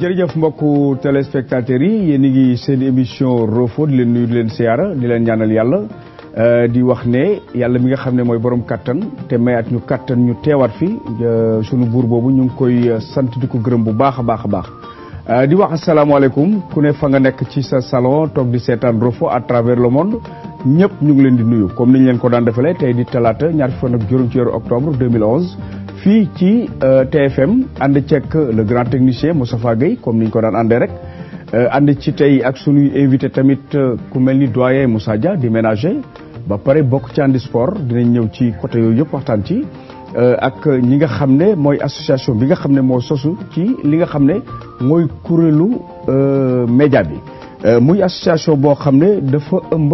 jërëjëf mbokku téléspectateurs yi yéen ngi seen émission Roffo di leen nuyu di leen siyaara di leen ñaanal yàlla euh, di wax ne yàlla mi nga xam ne mooy borom kattan te mayaat ñu kattan ñu teewaat fi sunu buur boobu ñu ngi koy euh, sant di ko gërëm bu baax a baax a baax. Euh, di wax asalaamaaleykum ku ne fa nga nekk ci sa salon toog di seetaan Roffo à travers le monde ñëpp ñu ngi leen di nuyu comme ni ñu leen ko daan defalee tey di talaata ñaar fukki fan ak juróom ci weeru octobre 2011. fii ci euh, TFM ànd ceeg le grand technicien Moustapha Gueye comme ni ñu ko daan andee rek euh, ànd ci tey ak suñuy invité tamit euh, ku mel ni doyen Moussa Dia di ménager ba pare bokk ci andi sport dinañ ñëw ci côté yooyu yëpp waxtaan ci ak ñi nga xam ne mooy association bi nga xam ne moo sosu ci li nga xam ne mooy kuréelu média bi muy association boo xam ne dafa ëmb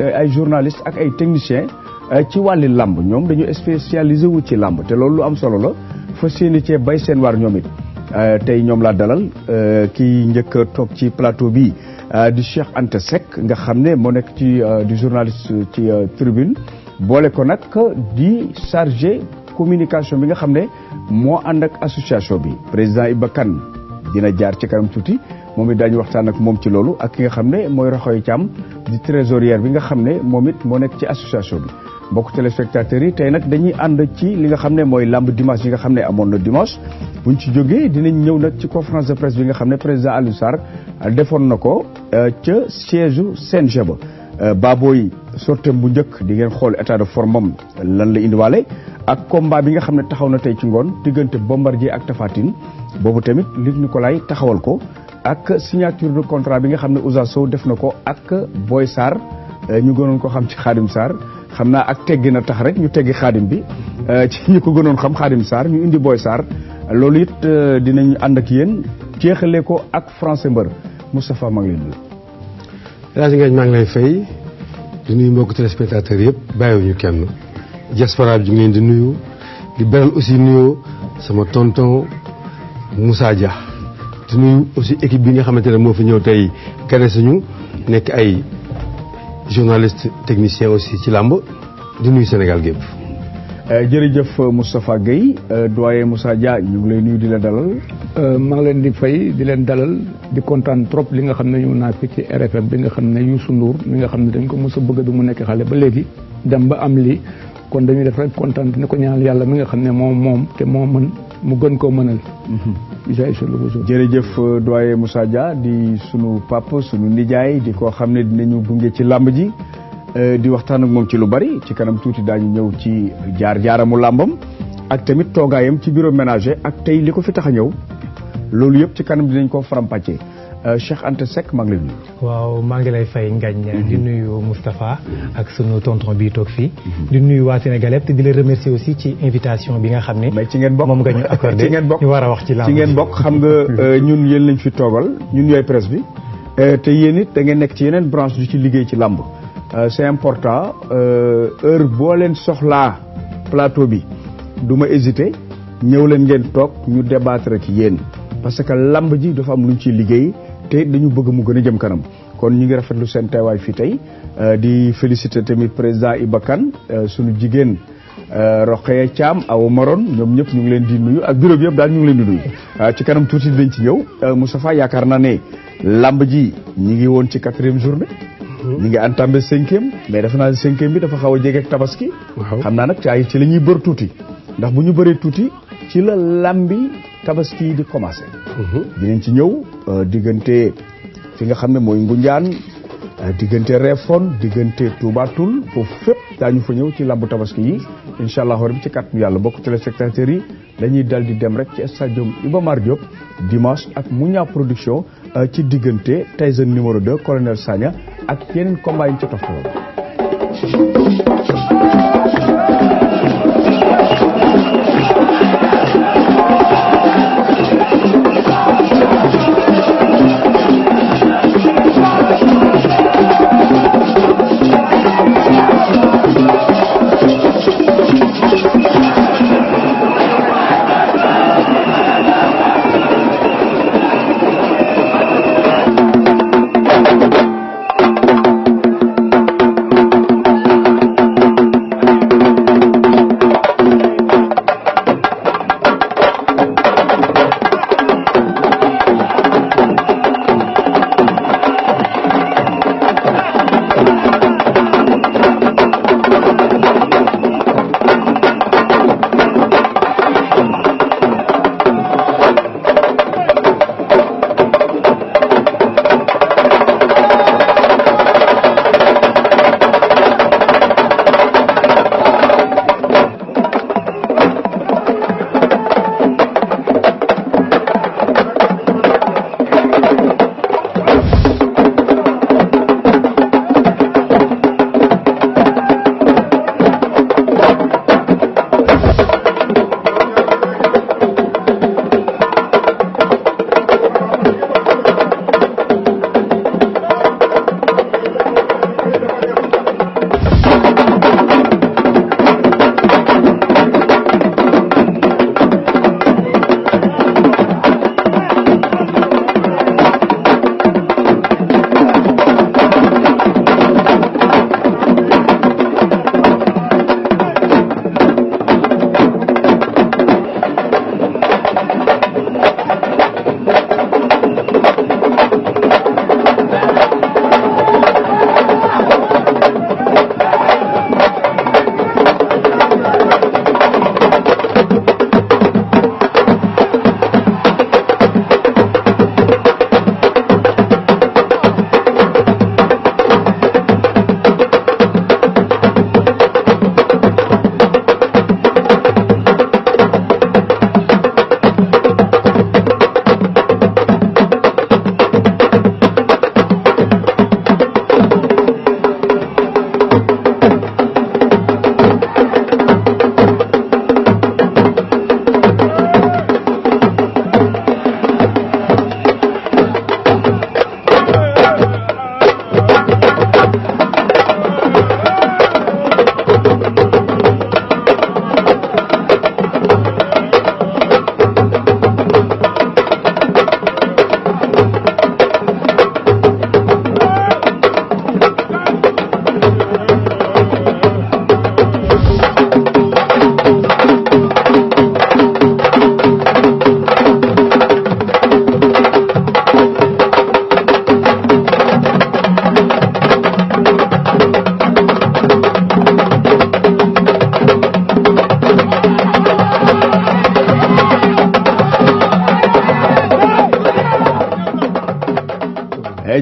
ay journalistes ak ay techniciens Eh, ci wàlli làmb ñoom dañu spécialisé wu ci làmb te loolu lu am solo la fa seeni cee bay seen waar ñoom it eh, tey ñoom laa dalal eh, kii njëkk a toog ci plateau bi di Cheikh Anta Seck nga xam ne moo nekk ci di journaliste ci tribune boole ko nag di chargé communication bi nga xam ne moo ànd ak association bi président Iba Kane dina jaar ci kanam tuuti moom it daañu waxtaan ak moom ci loolu ak ki nga xam ne mooy Roxoy Thiam di trésorière bi nga xam ne moom it moo nekk ci association bi mbokk téléspectateurs yi tey nag dañuy ànd ci li nga xam ne mooy lamb dimanche yi nga xam ne amoon na dimanche buñ ci jógee dinañ ñëw nag ci conférence de presse bi nga xam ne président Aliou Sarr euh, defoon na ko euh, ca siège u CNG ba euh, Baboy sortem bu njëkk di ngeen xool état de forme am lan la indiwaale ak combat bi nga xam ne taxaw na tey ci ngoon diggante Bombardier ak Tapha boobu tamit Luc Nicolaï taxawal ko ak signature de contrat bi nga xam ne Ousa Sow def na ko ak Boy Sarr ñu gënoon xam ci Khadim xam naa ak teggi na tax rek ñu teggi xaadim bi euh, ci ñi ko gënoon xam xaadim saar ñu indi booy saar loolu it euh, dinañ ànd ak yéen jeexale ko ak français mbër Moustapha maa ngi lay nuyu. rajo Ngagne maa ngi lay fay di nuyu mbokk téléspectateurs yëpp bàyyiwuñu kenn diaspora bi ñu ngi leen di nuyu di beral aussi nuyoo sama tonton Moussa Dia di nuyu aussi équipe bi nga xamante ne moo fi ñëw tey gane suñu nekk ay. journaliste technicien aussi ci làmb di nuyu Sénégal gépp euh, jërëjëf euh, Moustapha Guèye euh, doyen Moussa Dia ñu ngi lay nuyu di la dalal. maa leen di fay di leen dalal di kontaan trop li nga xam ne ñu naa fi ci RFM bi nga xam ne Youssou Ndour mi nga xam ne dañ ko mos a bëgg bi mu nekk xale ba léegi dem ba am li kon dañuy def rek kontaan di ko ñaanal yàlla mi nga xam ne moom moom te moo mën. mu gën koo mënal. Mhm. jërëjëf euh, doyen Moussa Dia di sunu papa sunu nijaay di koo xam ne dina dinañu gunge ci làmb ji euh, di waxtaan ak moom ci lu bari ci kanam tuuti daañu ñëw ci jaar jaaramu làmbam ak tamit toogaayam ci bureau ménager ak tey li ko fi tax a ñëw loolu yëpp ci kanam dinañ ko faram-pàccee. Euh, Cheikh Anta Seck maa ngi lay nuyu. waaw maa ngi lay fay ngañ mhm. di nuyu Moustapha ak sunu tonton bii toog fii. Mhm. di nuyu waa Sénégal yëpp te di la remercier aussi ci invitation bi nga xam ne. mais ngeen bokk moom nga ñu accordé war a wax ci lamb ci ngeen bokk xam nga euh, ñun yéen lañ fi toogal ñun yooyu presse bi. Euh, te yéen it da ngeen nekk ci yeneen branche du ci liggéey ci lamb c'est important heure boo leen soxlaa plateau bi duma ma hésité ñëw leen ngeen toog ñu débattre ci yéen parce que lamb ji dafa am lu te dañu bëgg mu gën a jëm kanam kon ñu ngi rafetlu seen teewaay fii tey euh, di féliciter tamit président Iba Kane euh, suñu jigéen euh, Rokhaya Thiam aw Maron ñoom ñëpp ñu ngi leen di nuyu ak bureau bi yëpp daal ñu ngi leen di nuyu ci kanam tuuti dinañ ci ñëw Moustapha yaakaar naa ne làmb ji ñi ngi woon ci quatrième journée mhm. ñi ngi entamé cinquième mais dafa naa bi dafa xaw a jege ak tabaski xam naa nag ci ay ci la ñuy bër tuuti ndax bu ñu bëree tuuti ci la làmbi tabaski di commencé mhm. dinañ ci ñëw Euh, diggante fi nga xam ne mooy Ngunjaan euh, diggante Refon diggante Toubatul foofu fépp daañu fa ñëw ci làmbu tabaski yi incha allah rabbi ci kàttan yàlla bokk téléspectateurs yi dañuy dal di dem rek ci stade Iba Mar Diop dimanche ak Mounia production euh, ci diggante Tyson numéro 2 colonel Sagna ak yeneen combat yi ñu ca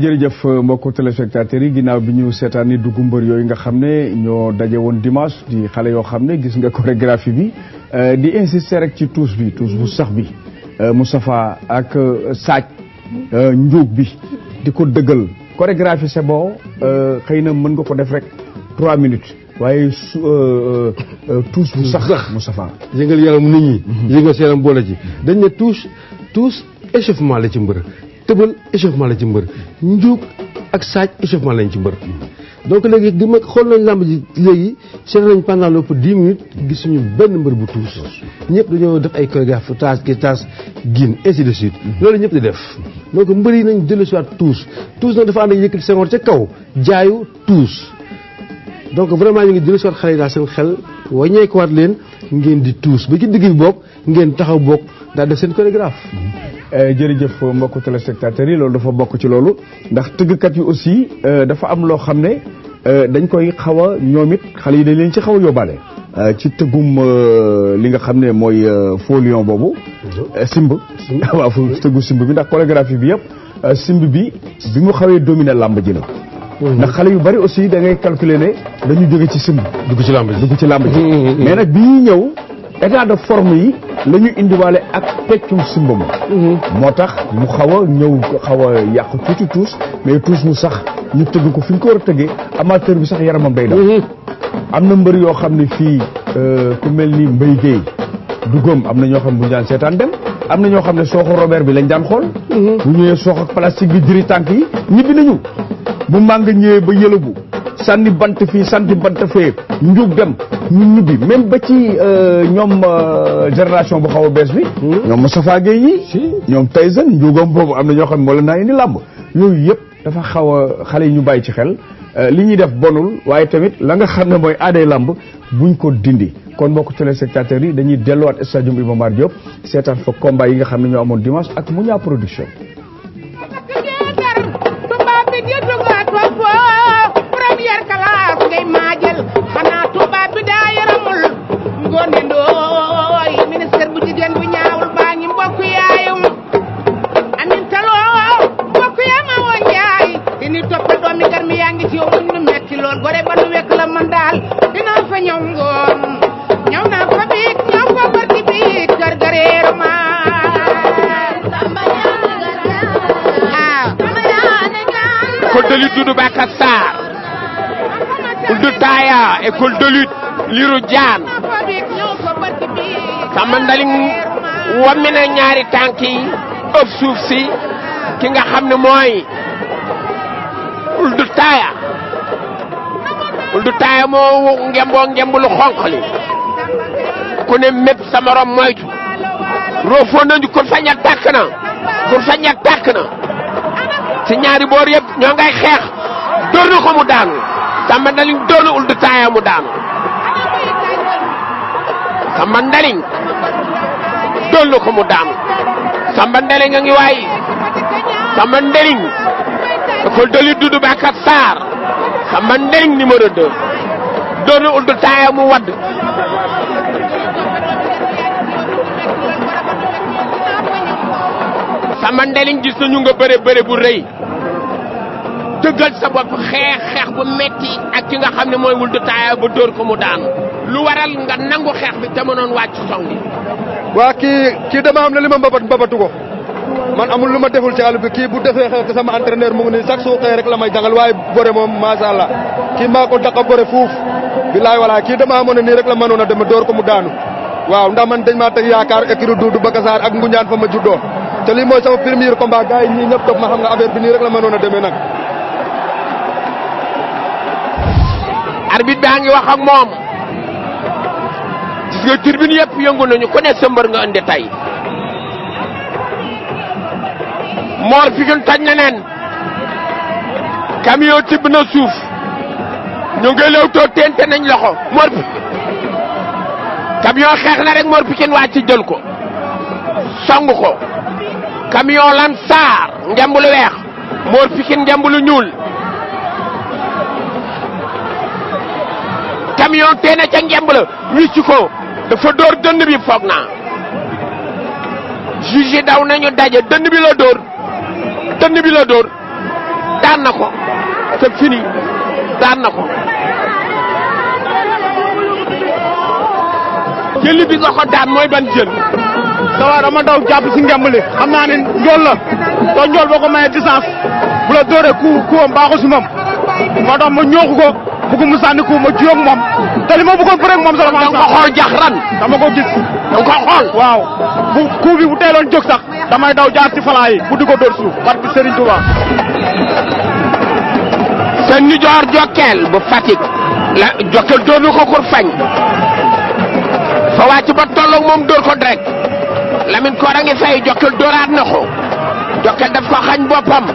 jërëjëf euh, mbokku téléspectateurs yi ginnaaw bi ñëw seetaan ni dugg mbër yooyu nga xam ne ñoo daje woon dimanche di xale yoo xam ne gis nga chorégraphie bi euh, di insister rek ci tuus bi tuus bu sax bi euh, Moustapha ak Saaj njuug bi di ko dëggal chorégraphie c'est bon xëy na mën nga ko def rek trois minutes waaye su tuus bu sax Moustapha yëngal yaram nañu ñi mhm. yëngal seenam boole ji dañ ne tuus tuus échauffement la ci mbër tëbal échauffement la ci mbër njuug ak saaj échauffement lañ ci mbër donc léegi di ma xool nañ làmb ji léegi seet nañ pendant lu ëpp dix minutes gisuñu benn mbër bu tuus ñëpp dañoo def ay chorégraphe taas ki taas gin ainsi de loolu ñëpp di def donc mbër yi nañ dellu siwaat tuus tuus nag dafa ànd ak yëkkati sengor ca kaw jaayu tuus donc vraiment ñu ngi dellu siwaat xale yi daal seen xel waa wàññeekuwaat leen ngeen di tuus ba ci digg bi ngeen taxaw book daal def seen chorégraphe. Eh, jërëjëf mbokku téléspectateurs yi loolu dafa bokk ci loolu ndax tëggkat yi aussi eh, dafa am loo xam ne eh, dañ koy xaw a ñoom it xale yi dañ leen ci xaw a yóbbaale. ci tëggum li nga xam ne mooy faux lion boobu. simb waaw tëggu simb bi ndax chorégraphie bi yëpp simb bi bi mu xawee dominer làmb ji la. Mm-hmm. ndax xale yu bari aussi dangay ngay calculer ne dañu jóge ci simb dugg ci làmb ji dugg ci làmb ji mm-hmm. mais nag bi ñuy ñëw état de forme yi la indiwaale ak peccum simba ma mm-hmm. moo tax mu xaw a ñëw xaw a yàqu ci tuus mais tuus mu sax ñu tëgg ko fi ñu ko war a tëggee amateur bi sax yaram yaramam bay daw am na mbër yoo xam ne fii euh, ku mel ni Mbaye Guèye du góom am na ñoo xam bu ñu daan seetaan am na ñoo xam ne sooxu Robert bi lañ daan xool bu ñëwee soox ak plastique bi jëri tànk yi ñibbi nañu bu màng ñëwee ba yëlëbu sànni bant fii sànni bant fee njug dem ñu ñibbi même ba ci euh, ñoom euh, génération bu xaw a bees bi hmm? ñoom Moustapha Gueye yi ñoom Tyson njugam boobu am na ñoo xam ne moo leen naa indi làmb yooyu yëpp dafa xaw xale yi ñu bàyyi ci xel euh, li ñuy def bonul waaye tamit la nga xam ne mooy aaday làmb buñ ko dindi kon mbokk téléspectateurs yi dañuy delluwaat stadium Iba Mar Diop seetaan fa combat yi nga xam ne ñoo amoon dimanche ak muñaa Production ngoone ndooy ministre bu jigéen bu ñaawul baa ngi mbokk yaayum amin taloo mbokk yaa ma woon njaay di ni toppal doomi gar mi yaa ngi ci yow muñ lu metti lool gore ba nu wekk la man daal dinaa fa ñëw ngoon ñëw naa fa biig ñëw fa barki biig gar gareeru maa école de lutte Doudou Baka Sarr Ould Taya école de lutte Lirou Diane Samba Ndaling wammi ñaari tànk yi si ki nga xam ne mooy Ould Taya Ould Taya moo ngemboo ngemb lu xonq li ku ne mépp sa morom moytu roofoo nañu kur tàkk na kur tàkk na ci ñaari boor yëpp ñoo ngay xeex dóor na ko mu daanu Samba Ndaling dóor na Ould Taya mu daanu Samba dollu ko mu daanu samba ndeliŋ a ngi waay samba ndeliŋ école de lutte Doudou Bakar Sarr samba ndeliŋ numéro 2 doonu uddu taaya mu wadd samba ndeliŋ gis nañu nga bëre bëre bu rëy dëggal sa bopp xeex xeex bu metti ak ki nga xam ne mooy wul du ba dóor ko mu daanu lu waral nga nangu xeex bi te mënoon wàcc song waa kii kii dama xam na li ma mbabat mbabatu ko man amul lu ma deful ci àll bi kii bu defee xeex sama entraîneur mu ngi nii chaque jour xëy rek la may jàngal waaye bëre moom macha allah kii maa ko daq a bëre fuuf bilaay ki kii dama amoon ne nii rek la mënoon a dem door ko mu daanu waaw ndax man dañ maa teg yaakaar écurie Doudou Bakassar ak Ngoundiane fa ma juddoo te lii mooy sama premier combat gars yi ñii ñëpp topp ma xam nga affaire bi nii rek la mënoon a demee nag arbitre baa ngi gis nga tribune yëpp yëngu nañu ku nekk sa mbër nga indi tey moor fi na neen camion tibb na suuf ñu ngi lewtoo tente nañ loxo moor camion xeex na rek moor pikin wàcc jël ko song ko camion lan saar ngemb lu weex moor pikin ngemb lu ñuul camion teena ca ngemb la wicc ko dafa dóor dënd bi foog naa juge daw nañu daje dënd bi la dóor dënd bi la dóor daan na ko c'est fini daan na ko jëli bi nga ko daan mooy ban jël sawaa dama daw jàpp si ngemb li xam naa ne njool la te njool boo ko mayee distance bu la dóoree ku kuwam baaxu si moom moo tax ma ñooxu ko bëgg sànni ko ma moom te li ma bëggoon bëreeg moom sax ko xool jaxran dama ko gis dama xool waaw bu kuu bi jóg sax damay daw jaar ci falaa yi bu di ko dóor suuf barke Serigne Touba seen ñu jokkeel bu Fatick jokkeel dóor na ko kur fañ fa wàcc ba tolloog moom dóor ko direct Lamine Koor a ngi fay jokkeel dóoraat na ko jokkeel daf ko xañ boppam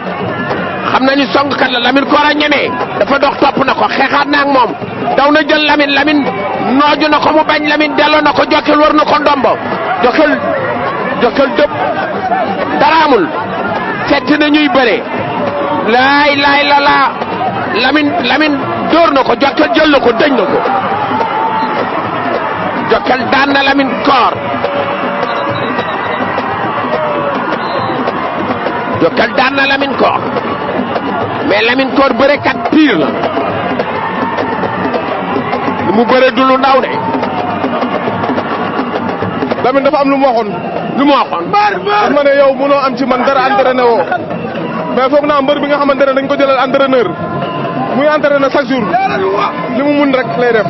xam nañu songkat la Lamine Kora ñemee dafa dox topp na ko xeexaat na moom daw na jël Lamine Lamine nooju na ko mu bañ Lamine delloo na ko Jokal war na ko ndombo Jokal Jokal dëpp dara na ñuy bëre laay laay la laa Lamine Lamine na ko Jokal jël na ko dëñ na ko Jokal daan na Lamine Kor Jokal daan na Lamine Kor mais Lamine Koor bërekat pire la lu mu bëre du lu ndaw de. Lamine dafa am lu mu waxoon. lu mu waxoon. mbër ma ne yow mënoo am ci man dara entraîné woo mais foog naa mbër bi nga xamante ne dañ ko jëlal entraîneur muy entraîné chaque jour li mu mun rek lay def.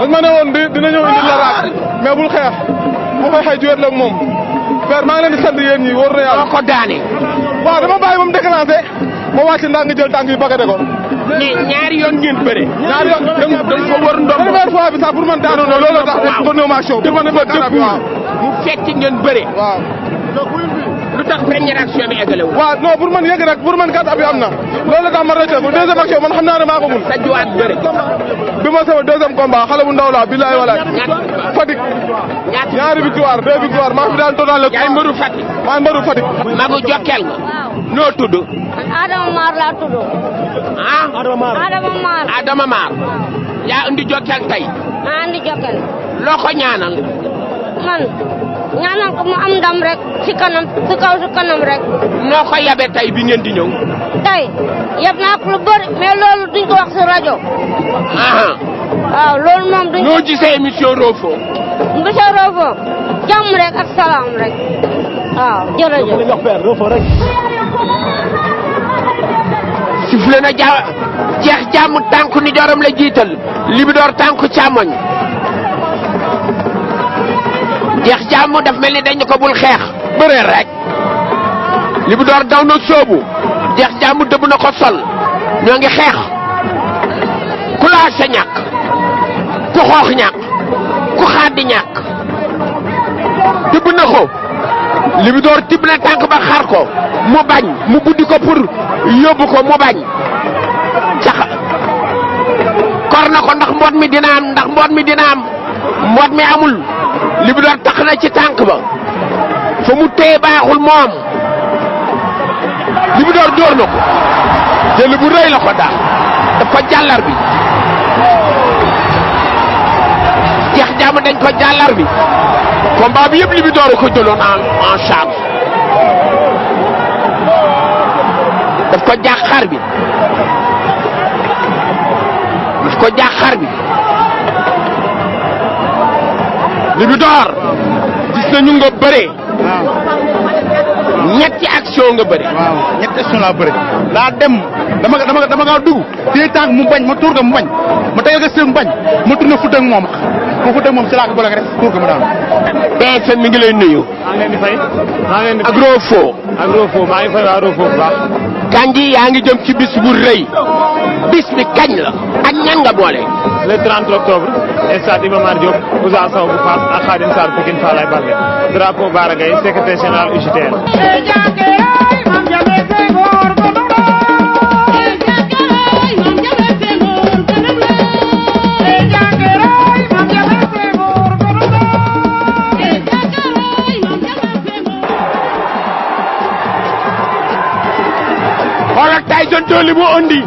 dañ ne woon dina ñëw indi la raak bul xeex bu koy xëy jiwet la moom. père maa ngi di sant yéen ñi wóor na yàlla. ko daane. waaw dama bàyyi ba mu déclenché. boo wàcc ndax nga jël tànk yi bagate ko. mais ñaari bëre. ñaari yoon da nga ko bi sax pour man daanu na looloo tax. waaw kon ñoom ak show. dama ne mu fekk ngeen bëre. lu tax première action bi eggale man yëg rek pour man kat ab yi am na loolu la tax ma rëcc bu deuxième man xam naa ne mun. sajju ak bëri. bi ma sama deuxième combat xale bu ndaw laa billaay walaay. ñaari victoire deux victoire maa daan total la. yaay mbëru ah? yaa indi Jokkel tey. maa indi Jokkel. loo ñaanal. ñaanal ko mu am ndam rek ci kanam ci kaw ci kanam rek. noo ko yabe tey bi ngeen di ñëw. tey yab naa ko lu bëri mais loolu duñ ko wax si rajo. waaw loolu moom duñ. noo gisee émission Roffo. monsieur Roffo jàmm rek ak salaam rek waaw jërëjëf. li nga wax jeex jàmm tànku ni joram jiital libidoor tànku càmmoñ. jeex jàmm daf mel ni dañ ko bul xeex bëree rek li bu daw na sóobu jeex jàmm dëbb na ko sol ñoo ngi xeex ku laaj sa ñàkk ku xoox ñàkk ku xaaddi ñàkk dëbb na ko li tibb na tànk ba xar ko mu bañ mu buddi ko pour yóbbu ko mu bañ cax kor na ko ndax mboot mi dina am ndax mboot mi dina am mboot mi amul li mu doon tax na ci tànk ba fa mu téye baaxul moom li mu doon dóor na ko jël bu rëy la ko daal daf ko jàllar bi jeex jàmm dañ ko jàllar bi combat bi yépp li mu door ko jëloon en en charge daf ko jàkkaar bi daf ko jàkkaar bi. Libidor gis nañu nga bëre. ñetti action nga bëri. waaw ñetti action laa bëri. laa dem dama dama dama kaa dugg. téye tànk mu bañ ma tuur ko mu bañ ma tegal ko seen mu bañ ma tourné fudd ak moom ma fudd ak moom si laa ko bële ak tuur ko mu daanu. mi ngi lay nuyu. maa ngi leen di maa ngi fay Agrofo. Agrofo maa ngi fay yaa ngi jëm ci bis bu rëy bis bi kañ la. ak ñan boole. le 30 octobre stade Iba Mar Diop Ousa Sow bu Fass ak Khadim Sarr Pikine Falaye Baldé drapeau Bara Gaye secrétaire général UJTL xoolal Tyson Toly mu andi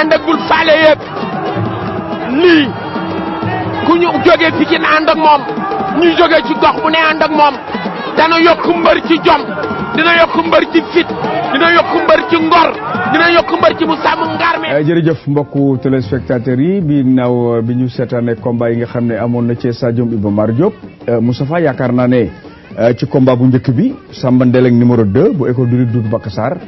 ànd ak bul faale yëpp lii ku ñu jógee Pikine ànd ak moom ñu jógee ci gox bu ne ànd ak moom dana yokk mbër ci jom dina yokk mbër ci fit dina yokk mbër ci ngor dina yokk mbër ci mu sàmm ngaar mi jërëjëf mbokku téléspectateurs yi bi naaw bi ñu seetaane combat yi nga xam ne amoon na ci stade Iba Mar Diop euh, Moustapha yaakaar naa ne euh, ci combat bu njëkk bi Samba Ndeleng numéro bu école du Doudou Bakassar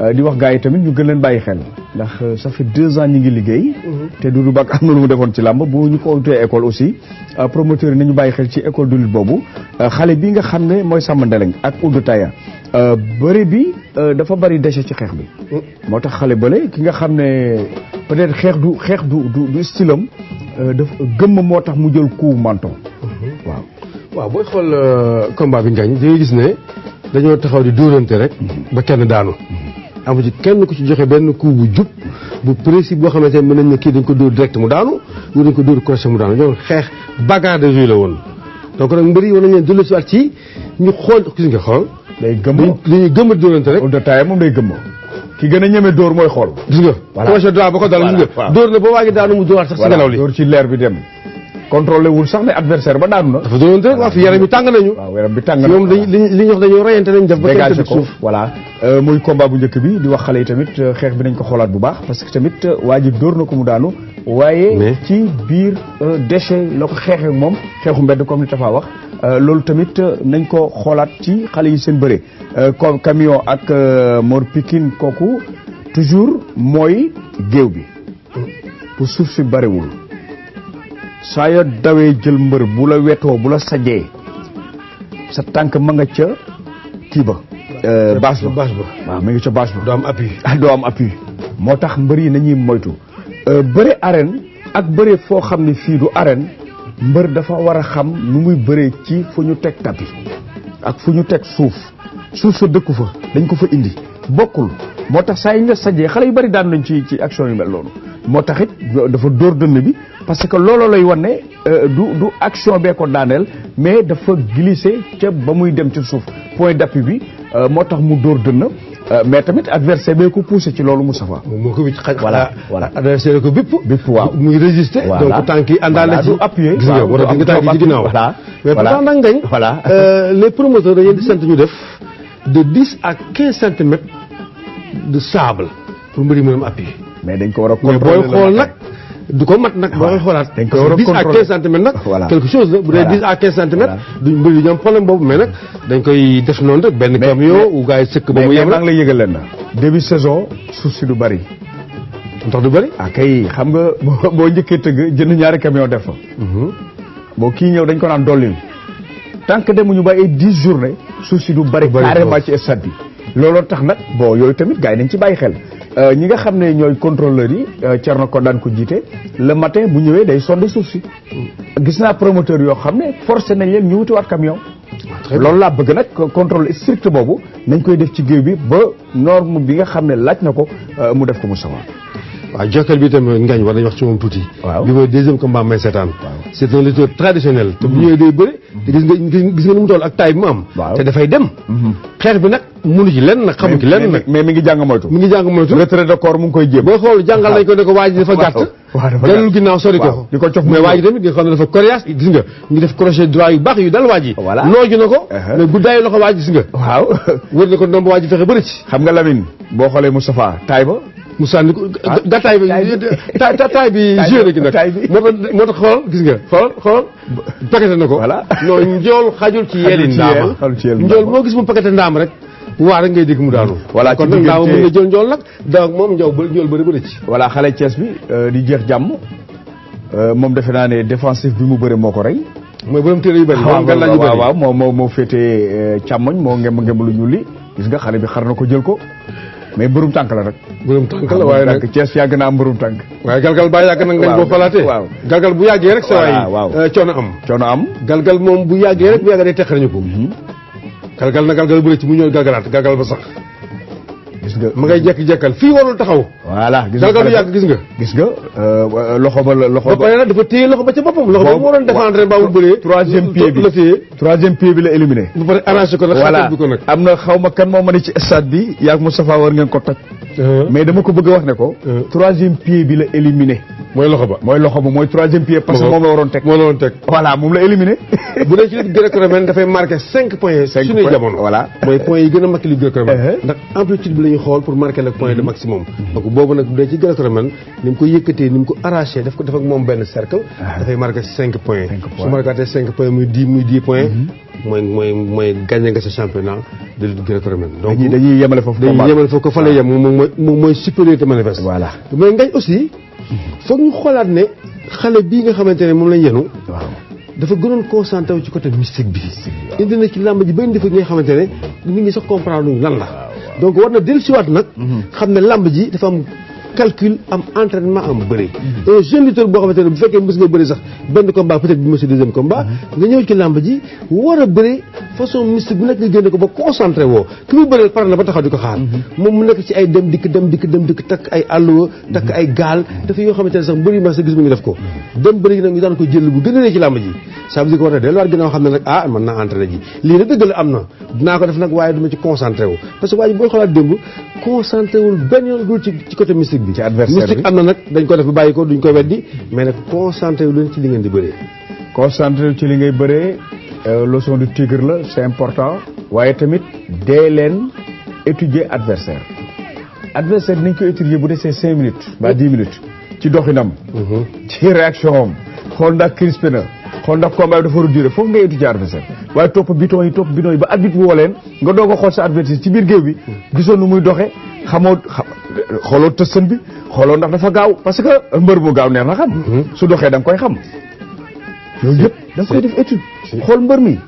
Euh, di wax gars yi tamit ñu gën leen bàyyi xel ndax euh, ça fait deux ans ñu ngi liggéey mhm. te Doudou Bak am na lu mu defoon ci làmb bu ñu ko utee école aussi euh, promoteur yi nañu bàyyi xel ci école de lutte boobu xale bi nga xam ne mooy Samba Ndeleng ak Oudou Taya bëri bi dafa bëri déchet ci xeex bi mhm. moo tax xale bële ki nga xam ne peut-être xeex du xeex du du du stylam dafa gëmm moo tax mu jël coup menton mhm. waaw booy xool combat bi ngañ dañuy gis ne dañoo taxaw di dóorante rek ba kenn daanu amu ci kenn ku ci joxe benn coup bu jub bu précis boo xamante ne mën nañ ne kii dañ ko dóor direct mu daanu ñu dañ ko dóor crochet mu daanu ñoom xeex bagarre de rue la woon donc nag mbëri yi war nañ leen dellu si waat ci ñu xool nga xool day gëmmoo li ñuy gëmm a dóorante rek de taille moom day gëmmoo ki gën a ñeme dóor mooy xool gis nga crochet droit ba ko dal gis nga na ba waa ngi daanu mu dóoraat sax si ngelaw dóor ci leer bi dem contrôlé wul sax ne adversaire ba daanu na. dafa doon yaram bi tàng nañu. waaw yaram bi tàng nañu ñoom dañuy li ñuy wax muy combat bu njëkk bi di wax xale yi tamit euh, xeex bi nañ ko xoolaat bu baax parce que tamit euh, waa ji dóor na ko mu daanu. waaye ci biir euh, déchet la ko xeexee moom xeexu mbedd comme ni Tafa wax. loolu tamit nañ ko xoolaat ci xale yi seen bëre comme camion ak Mor Pikine kooku toujours mooy géew bi pour suuf si barewul saa yoo dawee jël mbër bu la wetoo bu la sajee sa tànk ma nga ca kii ba. Euh, bâche ba waaw ma nga ca bâche ba. doo am appui doo am appui. moo tax mbër yi nañuy moytu. Euh, bëre arène ak bëre foo xam ne fii du arène mbër dafa war a xam nu muy bëree ci fu ñu teg tapi ak fu ñu teg suuf suuf sa dëkku fa dañ ko fa indi. bokkul moo tax saa yi nga sajee xale yu bari daan nañ ci ci action yu mel loolu moo tax it dafa dóor dënn bi parce que looloo lay wan ne euh, du du action bee ko daaneel mais dafa glissé ca ba muy dem ci suuf point d'appui bi euh, moo tax mu dóor dënn euh, mais tamit adversaire bee ko poussé ci loolu Moustapha. moom moo ko wicc xaj. voilà voilà adversaire ko bipp. bipp waaw muy résister. donc tànk yi àndaale ci du appuyé. gis nga war a tànk ci ginnaaw voilà. mais pourtant nag ngañ. voilà les promoteurs dañuy di sant ñu def. de 10 à 15 centimètres de sable pour mbëri moom appuyer. mais dañ ko war a contrôler mais booy xool nag. du ko mat nag boo xoolaat. dañ ko war a contrôler 10 nag. voilà quelque chose la bu dee 10 à 15 centimètres. duñ mbëri ñu boobu mais nag dañ koy def noonu rek benn camion. ou gars yi sëkk ba mu yem la mais mais leen na. début saison suuf si du bari. ndox du bari. ah xam nga boo njëkkee tëgg jënd ñaari camion def fa. Mhm. boo kii ñëw dañ ko naan dollil. tant que demuñu ba ay dix journée suuf si du bari carrément ci stade bi looloo tax nag boo yooyu tamit gars yi nañ ci bàyyi xel euh, ñi nga xam ne ñooy contrôleurs yi euh, na ko daan ko jiite le matin bu ñëwee day sonde suuf si gis naa promoteur yoo xam ne forcé nañ leen ñu wutiwaat camion loolu laa bëgg nag contrôle strict boobu nañ koy def ci géew bi ba norme bi nga xam ne laaj na ko euh, mu def ko mu sawa waaw jokkal bi itam ngañ war nañu wax ci moom tuuti bi mooy deuxième combat may seetaan c'est un lutteur te bu ñëwee day bëri mm-hmm. te gis nga gis toll ak taay mu am te dafay dem mm-hmm. xeex bi nag mënu ci lenn nag xamu ci lenn nag mais mi ngi jàng moytu mi ngi jàng moytu retrait xool jàngal nañ ko ne ko waa ji dafa gàtt dellu ginnaaw sori ko di ko cof mais waa nga xam ne dafa coriace gis nga ngi def crochet droit yu baax yu dal waa nooju na ko uh-huh. mais guddaayu loxo waa ji gis nga waaw wër na ko ndomb waa ji fexe bëri xam nga Lamine boo xoolee Moustapha taay ba Moussa ni ko ah. gàttaay bi taay bi joué na ki nag moo tax moo gis nga xool xool paqueté na ko voilà non njool xajul ci yeeli ndaama njool moo gis mu paqueté ndaam rek waa rek ngay dégg mu daanu voilà kon nag ndaama mën na jël njool nag donc moom njow ba njool bëri bëri ci voilà xale Thiès bi euh, di jeex jàmm euh, moom defe naa ne défensif bi mu bëri moo ko rey mooy borom téere yu bëri ah, moom gan lañu moo moo moo féetee euh, càmmoñ moo ngem ngem lu ñuul li gis nga xale bi xar na ko jël ko mais mburum tànk la rek. mburum tànk la waaye nag Thiès yàgg naa mburum tànk. waaye galgal baa yàgg nag nañ boo falaatee. waaw galgal bu yàggee rek. waaw waaw saa yi coono am. coono am galgal moom bu yàggee rek bu yàggee day teqal ñu ko. Mhm. galgal na galgal bu rëcc mu ñëw galgalaat galgal ba sax. gis nga ma ngay jekk-jekkal fii warul taxaw voilà gis nga euh, loxo ba loxo ba mu waroon défendre ba mu bëree troisième pied bi la téye a ci euh. a wax ne euh. mooy loxo ba mooy loxo ba mooy troisième pied parce moom la waroon teg moom moom la éliminé bu dee ci lutte gréco dafay marqué cinq points suñuy jamono ñuy xool pour marquer le point de mhm. maximum donc boobu nag bu dee ci gréco-romaine ni mu ko yëkkatee dañuy yemale foofu foofu ko fa lay yem moom mooy moom mooy supériorité manifeste voilà mais aussi foog ñu xoolaat ne xale bii nga xamante ne moom lañ yenu dafa gënoon concentré wu ci bi indi ci làmb ji ba indi xamante ne nit ñi sax comprendre lan la donc war na dellusiwaat nag mm-hmm. xam ne làmb ji dafa am calcul am entraînement am bëri un jeune lutteur boo xamante bu fekkee mës nga bëri sax benn combat peut-être bi mhm. nga ñëw ci làmb ji war a bëri façon mystique bu nekk nga génne ko ba concentré woo ki mu bëri pare na ba taxaw di ko xaar mhm. moom mu nekk ci ay dem dikk dem dikk takk ay àlluwa takk mhm. ay gaal dafa yoo xamante sax mbëri ma sa gis mu ngi def ko dem bëri nag ñu daan ko jël bu gën a ci làmb ji ça veut dire war na delluwaat ginnaaw xam ne ah, mystique bi ci adversaire bi mystique am na nag dañ ko def ba bàyyi ko duñ koy weddi mais nag concentré li ngeen di bëree. concentré ci li ngay bëree euh, leçon du tigre la c'est important. waaye tamit dee leen étudier adversaire adversaire nañ ko étudier bu desee cinq minutes ba dix minutes ci doxinam. Mhm. ci réaction am xool ndax crispé na xool ndax combat bi dafa war a duré foog ngay étudier adversaire waaye topp bidon yi topp bidon yi ba arbitre leen nga doog a xool sa adversaire ci biir géew bi gisoon nu muy doxee xamoo xooloo tësën bi xooloo ndax dafa gaaw parce que mbër bu gaaw neex na xam. Mm-hmm. su doxee da nga koy xam. yooyu yëpp da nga koy def étude. xool mbër mi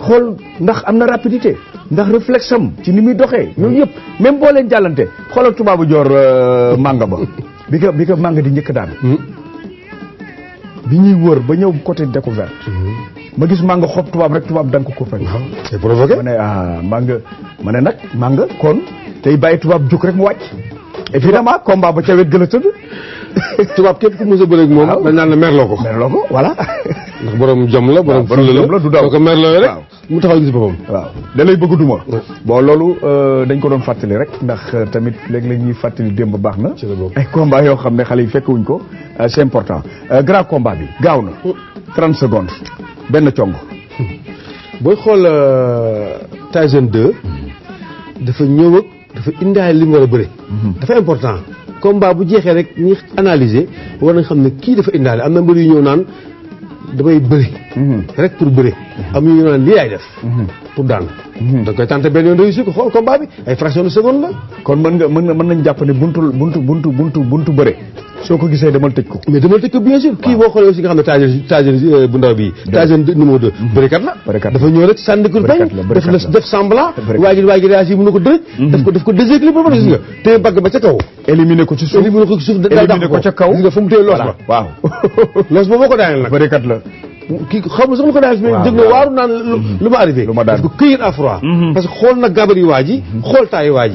xool ndax am na rapidité. ndax réflexe am ci ni muy doxee. yooyu yëpp mm-hmm. même boo jàllante xoolal tubaabu joor euh, mànga ba. bi ko bi ko mànga di njëkk daan. Mm-hmm. bi ñuy wër ba ñëw côté découverte. ma gis mànga xob tubaab rek tubaab da ko ko fekk. Ah, c'est provoqué ma ne ah, mànga ma ne nag mànga kon. tey bàyyi tubaab juk rek mu wàcc. évidemment combat ba ca wet gën a tëdd. tubaab képp ku mos a bëreeg moom. waaw naan la merloo ko. merloo ko voilà. ndax borom jom la borom fulla la du daw ko merloo rek. mu taxaw gis boppam. waaw da lay bëgg duma. bon loolu euh, dañ ko doon fàttali rek ndax euh, tamit léeg-léeg ñuy fàttali démb baax na. ay combat yoo xam ne xale yi fekk wuñ ko euh, c'est important grand combat bi gaaw na. 30 secondes benn cong. Hmm. booy xool Tyson 2 hmm. dafa ñëw dafa indaale li mu war a bëre. Mhm. dafa important combat bu jeexee rek ñi analyser war nañ xam ne kii dafa indaale am na mbër yu ñëw naan damay bëri. Mhm. rek pour bëri. Mhm. am ñu ñëw naan lii yaay def. pour daan. da koy tenté benn yoon réussir ko xool combat bi ay fraction de seconde la. kon mën nga mën nañ jàpp ne buntu buntu buntu buntu buntu bëre. soo ko gisee demal tëj ko mais demal tëj ko bien sûr kii boo xoolee aussi nga xam ne taajir taajir euh, bu ndaw bi taajir numéro deux mhm. la dafa ñëw rek sànni ko bañ def la def semblant waa ko dërëj mhm. daf ko daf ko ba gis nga mhm. téye ba ca kaw ko ci suuf ko ci suuf éliminer ko ca loos ba loos ba moo ko daaneel la kii xam nga ko daal mais ma arrivé parce que cueillir à froid parce gabar yi waa ji taayi waa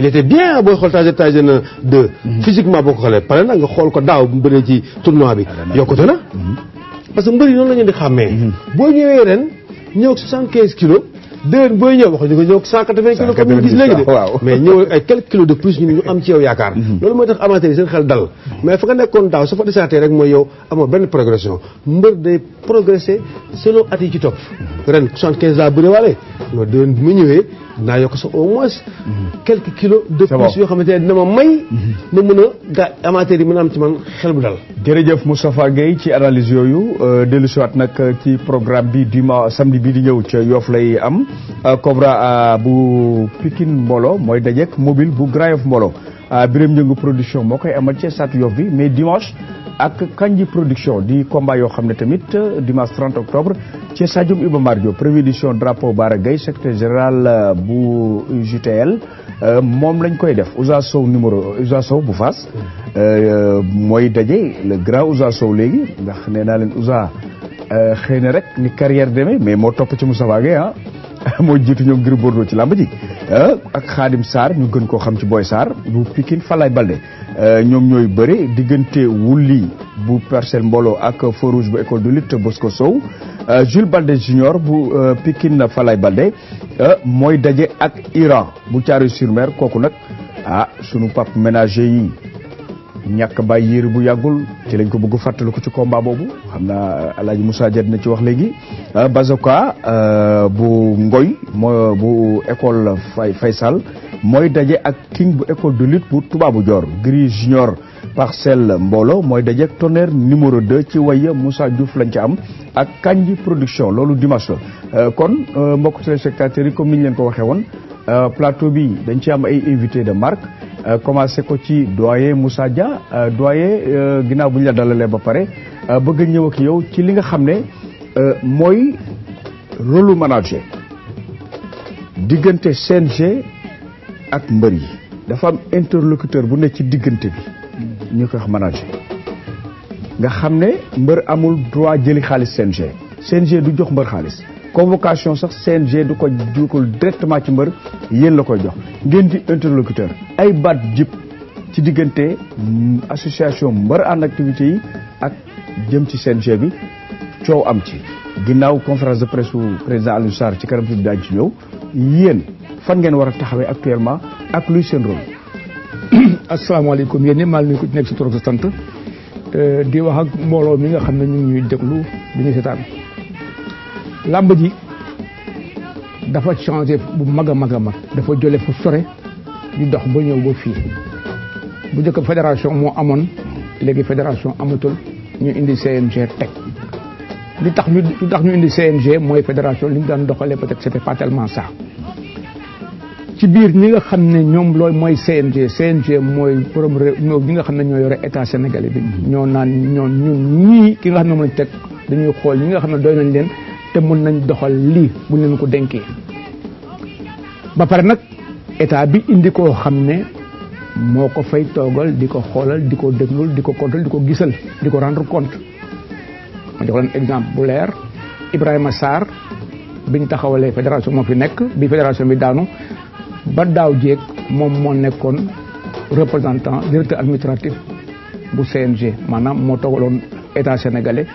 il était bien booy xool Tyson Tyson na deux mhm. physiquement boo ko xoolee pare na nga xool ko daaw bu mu bëree ci tournoi bi yokkute na mhm. parce que mbër noonu la di xàmmee mhm. boo ñëwee ren ñëw 75 kilos déwén booy ñëw wax ñu ko ñëw 180 kilos comme ñu gis léegi de mais ñëw ay quelques kilos de plus ñu ñu am ci yow yaakaar loolu mooy tax amateurs yi seen xel dal mais fa nga nekkoon daaw su fa desaatee rek mooy yow amoo benn progression mbër day progresser selon at yi ci topp ren 75 laa bi ma ñëwee naa yokk sa au moins. Mhm. quelques kilos de plus yoo xamante ne dina ma may. Mhm. ma mën a ga amateur yi mën a am ci man xel bu dal. jërëjëf Moustapha Guèye ci analyse yooyu euh, dellusiwaat nag euh, ci programme bi dimanche samedi bi di ñëw ca yoof lay am euh, Cobra bu Pikine Mbolo mooy dajeek mobile bu Grand Yoff Mbolo Birame Njëngu production moo koy amal ci stade Yoff bi mais dimanche. ak Kandji production di combat yoo xam ne tamit euh, dimanche 30 octobre ci stadium Iba Mar Diop première édition drapeau Bara Gaye secrétaire général euh, bu UJTL euh, moom lañ koy def Ousa Sow numéro Ousa Sow bu Fass mooy daje le grand Ousa Sow léegi ndax nee naa leen Ousa xëy na rek ni carrière demee mais moo topp ci Moussa Wagué ah moo jiitu ñoom Gris Bordeaux ci làmb ji ak Khadim Sarr ñu gën koo xam ci Boy Sarr bu Pikine Falaye Balde Euh, ñoom ñooy bëri diggante wulli bu parcelle mbooloo ak feu rouge bu école de bos ko Sow euh, Jules Balde junior bu euh, Pikine Falay Balde mooy daje ak Iran bu Thiaroye-sur-Mer kooku nag ah sunu pap ménager yi ñàkk bàyyi yére bu yàggul ci lañ ko bëgg fàttaliku ci combat boobu xam na alaaji Moussa Diagne na ci wax léegi Bazoka bu Ngoy moo bu école Fay Faysal mooy daje ak king bu école de lutte bu tubaabu joor gris junior parcelle mboolo mooy daje ak tonnerre numéro 2 ci waya Moussa Diouf lañ ci am ak kanji production loolu dimanche euh, kon euh, mbokk téléspectateurs yi comme niñ leen ko waxee woon euh, plateau bi dañ ci am ay invités de marque commencé ko ci doyen Moussa Dia doyen ginnaaw bu ñu la dalalee ba pare bëgg ñëw ki yow ci li nga xam ne mooy rôle manager diggante CNG ak mbër yi dafa am interlocuteur bu nekk ci diggante bi ñu koy wax nga xam ne mbër amul droit jëli xaalis CNG CNG du jox mbër xaalis convocation sax CNG du ko jukul directement ci mbër yéen la koy jox ngeen di interlocuteur ay baat jib ci diggante mm, association mbër en activité ak jëm ci CNG bi coow am ci ginnaaw conférence de presse bu président Alioune ci kanam fi daañ ci ñëw yéen fan ngeen war a taxawee actuellement ak luy seen rôle. asalaamaaleykum yéen ñëpp maa ngi ko ci nekk si trop sa sant euh, di wax ak mbooloo mi nga xam ne ñu ngi ñuy déglu di ñu seetaan làmb ji dafa changé bu mag a mag a mag dafa jëlee fu sore ñu dox ba ñëw ba fii bu njëkk fédération moo amoon léegi fédération amatul ñu indi CNG teg li tax ñu li tax ñu indi CNG mooy fédération li mu daan doxalee peut-être c'était pas tellement ci biir ñi nga xam ne ñoom loolu mooy CNG CNG mooy borom réew ñi nga xam ne ñoo yore état sénégalais bi ñoo naan ñoo ñun ñii ki nga xam ne moom teg dañuy xool ñi nga xam ne doy nañ leen te mën nañ doxal lii buñ leen ko denkee ba pare nag état bi indi koo xam ne moo ko fay toogal di ko xoolal di ko déglul di ko contrôle di ko gisal di ko rendre compte ma jox leen exemple bu leer Ibrahima Sarr biñ taxawalee fédération moo fi nekk bi fédération bi daanu ba daaw jéeg moom moo nekkoon représentant directeur administratif bu CNG maanaam moo toogaloon état sénégalais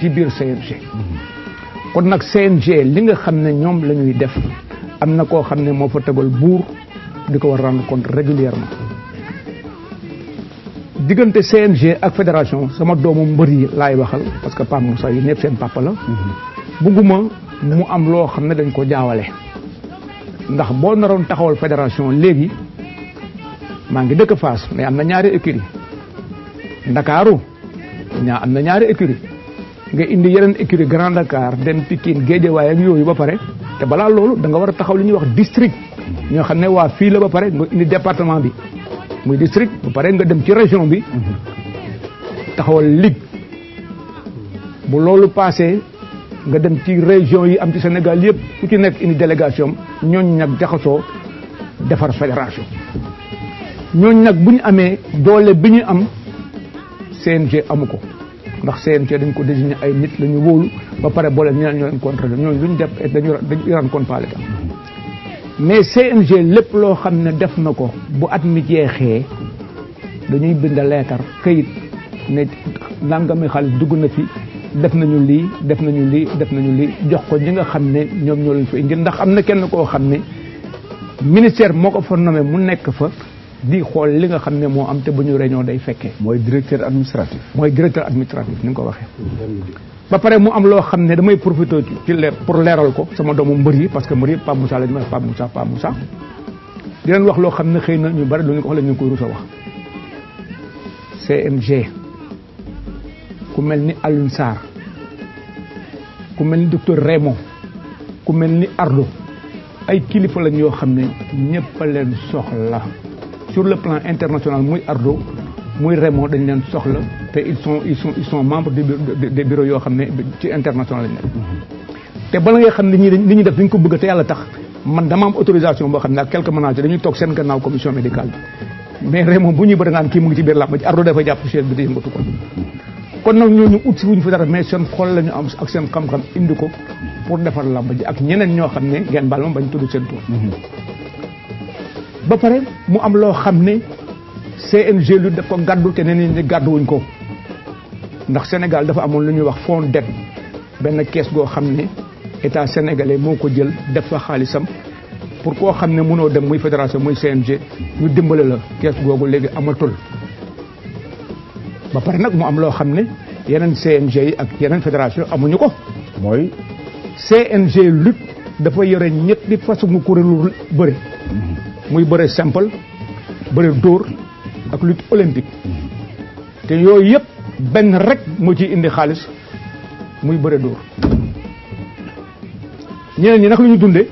ci biir CNG. Mm-hmm. kon nag CNG li nga xam ne ñoom la ñuy def am na koo xam ne moo fa tegal buur di ko war rend compte régulièrement diggante CNG ak fédération sama doomu mbër laay waxal parce que Pape Moussa yi ñëpp seen papa la. Mm-hmm. bugguma mu am loo xam ne dañ ko jaawale. ndax boo naroon taxawal fédération léegi maa ngi dëkk Fass mais am na ñaari écurie Ndakaaru ñaa am na ñaari écurie nga indi yeneen écurie Grand Dakar dem Pikine Guédiawaye ak yooyu ba pare te balaa loolu danga war a taxaw li ñuy wax district ñoo xam ne waa fii la ba pare nga indi département bi muy district ba pare nga dem ci région bi mhm. taxawal ligue bu loolu passé nga dem ci région yi am ci Sénégal yëpp ku ci nekk indi délégation am ñooñu nag jaxasoo defar fédération ñooñu nag bu ñu amee doole bi ñu am CNG amu ko ndax CNG dañ ko désigné ay nit la ñu ba pare boole ñeneen ñoo leen contrôlé ñooñu lu ñu def eh, dañu dañu ran kon pas l'État mais CNG lépp loo xam ne def na ko bu at mi jeexee dañuy binda leetar këyit ne nangami xaalis dugg na fi def nañu lii def nañu lii def nañu lii jox ko ñi nga xam ne ñoom ñoo leen fa indi ndax am na kenn koo xam ne ministère moo ko fa nommé mu nekk fa di xool li nga xam ne moo am te bu ñu réunion day fekkee. mooy directeur administratif. mooy directeur administratif ni nga ko waxee. ba pare mu am loo xam ne damay profité ci leer pour leeral ko sama doomu mbër yi parce que mbër yi Pape Moussa la ñu may Pape Moussa Pape wax loo xam ne xëy na ñu bari lu ñu ko la ñu koy rusa wax CMG. ku mel ni Alioune Sarr ku mel ni docteur Raymond ku mel ni Ardo ay kilifa lañ yoo xam ne ñëpp a leen soxla sur le plan international muy Ardo muy Raymond dañ leen soxla te ils sont ils sont ils sont membres des bureaux yoo xam ne ci international lañ nekk te bala ngay xam ne ñi li def dañ ko bëgg a te yàlla tax man dama am autorisation boo xam ne ak quelques managers dañuy toog seen gannaaw commission médicale mais Raymond bu ñuy bëri naan kii mu ngi ko kon nag ñu ut si wuñ fa dara mais seen xool la ñu am ak seen xam-xam indi ko pour defar làmb ji ak ñeneen ñoo xam ne ngeen baal ma bañ tudd seen tur mhm. ba pare mu am loo xam ne CNG lu def ko gàddu te neen ñi gàdduwuñ ko ndax Sénégal dafa amoon lu ñuy wax fond dette benn kees goo xam ne état sénégalais moo ko jël def fa xaalisam pour koo xam ne mënoo dem muy fédération muy CNG ñu dimbale la kees googu léegi amatul ba pare nag mu am loo xam ne yeneen CNG yi ak yeneen fédération amuñu ko mooy CNG lutte dafa yore ñetti façon kuréelu bëre muy bëre simple bëre dóor ak lutte olympique te yooyu yëpp benn rek moo ci indi xaalis muy bëre dóor ñeneen ñi nag lu ñu dunde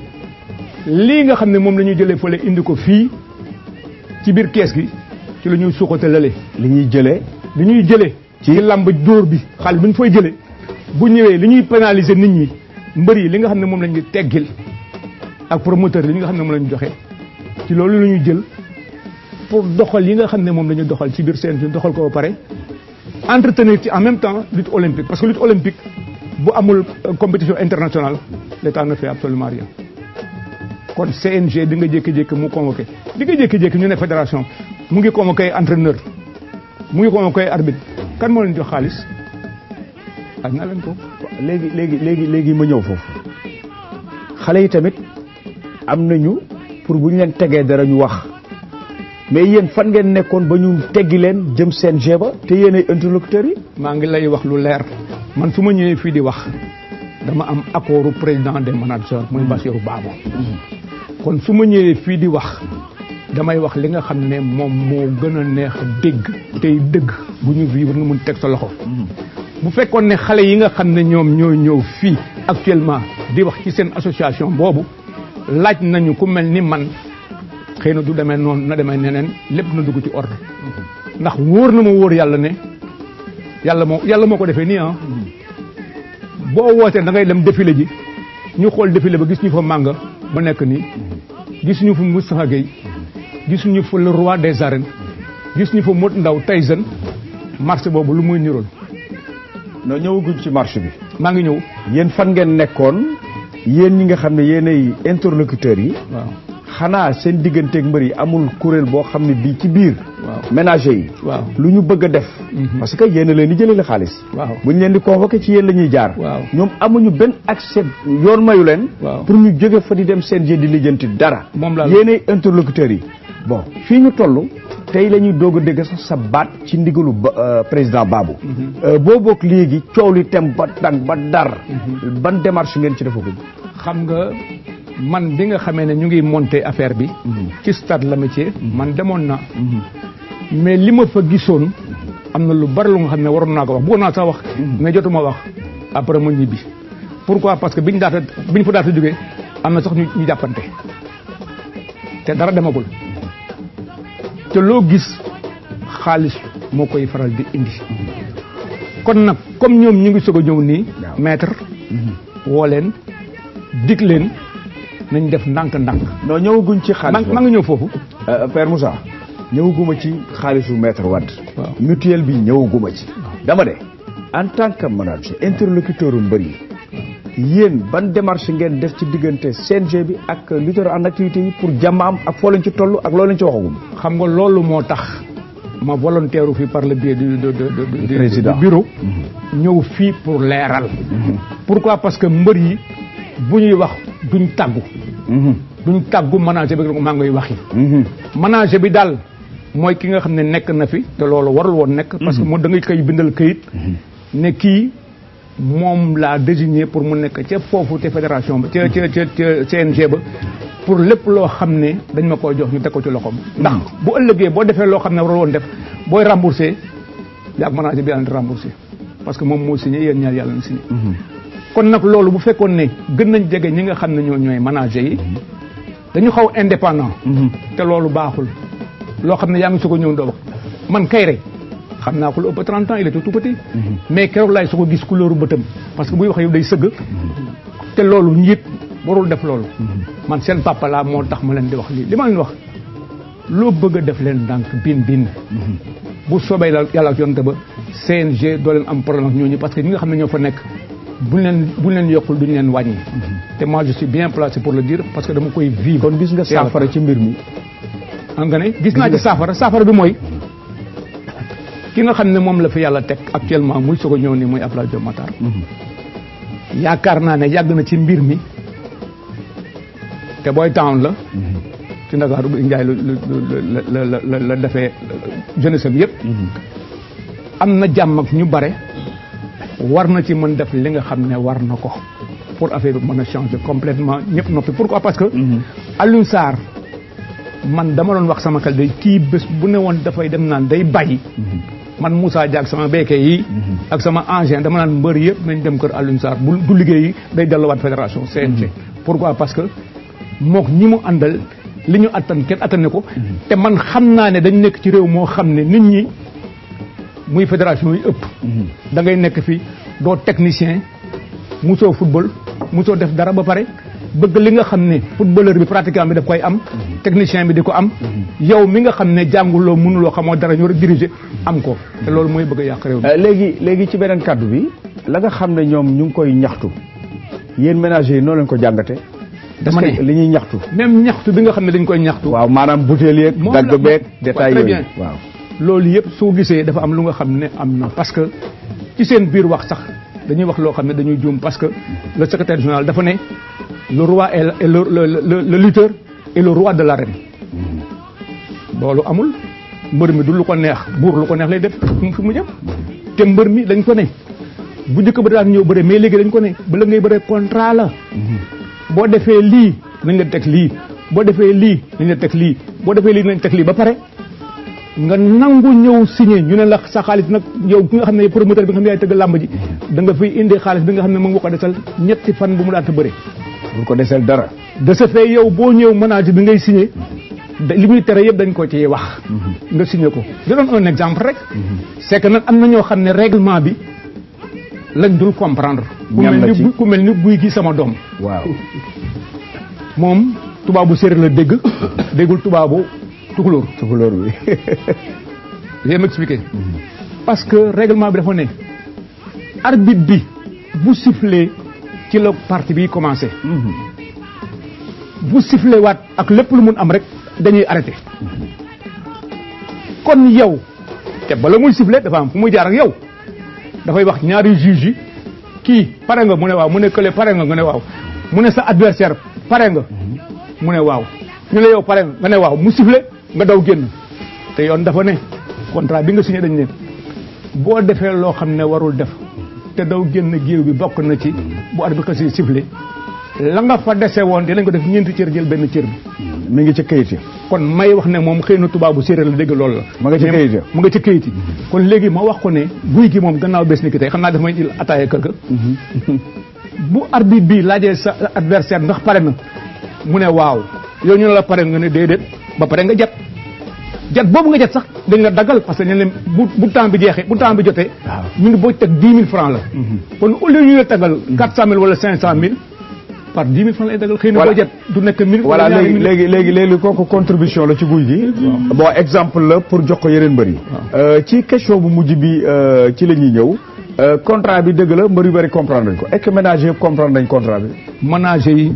lii nga xam ne moom lañuy ñuy jëlee fële indi ko fii ci biir kees gi ci la ñuy suuxate lale li ñuy jëlee li ñuy jëlee. ci làmb dóor bi xaalis bi ñu fooy jëlee bu ñëwee li ñuy pénaliser nit ñi mbër yi li nga xam ne moom lañu teggil ak promoteur li nga xam ne moom lañu joxe ci loolu la ñuy jël pour doxal yi nga xam ne moom la ñu doxal ci biir seen doxal ko ba pare entretenir ci en même temps lutte olympique parce que lutte olympique bu amul euh, compétition internationale l'état ne fait absolument rien kon CNG di nga jékki-jékki mu convoqué di nga jékki-jékki ñu ne fédération mu ngi convoqué entraîneur mu ngi ko koy arbitre kan moo leen jox xaalis ak ko. léegi léegi léegi léegi ma ñëw foofu xale yi tamit am nañu pour bu ñu leen tegee dara ñu wax mais yéen fan ngeen nekkoon ba ñu teggi leen jëm seen ba te yéen ay interlocuteurs yi. maa ngi lay wax lu leer man su ma ñëwee fii di wax dama am accordu président de managers muy Bassirou Babo mm-hmm. kon su ñëwee fii di wax. damay wax li nga xam ne moom moo gën a neex dégg tey dégg bu ñu vivre nga mun teg sa loxo bu fekkoon ne xale yi nga xam ne ñoom ñoo ñëw fii actuellement di wax ci seen association boobu laaj nañu ku mel ni man xëy na du demee noonu na demee neneen lépp na dugg ci ordre ndax wóor na ma wóor yàlla ne yàlla moo yàlla moo ko defee nii ah boo wootee da ngay dem défilé ji ñu xool défilé ba gis ñu fa màng ba nekk nii gis ñu sax a Gueye gis ñu fa roi des arènes gis ñu fa mot ndaw Tyson marché boobu lu muy niroon. non ñëwaguñ ci marché bi. maa ngi ñëw. yéen fan ngeen nekkoon yéen ñi nga xam ne yéenay interlocuteurs yi. waaw xanaa seen digganteek mbër yi amul kuréel boo xam ne bii ci biir. waaw ménager yi. waaw lu ñu bëgg a def. Mhm. parce que yéen a leen di jëlee la xaalis. waaw bu ñu leen di convoqué ci yéen la ñuy jaar. waaw ñoom amuñu benn accès yoon mayu leen. waaw pour ñu jóge fa di dem seen jënd di lijjanti dara. moom laa yéenay interlocuteurs yi. bon fii ñu toll tey la ñuy doog a dégg sa baat ci ndigalu euh, président Babou. Mm-hmm. Euh, boo boog léegi coow li tem ba tàng ba dar. Mm-hmm. ban ngeen ci defa ko xam nga man bi nga xamee ne ñu ngi monter affaire bi. Mm-hmm. ci stade l'amitié. man demoon na. mais li ma fa gisoon am na lu bari lu nga xam ne waroon naa ko wax bëggoon naa sax wax. mais jotuma wax après ma ñibbi. pourquoi parce que biñ daata biñ fa daata jógee am na sax ñu ñu jàppante te dara demagul. te loo gis xaalis moo koy faral di indi kon nag comme ñoom ñu ngi soog ñëw nii maître mm-hmm. woo leen dig leen nañ def ndànk-ndànk non ñëwaguñ ci xaalis maa nga ñëw foofu euh, euh, Père Moussa ñëwaguma ci xaalisu maître Wade mutuelle bi ñëwaguma ci dama de en tant que manager interlocuteur u mbër yi yéen ban démarche ngeen def ci diggante CNG bi ak lutteur en activité yi pour jàmmaam ak foo leen ci toll ak loo leen ci waxagum. xam nga loolu moo tax ma volontaire fi par le biais du président bureau mm-hmm. ñëw fii pour leeral mm-hmm. pourquoi parce que mbër yi bu ñuy wax duñ tàggu mm-hmm. duñ tàggu manager bi maa wax yi manager bi daal mooy ki nga xam ne nekk na fi te loolu warul woon nekk parce que moo da ngay koy bindal këyit ne kii moom laa désigné pour mu nekk ca foofu ca fédération ba ca ca ca CNG ba pour lépp loo xam ne dañ ma koy jox ñu teg ko ci loxoom. ndax hmm. bu ëllëgee boo defee loo xam ne warul woon def booy remboursé yaa ngi manager bi yàlla di remboursé parce que moom moo signé yéen ñaar yàlla na signé. Hmm. kon nag loolu bu fekkoon ne gën nañ jege ñi nga xam ne ñoo ñooy manager yi. Hmm. dañu xaw indépendant. te loolu baaxul. loo xam ne yaa ngi su ko ñëw doo wax man kay rek. xam naa ko lu ëpp 30 ans il était tout petit mhm. mais keroog laay su ko gis couleuru bëtam parce que buy wax yow day sëgg mhm. te loolu njiit warul def loolu mhm. man seen papa moo tax ma leen di wax lii li ma leen wax loo bëgg a def leen ndànk bin bin bu soobee yàlla ak yonte ba CNG doo leen am problème ak ñooñu parce que ñi nga xam ne ñoo fa nekk buñ leen buñ leen yokkul duñ leen wàññi te moi je suis bien placé pour le dire parce que dama koy vivre kon gis nga saafara ci mbir mi xam ah, nga ne gis naa ci saafara saafara bi mooy ki nga xam ne moom la fi yàlla teg actuellement muy soog a ñëw nii muy Abdoulaye Diop mm-hmm. naa ne yàgg na ci mbir mi te booy town la mm-hmm. ci Ndakaaru Njaay lu la la la defee jeunesse am yëpp mm-hmm. am na jàmm ñu bare war na ci mën def li nga xam ne war na ko pour affaire bi mën a changer completement ñëpp noppi pourquoi parce que Aliou man dama doon wax sama xel day kii bés bu ne woon dafay dem naan day bàyyi man Moussa Diak sama béykat yi. Mhm. ak sama engin dama naan mbër yëpp nañ dem kër Alioune Sarr bu du liggéey day delluwaat fédération CNG. Mhm. pourquoi parce que mook ñi mu àndal li ñu attan kenn attane ko. Mhm. te man xam naa ne dañ nekk ci réew moo xam ne nit ñi muy fédération yi ëpp. da ngay nekk fi doo technicien musoo football musoo def dara ba pare. bëgg li nga xam ne footballeur bi pratiquement bi daf koy am technicien bi di ko am yow mi nga xam ne jànguloo mënuloo xamoo dara ñu war a am ko te loolu mooy bëgg a yàq réew euh, léegi léegi ci beneen kàddu bi la nga xam ne ñoom ñu ngi koy ñaxtu yéen ménager yi noonu lañ ko jàngate dama ne li ñuy ñaxtu même ñaxtu bi nga xam ne dañ koy ñaxtu waaw maanaam butéel yeeg dagg beeg détail yooyu waaw loolu yëpp soo gisee dafa am lu nga xam ne am na parce que ci seen biir wax sax dañuy wax loo xam ne dañuy juum parce que le secrétaire général dafa ne le roi et le le le lutteur de l'arène loolu amul mbër mi du lu ko neex buur lu ko neex lay def fi mu jëm te mbër mi dañ ko ne bu njëkk ba daan ñëw bëre mais léegi dañ ko ne bala ngay bëre contrat la boo defee lii nañ la teg lii boo defee lii nañ la teg lii boo defee lii nañ teg lii ba pare nga nangu ñëw signé ñu ne la sa xaalis nag yow ki nga xam ne promoteur bi nga xam ne yaay tëgg làmb ji da nga fiy indi xaalis bi nga xam ne mu ngi ko desal ñetti fan bu mu daan bëre buñ ko deseel dara. de ce fait yow boo ñëw ménage bi ngay signé. li muy tere yëpp dañ ko ci wax. Mm-hmm. nga signé ko di doon un exemple rek. Mm-hmm. c' nag am na ñoo xam ne règlement bi lañ dul comprendre. ñam ci ku mel ni guy gi sama doom. waaw moom tubaabu séeréer la dégg déggul tubaabu tukulóor. tukulóor bi. je m'expliquer mm-hmm. parce que réglement bi dafa ne arbitre bi bu sifflé. ci la bi commencé. bu mm-hmm. sifflé waat ak lépp lu mun am rek dañuy arrêté. kon yow te bala muy sifflé dafa am fu muy jaar ak yow dafay wax ñaari juge yi kii pare nga mu ne waaw mu ne kële pare nga nga ne waaw mu ne sa adversaire pare nga mu ne waaw ñu yow pare nga ne waaw mu sifflé nga daw génn te yoon dafa ne contrat bi nga signé dañ ne boo defee loo xam ne warul def. te daw génn géew bi bokk na ci bu at bi xasee sifflé la nga fa dese woon dinañ ko def ñeenti cër jël benn cër bi. mi ngi ci kayit yi. kon may wax ne moom xëy na tubaabu séeréer la dégg lool la. ma nga ci kayit yi mu nga ci kayit yi. kon léegi ma wax ko ne guy gi moom gannaaw bés ni ki tey xam naa daf may il ataaya kër ga. Mhm. bu arbitre bi laajee sa adversaire ndax pare na mu ne waaw yow ñu ne la pare nga ne déedéet ba pare nga jàpp. jat boobu nga jat sax dañ la dagal parce que ñu ne bu bu temps bi jeexee bu temps bi jotee. waaw ñu ngi booy teg dix mille francs la. Mhm. kon au ñu la tagal. Mhm. quatre cent mille wala cinq cent mille. par dagal xëy na boo jot du nekk mille voilà léegi léegi kooku contribution la ci guy gi bon exemple la pour jox ko yeneen mbër yi euh, ci question bu mujj bi euh, ci la ñuy ñëw Euh, contrat bi dëgg la mbër yu bëri comprendre nañ ko est-ce que ménager comprendre nañ contrat bi. ménager yi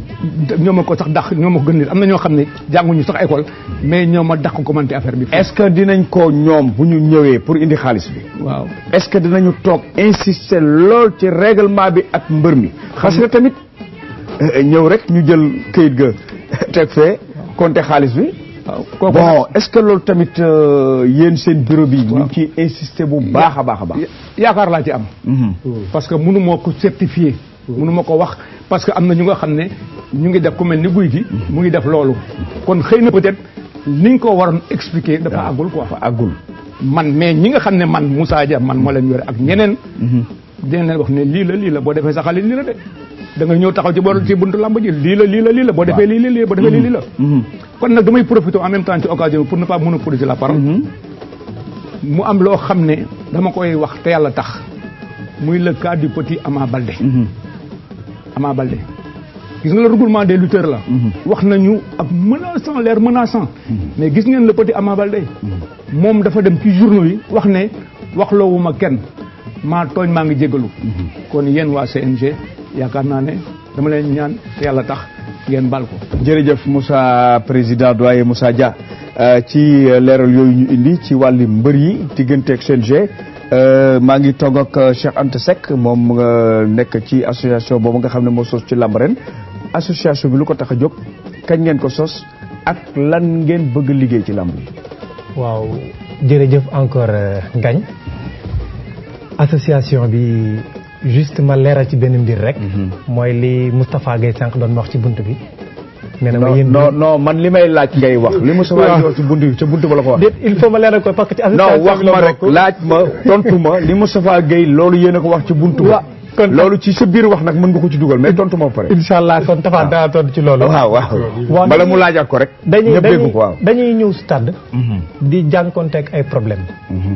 ñoo ma ko sax dàq ñoo ma ko gën am na ñoo xam ne jànguñu sax école mais ñoo ma dàq commenté affaire bi. est-ce que dinañ ko ñoom bu ñu ñëwee pour indi xaalis bi. waaw est-ce que dinañu toog insister lool ci règlement bi ak mbër mi. xas nga tamit euh, ñëw rek ñu jël këyit ga teg fee compter xaalis bi. waaw bon est-ce que loolu tamit euh, yéen seen bureau bi. ñu ngi ciy bu baax a baax a baax. yaakaar laa ci am. Mhm. Mm. parce que mënu ko certifié. mënu mm. ma ko wax parce que am na ñu nga xam ne ñu ngi def ku mel ni guy gi. Mm. mu ngi def loolu. kon xëy na peut-être ni ñu ko waroon expliquer dafa àggul quoi. dafa àggul man mais ñi nga xam ne man Moussa man moo leen yore ak ñeneen. Mhm. dinañ leen wax ne lii la lii la boo defee sa xale lii la de da ñëw taxaw ci boor ci buntu làmb ji lii la lii la lii la boo defee lii la lii boo defee lii lii la mm-hmm. Mm-hmm. kon nag damay profité en même temps ci occasion pour ne pas monopoliser la parole mm-hmm. mu am loo xam ne dama koy wax te yàlla tax muy le cas du petit Ama balde Ama Baldé gis nga le regroupement des lutteurs la wax nañu ak menaçant l'air menaçant mais gis ngeen le petit Ama balde moom dafa dem ci journaux yi wax ne waxloowuma kenn ma tooñ maa ngi jégalu mhm. kon yéen waa CNG yaakaar naa ne dama leen ñaan yàlla tax ngeen baal ko jërëjëf Moussa président doyen Moussa Dia euh, ci leeral yooyu ñu indi ci wàllu mbër yi digganteeg CNG euh, maa ngi toog ak euh, Cheikh Anta Seck moom nekk ci association boobu nga xam ne moo sos ci làmb ren association bi lu ko tax a jóg kañ ngeen ko sos ak lan ngeen bëgg liggéey ci làmb waaw jërëjëf encore Ngagne association bi juste ma leeral ci benn mbir rek. Mhm. mooy li Moustapha Guèye sànq doon wax ci bunt bi. nee na ma yéen non non man li may laaj ngay wax li Moustapha Guèye ci bunt bi bunt ba la ko wax. il faut ma leeral ko parce que ci association non wax ma rek laaj ma tontu ma li Moustapha loolu yéen ko wax ci bunt ba. loolu ci sa biir wax nag mën nga ko ci dugal mais tontu moo pare. incha allah kon Tafa daa tontu ci loolu. waaw waaw bala mu laajaat ko rek. ñëpp dégg ko waaw dañuy dañuy ñëw stade. Mhm. di jànkonteeg ay problème mhm.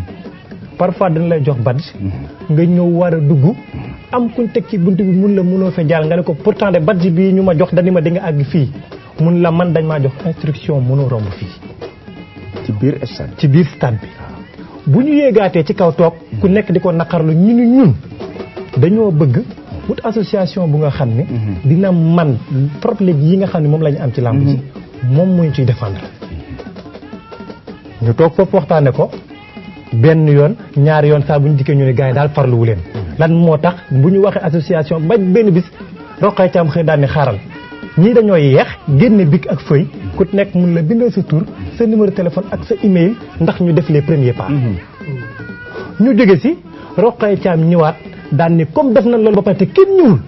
parfois dañ lay jox badge mm-hmm. nga ñëw war a dugg mm-hmm. am kuñ teg ki bunt bi mun la mënoo fa jaar nga ne ko pourtant de badge bii ñu ma jox dañu ma di nga àgg fii mun la man dañ ma jox instruction mënoo romb fii biir stade ci biir stade bi bu ñu yéegaatee ci kaw toog ku mm-hmm. nekk di ko naqarlu ñu ñun dañoo bëgg wut association bu nga xam ne dina man problème yi nga xam ne moom la ñu am ci làmb ji moom mooy ciy défendre ñu toog foofu waxtaane ko benn yoon ñaari yoon saa bu ñu dikkee ñu ne gars yi daal farluwu leen lan moo tax bu ñu waxee association ba benn bis roqee caam xëy daal ni xaaral ñii dañoo yeex génne bic ak feuille ku nekk mun la bindal sa tur sa numéro téléphone ak sa email ndax ñu def les premiers pas mhm. ñu jóge si roqee caam ñëwaat daan ne comme def na loolu ba pare te kenn ñëwul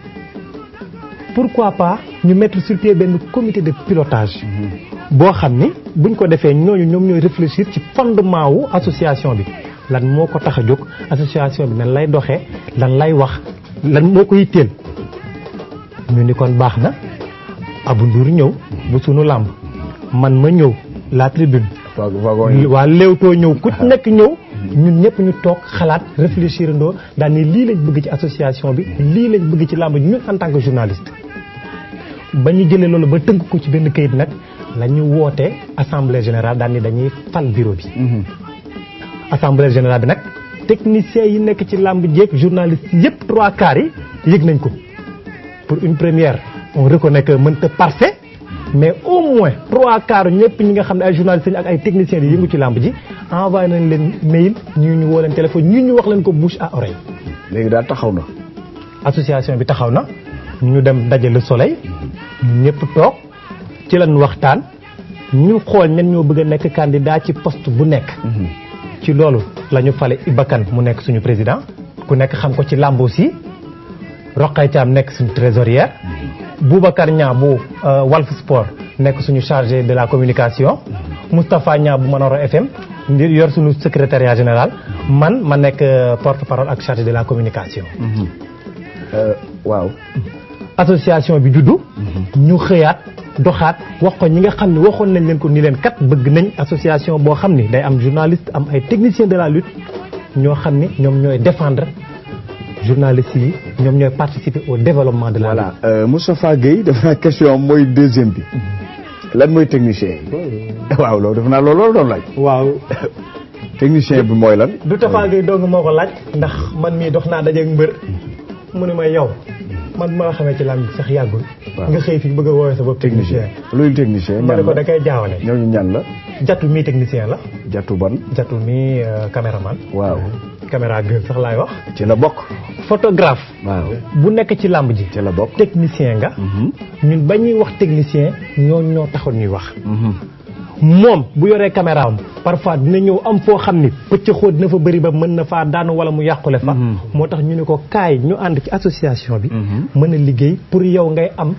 pourquoi pas ñu mettre sur benn comité de pilotage mhm. boo xam ni buñ ko defee ñooñu ñoom ñooy réfléchir ci fondement wu association bi lan moo ko tax a jóg association bi nan lay doxee lan lay wax lan moo ko yitteel ñu ni kon baax na Abou Ndour ñëw bu sunu làmb man ma ñëw la tribune waa Leewtoo ñëw ku nekk ñëw mhm. ñun ñëpp ñu toog xalaat réfléchir ndoo daal lii lañ bëgg ci association bi lii lañ bëgg ci làmb ñun en tant que journaliste ba ñu jëlee loolu ba tënk ko ci benn kayit nag la ñu woote assemblée générale daal ni dañuy fal bureau bi. Mhm. assemblée générale bi nag techniciens yi nekk ci làmb jeeg journaliste yëpp trois quarts yi yëg nañ ko pour une première on reconnaît que mënta parfait mais au moins trois quarts ñëpp ñi nga xam ne ay journalistes yi ak ay techniciens yi yëngu ci làmb ji envoyé nañ leen mail ñu ñu woo leen téléphone ñu ñu wax leen ko bouche à oreille. léegi daal taxaw na. association bi taxaw na ñu dem daje le soleil ñëpp toog. ci lañ waxtaan ñu xool ñan ñoo bëgg a nekk candidat ci poste bu nekk. Mhm. ci loolu la ñu fale Ibakan mu nekk suñu président ku nekk xam ko ci làmb aussi Roqay Thiam nekk suñu trésorière mhm. Boubacar Niang bu euh, Walf Sport nekk suñu chargé de la communication mhm. Moustapha Niang bu Manoro FM ngir yor suñu secrétariat général man ma nekk euh, porte parole ak chargé de la communication. Euh, waaw. association bi juddu. ñu xëyaat. doxaat wax ko ñi nga xam ne waxoon nañ leen ko ni leen kat bëgg nañ association boo xam ni day am journaliste am ay technicien de la lutte ñoo xam ni ñoom ñooy défendre journalistes yi ñoom ñooy participer au développement de la lutte. voilà euh, Moustapha def naa question mooy deuxième bi lan mooy technicien yi. waaw loolu def naa loolu loolu doon laaj. waaw. technicien bi mooy lan. du Tafa Gueye dong moo ko laaj. ndax man mii dox naa dajeeg mbër mu ne ma yow. man ma xamee ci làmb sax yàggul. nga xëy fi bëgg a woowee sa bopp technicien. luy technicien ñan la ko da koy jaawale. ñooñu ñan la. jattu technicien la. jattu ban. jattu mi euh, caméraman. waaw caméra gën sax laay wax. ci la bokk. photographe. waaw bu nekk ci làmb ji. ci la bokk technicien nga. Mhm. ñun ba ñuy wax technicien ñooñu ñoo taxoon ñuy wax. Mhm. moom bu yoree caméra am parfois dina ñëw am foo xam ni pëcc xóot dina fa bëri ba mën na faa daanu wala mu yàqule fa mhm. moo tax ñu ne ko kaay ñu ànd ci association bi mhm. mën a liggéey pour yow ngay am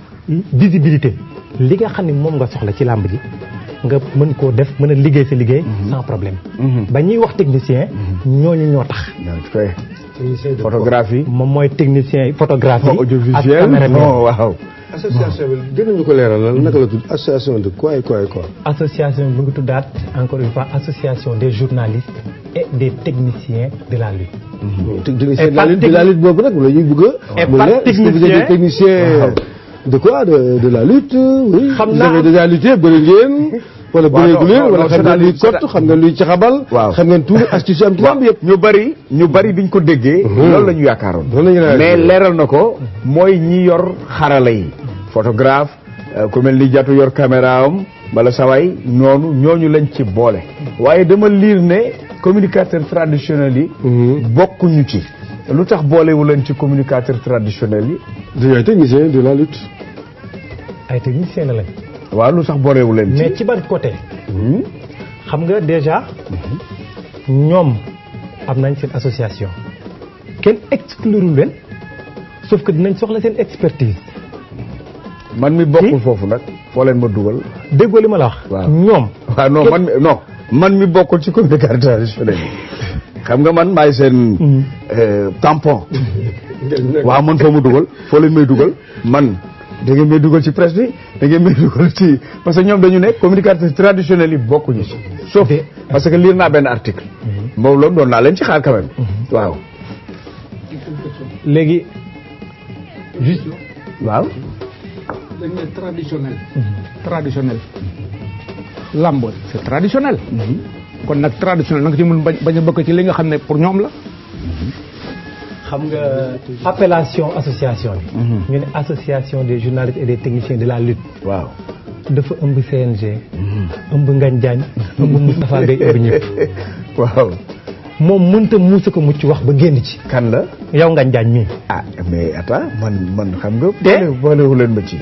visibilité li nga xam ne moom nga soxla ci làmb ji nga mën koo def mën a liggéey sa liggéey mhm. sans problème ba ñuy wax technicien ñooñu ñoo tax photographie moom mooy technicien photographie audiovisuel ak caméraman waaw association bi gën nañu ko leeralal naka la tudd association de quoi et quoi et quoi. encore une des journalistes et des techniciens de la lutte. Hmm. de la lutte de la boobu nag la ñuy bëgg a. et par technicien mu la est ce que vous de quoi de de la lutte. Euh, oui vous avez déjà lutté bëri ngeen. wala bëreegu leen wala xam ngeen luy kott xam ngeen luy caxabal. waaw xam ngeen tout astuce am. waaw yëpp ñu bëri ñu bëri biñ ko déggee. Mhm. loolu la ñu yaakaaroon. mais leeral na ko mooy ñi yor xarala yi. photographe euh, ku mel ni jatu yor caméra am wala saway noonu ñooñu lañ ci boole. waaye dama liir ne communicateur traditionnel yi. Mhm. bokkuñu ci. lu tax boolewu leen ci communicateur traditionnel yi. dañoo ay technicien de la lutte. ay technicien la lañ. waaw lu tax boolewu leen ci. mais ci ban côté. Hmm? xam nga déjà. ñoom am nañ seen association. kenn exclurul leen sauf soxla seen expertise. man mi bokkul foofu nag. foo leen ma dugal. déggoo li ma la wax. waaw ñoom. waaw non man non man mi bokkul ci communicateur traditionnel xam nga man maay seen. Mm-hmm. Euh, tampon. waaw man foo mu dugal foo leen may dugal man. da ngeen may dugal ci presse bi da ngeen may dugal ci parce que ñoom dañu ne communicateur traditionnel yi bokkuñu ci. sauf parce que lire naa benn article. Mm-hmm. moom loolu doon naa leen ci xaar quand même. Mm-hmm. waaw. léegi. waaw. dañ c'est traditionnel. kon nag traditionnel na nga ci mun bañ a bëgg ci li nga xam ne pour ñoom la. xam nga appellation association bi. Mhm. ñu ne association des journalistes et des techniciens de la lutte. waaw dafa ëmb CNG. Mhm. ëmb Ngagne Diagne ëmb Moustapha Gueye ëmb ñëpp. waaw. moom mënta muusa ko mucc wax ba génn ci. kan la yow ngañ jaañ mii. ah mais attends man man xam nga. te eh? boolewu leen ma ci.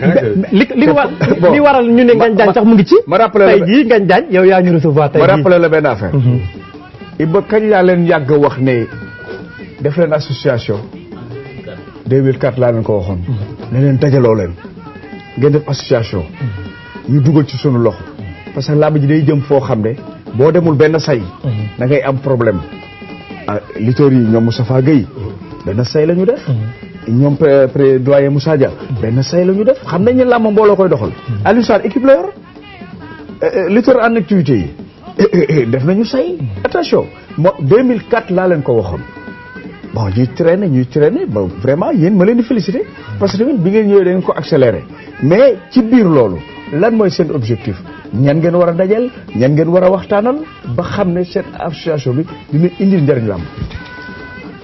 li li li waral ñu ne ngañ jaañ sax mu ngi ci. ma rappelé la tey jii ngañ jaañ yaa ñu recevoir tey jii. ma rappelé la benn affaire. Mhm. kañ laa leen yàgg wax ne def leen association. 2004 laa leen ko waxoon. Mhm. ne leen dajaloo leen. ngeen def association. Mhm. ñu dugal ci sunu loxo. parce que làmb ji day jëm foo xam ne. boo demul benn say. da ngay am problème. Ah, lutteurs yi ñoom Moustapha Guèye benn say la ñu def ñoom doyen Moussa Dia benn say la ñu def xam nañ ne làmb mbooloo koy doxal Aliou Sarr équipe la yor eh, eh, lutteur en activité yi eh, def nañu say attention moo 2004 laa leen ko waxoon bon ñuy traîner ñuy traîner ba vraiment yéen ma leen di féliciter parce que tamit bi ngeen ñëwee da ngeen ko accélérer mais ci biir loolu lan mooy seen objectif ñan ngeen war a dajeel ñan ngeen war a waxtaanal ba xam ne cette association bi dina indil njëriñ làmb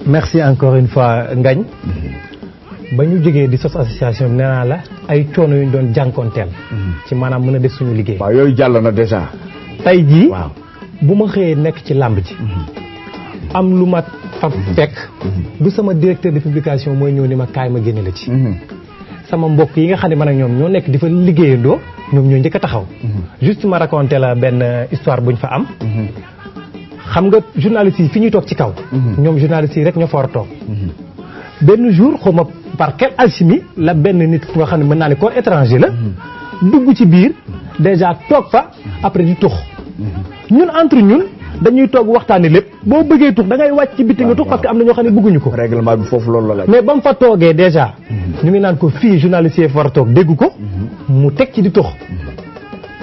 merci encore une fois ngañ mm-hmm. ba ñu jógee di sos association bi naa la ay coono yu ñu doon jànkonteel mm-hmm. ci maanaam mën a def suñu liggéey waaw yooyu jàll na déjà tey jii waaw bu ma xëyee nekk ci làmb ji mm-hmm. am lu ma fa fekk du sama directeur de publication mooy ñëw ni ma kaay ma génne la ci sama mbokk yi nga xam ne man ak ñoom ñoo nekk di fa liggéeyandoo ñoom ñoo njëkk a taxaw. Mhm. juste ma raconté la benn euh, histoire buñ fa am. Mhm. xam nga journaliste fi ñuy toog ci kaw. Mhm. ñoom journaliste rek ñoo fa a toog. benn jour xaw par quelle alchimie la benn nit ku nga xam ne mën naa ne ko étranger la. dugg ci biir déjà toog fa après di tux ñun entre ñun. dañuy toog waxtaan waxtaani lépp boo bëggee tux da ngay wàcc ci biti nga tux parce am na ñoo xam ne bëgguñu ko règlement bi foofu loolu la mais ba mu fa toogee déjà ñu ngi naan ko fii journaliste yi war a toog dégg ko mhm. mu teg ci di tux mhm.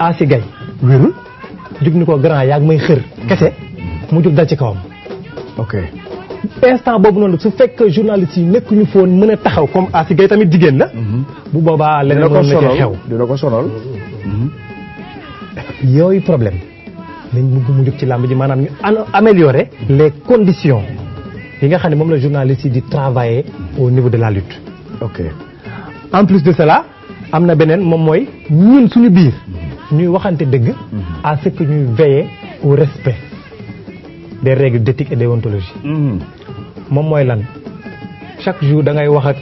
Asi Gaye wérul jug ni ko grand yaag may xër kese mhm. mu jug dal ci kawam ok instant boobu noonu su fekkee journaliste yi nekk ñu foon mën a taxaw comme Asi Gaye tamit jigéen la bu boobaa leneen mën na cee ko sonal yooyu problème nañ bëgg mu jóg làmb ji maanaam ñu améliorer les conditions yi nga xam ne moom la journaliste yi di travailler au niveau de la lutte. ok en plus de cela am na beneen moom mooy ñun suñu biir ñuy waxante dëgg. Mhm. à ce que ñuy veiller au respect mhm. moom mooy lan chaque jour da ngay wax ak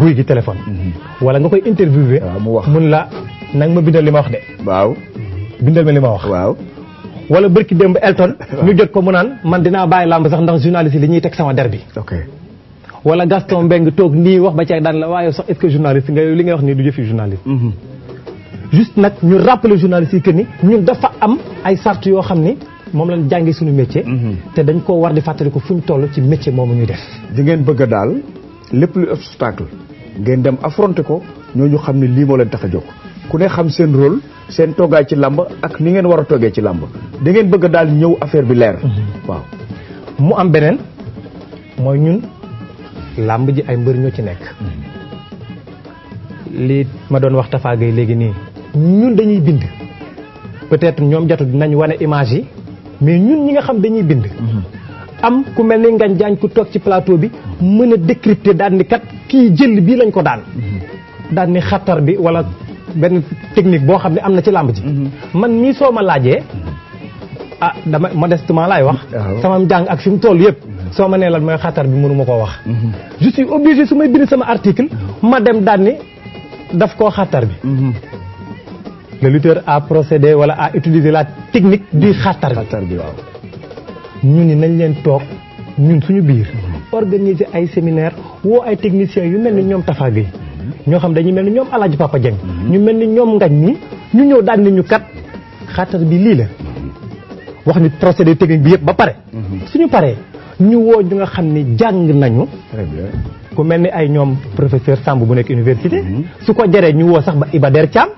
guy gi téléphone. Mhm. wala nga koy interviewer. Ah, mu wax mun la nang ma bindal li ma wax de. waaw bindal ma li ma wax. waaw wala bërki démb Elton. ñu jot ko mu naan man dinaa bàyyi làmb sax ndax journaliste li ñuy teg sama der bi. wala Gaston Mbengue toog nii wax ba ceeg daan la waaye sax est-ce que journaliste nga li ngay wax nii du jëfi journaliste. Mhm. juste nag ñu rappeler journaliste yi que ni ñun dafa am ay sart yoo xam ni moom lañ jàngee suñu métier. Mhm. te dañ koo war di fàttali ko fu ñu toll ci métier moomu ñuy def. di ngeen a daal lépp lu obstacle ngeen dem affronter ko ñoo ñu xam ne lii moo leen tax a jóg. ku ne xam seen rôle seen toggaay ci làmb ak ni ngeen war a toggee ci làmb dangeen bëgg daal ñëw affaire bi leer. Mhm. waaw mu am beneen mooy ñun làmb ji ay mbër ñoo ci nekk. Mhm. lii ma doon wax Tafa Gueye léegi nii ñun dañuy bind peut-être ñoom jotu dinañ wane image yi mais ñun ñi nga xam dañuy bind. Mhm. am ku mel ni ngañ jaañ ku toog ci plateau bi mën a décrypter daal ni kat kii jël bii lañ ko daan. daal ni xatar bi wala. benn technique boo xam ne am na ci làmb ji. Mhm. man mii soo ma laajee a ah, dama ma modestement laay wax. Ah sama njàng ak si mu tool yëpp. soo ma nee la mooy xatar bi mënuma koo wax. Mhm. je suis obligé su may bind sama article ma dem daan daf koo xatar bi. Mhm. le lutteur a procédé wala a utiliser la technique di xatar bi. xatar bi nañ leen toog ñun suñu biir. organiser ay séminaire woo ay techniciens yu mel ni ñoom Tafa Gueye ñoo xam dañuy mel ni ñoom alaaji Papa Dieng mhm. ñu mel ni ñoom ngañ ñi ñu ñëw daan nañu kat xaatar bi lii la mhm. wax ñu de technique bi yëpp ba pare mhm. suñu paree ñu woo ñu nga xam ni jàng nañu ku mel ni ay ñoom professeur Samb bu nekk université su ko jaree ñu woo sax ba Iba Der Thiam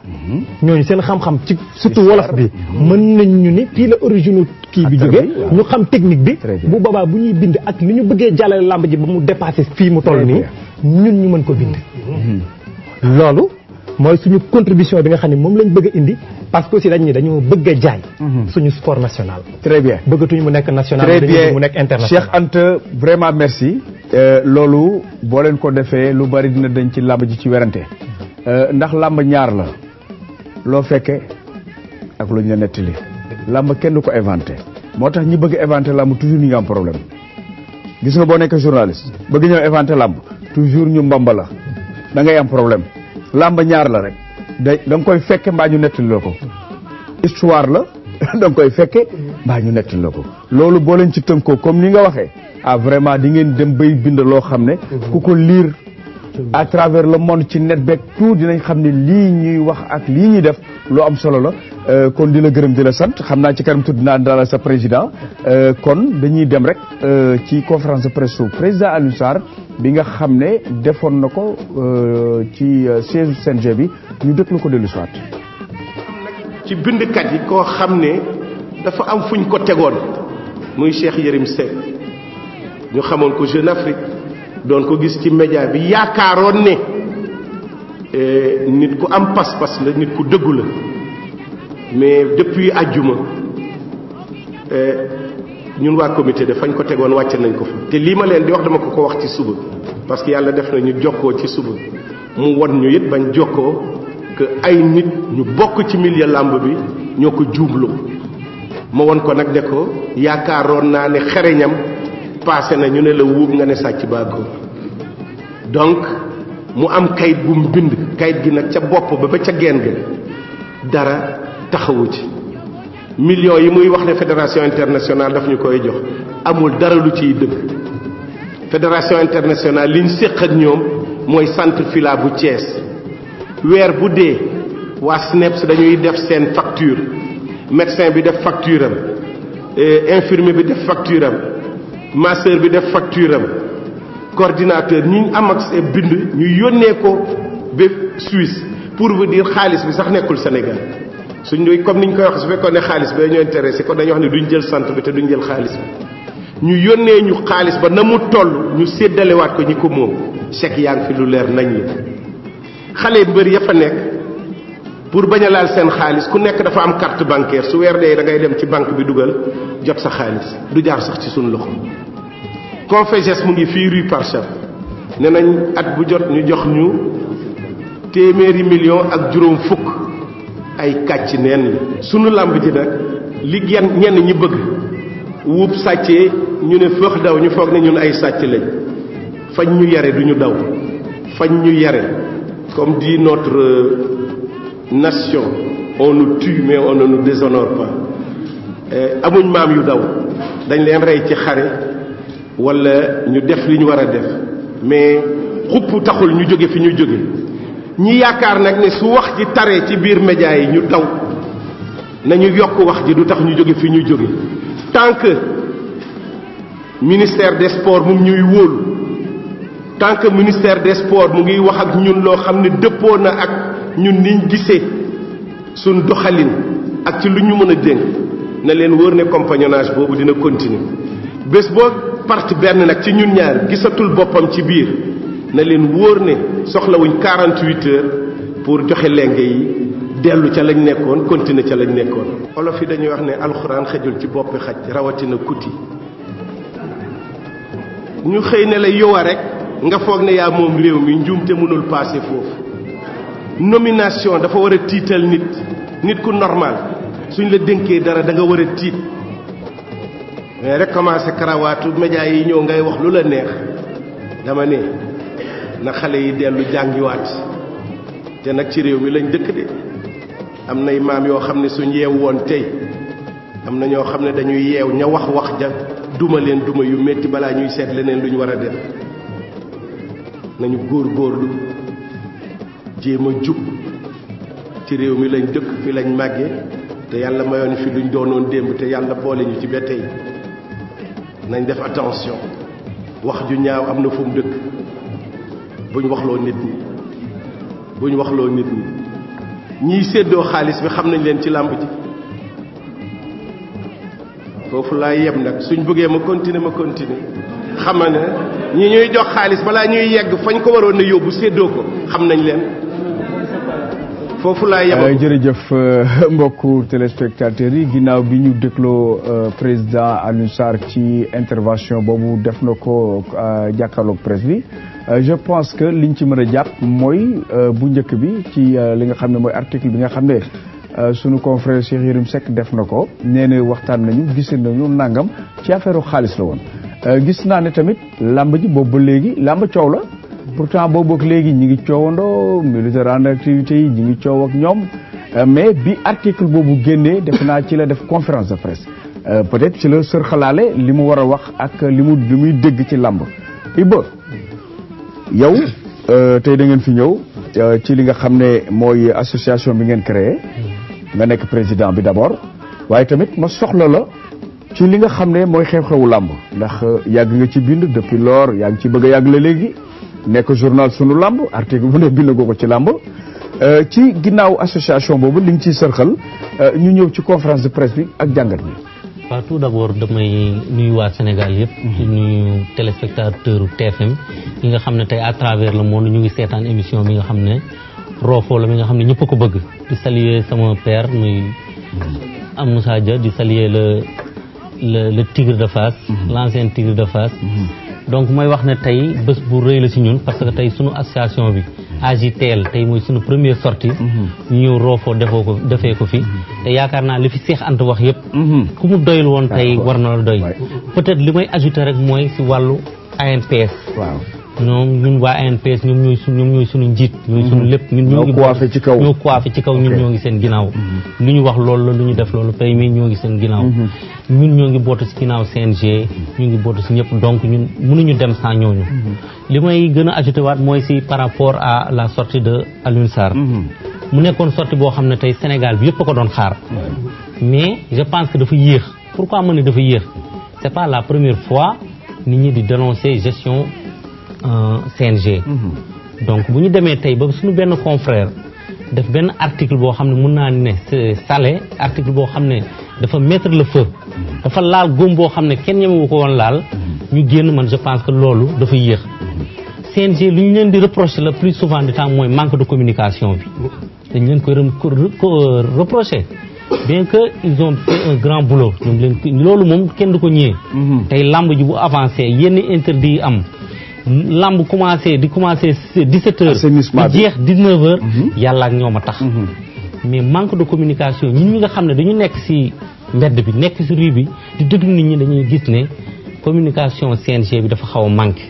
ñooñu seen xam-xam ci surtout wolof bi mën nañ ñu ni fii la origine kii bi jóge ñu xam technique bi bu boobaa bu ñuy bind ak li ñu bëggee jàllale làmb ji ba mu dépassé fii mu toll nii ñun ñu mën ko bind loolu mooy suñu contribution bi nga xam ne moom lañ bëgg indi parce que si dañ ni dañoo bëgg a jaay mhm. suñu sport national très bien bëggatuñu mu nekk national très bien mu nekk international Cheikh Anta vraiment merci euh, loolu boo leen ko defee lu bari dina dañ ci làmb ji ci werante euh, ndax làmb ñaar la loo fekke ak lu ñu la nettali kenn du ko inventé moo tax ñi bëgg inventé làmb toujours ñu am problème gis nga boo nekk journaliste bëgg ñëw inventé lamb toujours ñu mbamba la da ngay am problème làmba ñaar la rek day da koy fekke mbaa ñu nettali la ko histoire la da koy fekke mbaa ñu nettali la ko loolu boo leen ci tënkoo comme ni nga waxee a ah, vraiment di ngeen dem bay bind loo xam ne ku ko liir à travers le monde ci net beeg tout dinañ xam ne lii ñuy wax ak lii ñuy def lu am solo la euh, kon di la gërëm di la sant xam naa ci kanam tudd naa daal sa président euh, kon dañuy dem rek euh, ci conférence de presse président Alioune Sarr bi nga xam ne defoon na ko ci siège CNG bi ñu déglu ko dellu soit ci bindkat yi koo xam ne dafa am fuñ ko tegoon muy Cheikh Yérim Seck ñu xamoon ko Jeune Afrique doon ko gis ci média bi yaakaaroon ne e, nit ku am pas-pas la nit ku dëggu la mais depuis àjjuma e, ñun waa comité de fañ ko tegoon wàcc nañ ko fa te lii ma leen di wax dama ko ko wax ci suba parce que yàlla def na ñu jokkoo ci suba mu won ñu it bañ jokkoo que ay nit ñu bokk ci milieu làmb bi ñoo ko juumloo ma won ko nag de ko yaakaaroon naa ne xereñam paase na ñu ne la wuub nga ne sàcc baa donc mu am kayit bu mu bind kayit gi nag ca bopp ba ba ca génn ga dara taxawu ci millions yi muy wax ne fédération internationale daf ñu koy jox amul dara lu ciy dëgg fédération internationale liñ séq ñoom mooy centre fila bu Thiès weer bu dee waa SNEPS dañuy def seen facture médecin bi def facture am euh, bi def facture am master bi def facture am coordinateur ñu am ak bind ñu yónnee ko ba Suisse pour vous dire xaalis bi sax nekkul Sénégal suñ doy comme ni niñ koy wax su fekkoon ne xaalis ba dañoo intéressé kon dañuy wax ne duñ jël sant bi te duñ jël xaalis bi ñu yónnee ñu xaalis ba na mu toll ñu séddalewaat ko ñi ko moom chèque yaa ngi fi lu leer nañ yi xale mbër ya fa nekk. pour bañ a laal seen xaalis ku nekk dafa am carte bancaire su weer dee da ngay dem ci banque bi dugal jot sa xaalis du jaar sax ci suñu loxo Conféges mu ngi fii rue Parcelles ne nañ at bu jot ñu jox ñu téeméeri million ak juróom fukk ay kàcc neen la sunu làmb ji nag li genn ñenn ñi bëgg wuub sàccee ñu ne fëx daw ñu foog ne ñun ay sàcc lañ fañ ñu yare du ñu daw fañ ñu yare comme dit notre euh, nation on nous tue mais on ne nous déshonore pas eh, amuñ maam yu daw dañ leen rey ci xare wala ñu def li ñu war a def mais xupp taxul ñu jóge fi ñu jóge ñi yaakaar nag ne su wax ji taree ci biir média yi ñu daw nañu yokk wax ji du tax ñu jóge fi ñu jóge tant que ministère des mu ñuy wóolu tant que ministère des sports mu ngi wax ak ñun loo xam ne dëppoon na ak ñun niñ gisee suñ doxalin ak ci lu ñu mën a dénk na leen wóor ne compagnonnage boobu dina continuer bés boo parti benn nag ci ñun ñaar gisatul boppam ci biir na leen wóor ne soxlawuñ 48 heures pour joxe leng yi dellu ca lañ nekkoon continuer ca lañ nekkoon. olof yi dañuy wax ne alxuraan xajul ci boppi xaj rawatina kuti ñu xëy ne la yowa rek nga foog ne yaa moom réew mi njuumte mënul paase foofu. nomination dafa war a tiital nit nit ku normal suñ la dénkee dara da nga war a tiit mais rek commencé karawaatu média yi ñëw ngay wax lu la neex dama ne na xale yi dellu jàngiwaat te nag ci réew mi lañ dëkk de am nay maam yoo xam ne suñ yeew woon tey am na ñoo xam ne dañuy yeew ña wax wax ja duma leen duma yu métti balaa ñuy seet leneen lu war a def nañu góor góorlu jéem a jub ci réew mi lañ dëkk fi lañ màggee te yàlla mayoon fi luñ doonoon démb te yàlla boole ñu ci ba tey nañ def attention wax ju ñaaw am na fu mu dëkk buñ waxloo nit ñi buñ waxloo nit ñi ñiy séddoo xaalis bi xam nañ leen ci làmb ji foofu laa yem nag suñ bëggee ma continuer ma continuer xam ne ñi ñuy jox xaalis balaa ñuy yegg fañ ko waroon a yóbbu séddoo ko xam nañ leen foofu laa yemal euh, jërëjëf euh, mbokku téléspectateurs yi ginnaaw bi ñu dégloo euh, président Alioune Sarr ci intervention boobu def na ko jàkkaarloog presse bi je pense que liñ ci mën a jàpp mooy bu njëkk bi ci li nga xam ne mooy article bi nga xam ne. sunu confrère Cheikh Yérim Seck def na ko nee waxtaan nañu gis nañu nangam ci affaire xaalis la woon gis naa ne tamit làmb ji boobu léegi làmb coow la. pourtant boobu ak léegi ñi ngi coowandoo militaire en activité yi ñi ngi coow ak ñoom euh, mais bi article boobu génnee def naa ci la def conférence de presse euh, peut-être ci la sër xalaale li mu war a wax ak li mu li muy dégg ci làmb ba yow euh, tey da ngeen fi ñëw ci li nga xam ne mooy association bi ngeen créé nga nekk président bi d'abord waaye tamit ma soxla la ci li nga xam ne mooy xew-xewu làmb ndax yàgg nga ci bind depuis lors yaa ngi ci bëgg a yàgg la léegi nekk journal suñu làmb article bu ne bind nga ko ci làmb euh, ci ginnaaw association boobu li nga ciy sërxal euh, ñu ñëw ci conférence de presse bi ak jàngat bi. waaw tout d'abord damay nuyu waa Sénégal yëpp. Mhm. di nuyu téléspectateur TFM yi nga xam ne tey à travers le monde ñu ngi seetaan émission bi nga xam ne roofoo la mi nga xam ne ñëpp ko bëgg. di saluer sama père muy am mhm. Moussa Dia di saluer le le le tigre de Fass. Mhm. l'ancien tigre de Fass. donc mooy wax ne tey bés bu rëy la si ñun parce que tey suñu association bi AJTL tey mooy suñu première sortie mm-hmm. ñu roofoo defoo ko defee ko fi mm-hmm. te yaakaar naa li fi Seex Anta wax yëpp mm-hmm. ku mu doyul woon tey war na la doy peut-être li may ajouté rek mooy si wàllu ANPS waaw ñoom ñun waa ANPS ñoom ñooy ñoom ñooy suñu njiit ñooy suñu mhm. lépp ñoo ngi ci kaw ñoo coiffé ci kaw ñun ñoo ngi seen ginnaaw mhm. lu ñu wax loolu la lu ñu def loolu pay mais ñoo ngi seen ginnaaw mhm. ñun ñoo ngi bootu ci ginnaaw CNG ñu ngi bootu ci ñëpp donc ñun mënuñu dem sans ñooñu li may gën a ajouté waat mooy si par rapport a la sortie de Alioune Sarr mu nekkoon sorti boo xam ne tey Sénégal bi yëpp ko doon xaar mais je pense que dafa yéex pourquoi mën ne dafa yéex c'est pas la première fois nit ñi di dénoncer gestion Euh, CNG. Mhm. donc bu ñu demee tey ba suñu benn confrère def benn article boo xam ne mun naa ne salé article boo xam ne dafa mettre la feu mhm. dafa laal góom boo xam ne kenn ñemewu ko woon laal mhm. ñu génn man je pense que loolu dafa yéex CNG lu ñu leen di reprocher le plus souvent du temps mooy manque de communication bi dañ leen koy euh, reprocher bien que ils ont fait un grand boulot ñoom leen loolu moom kenn du ko ñëwee tey làmb ji bu avancé yenn interdit yi am lamb commencé di commencé 17 heures di jeex 19 heures mhm. yàlla ak ñoom a tax mhm. mais manque de communication ñun ñi nga xam ne dañu nekk ci mbedd bi nekk si rue bi di déglu nit ñi dañuy gis ne communication CNG bi dafa xaw a manqué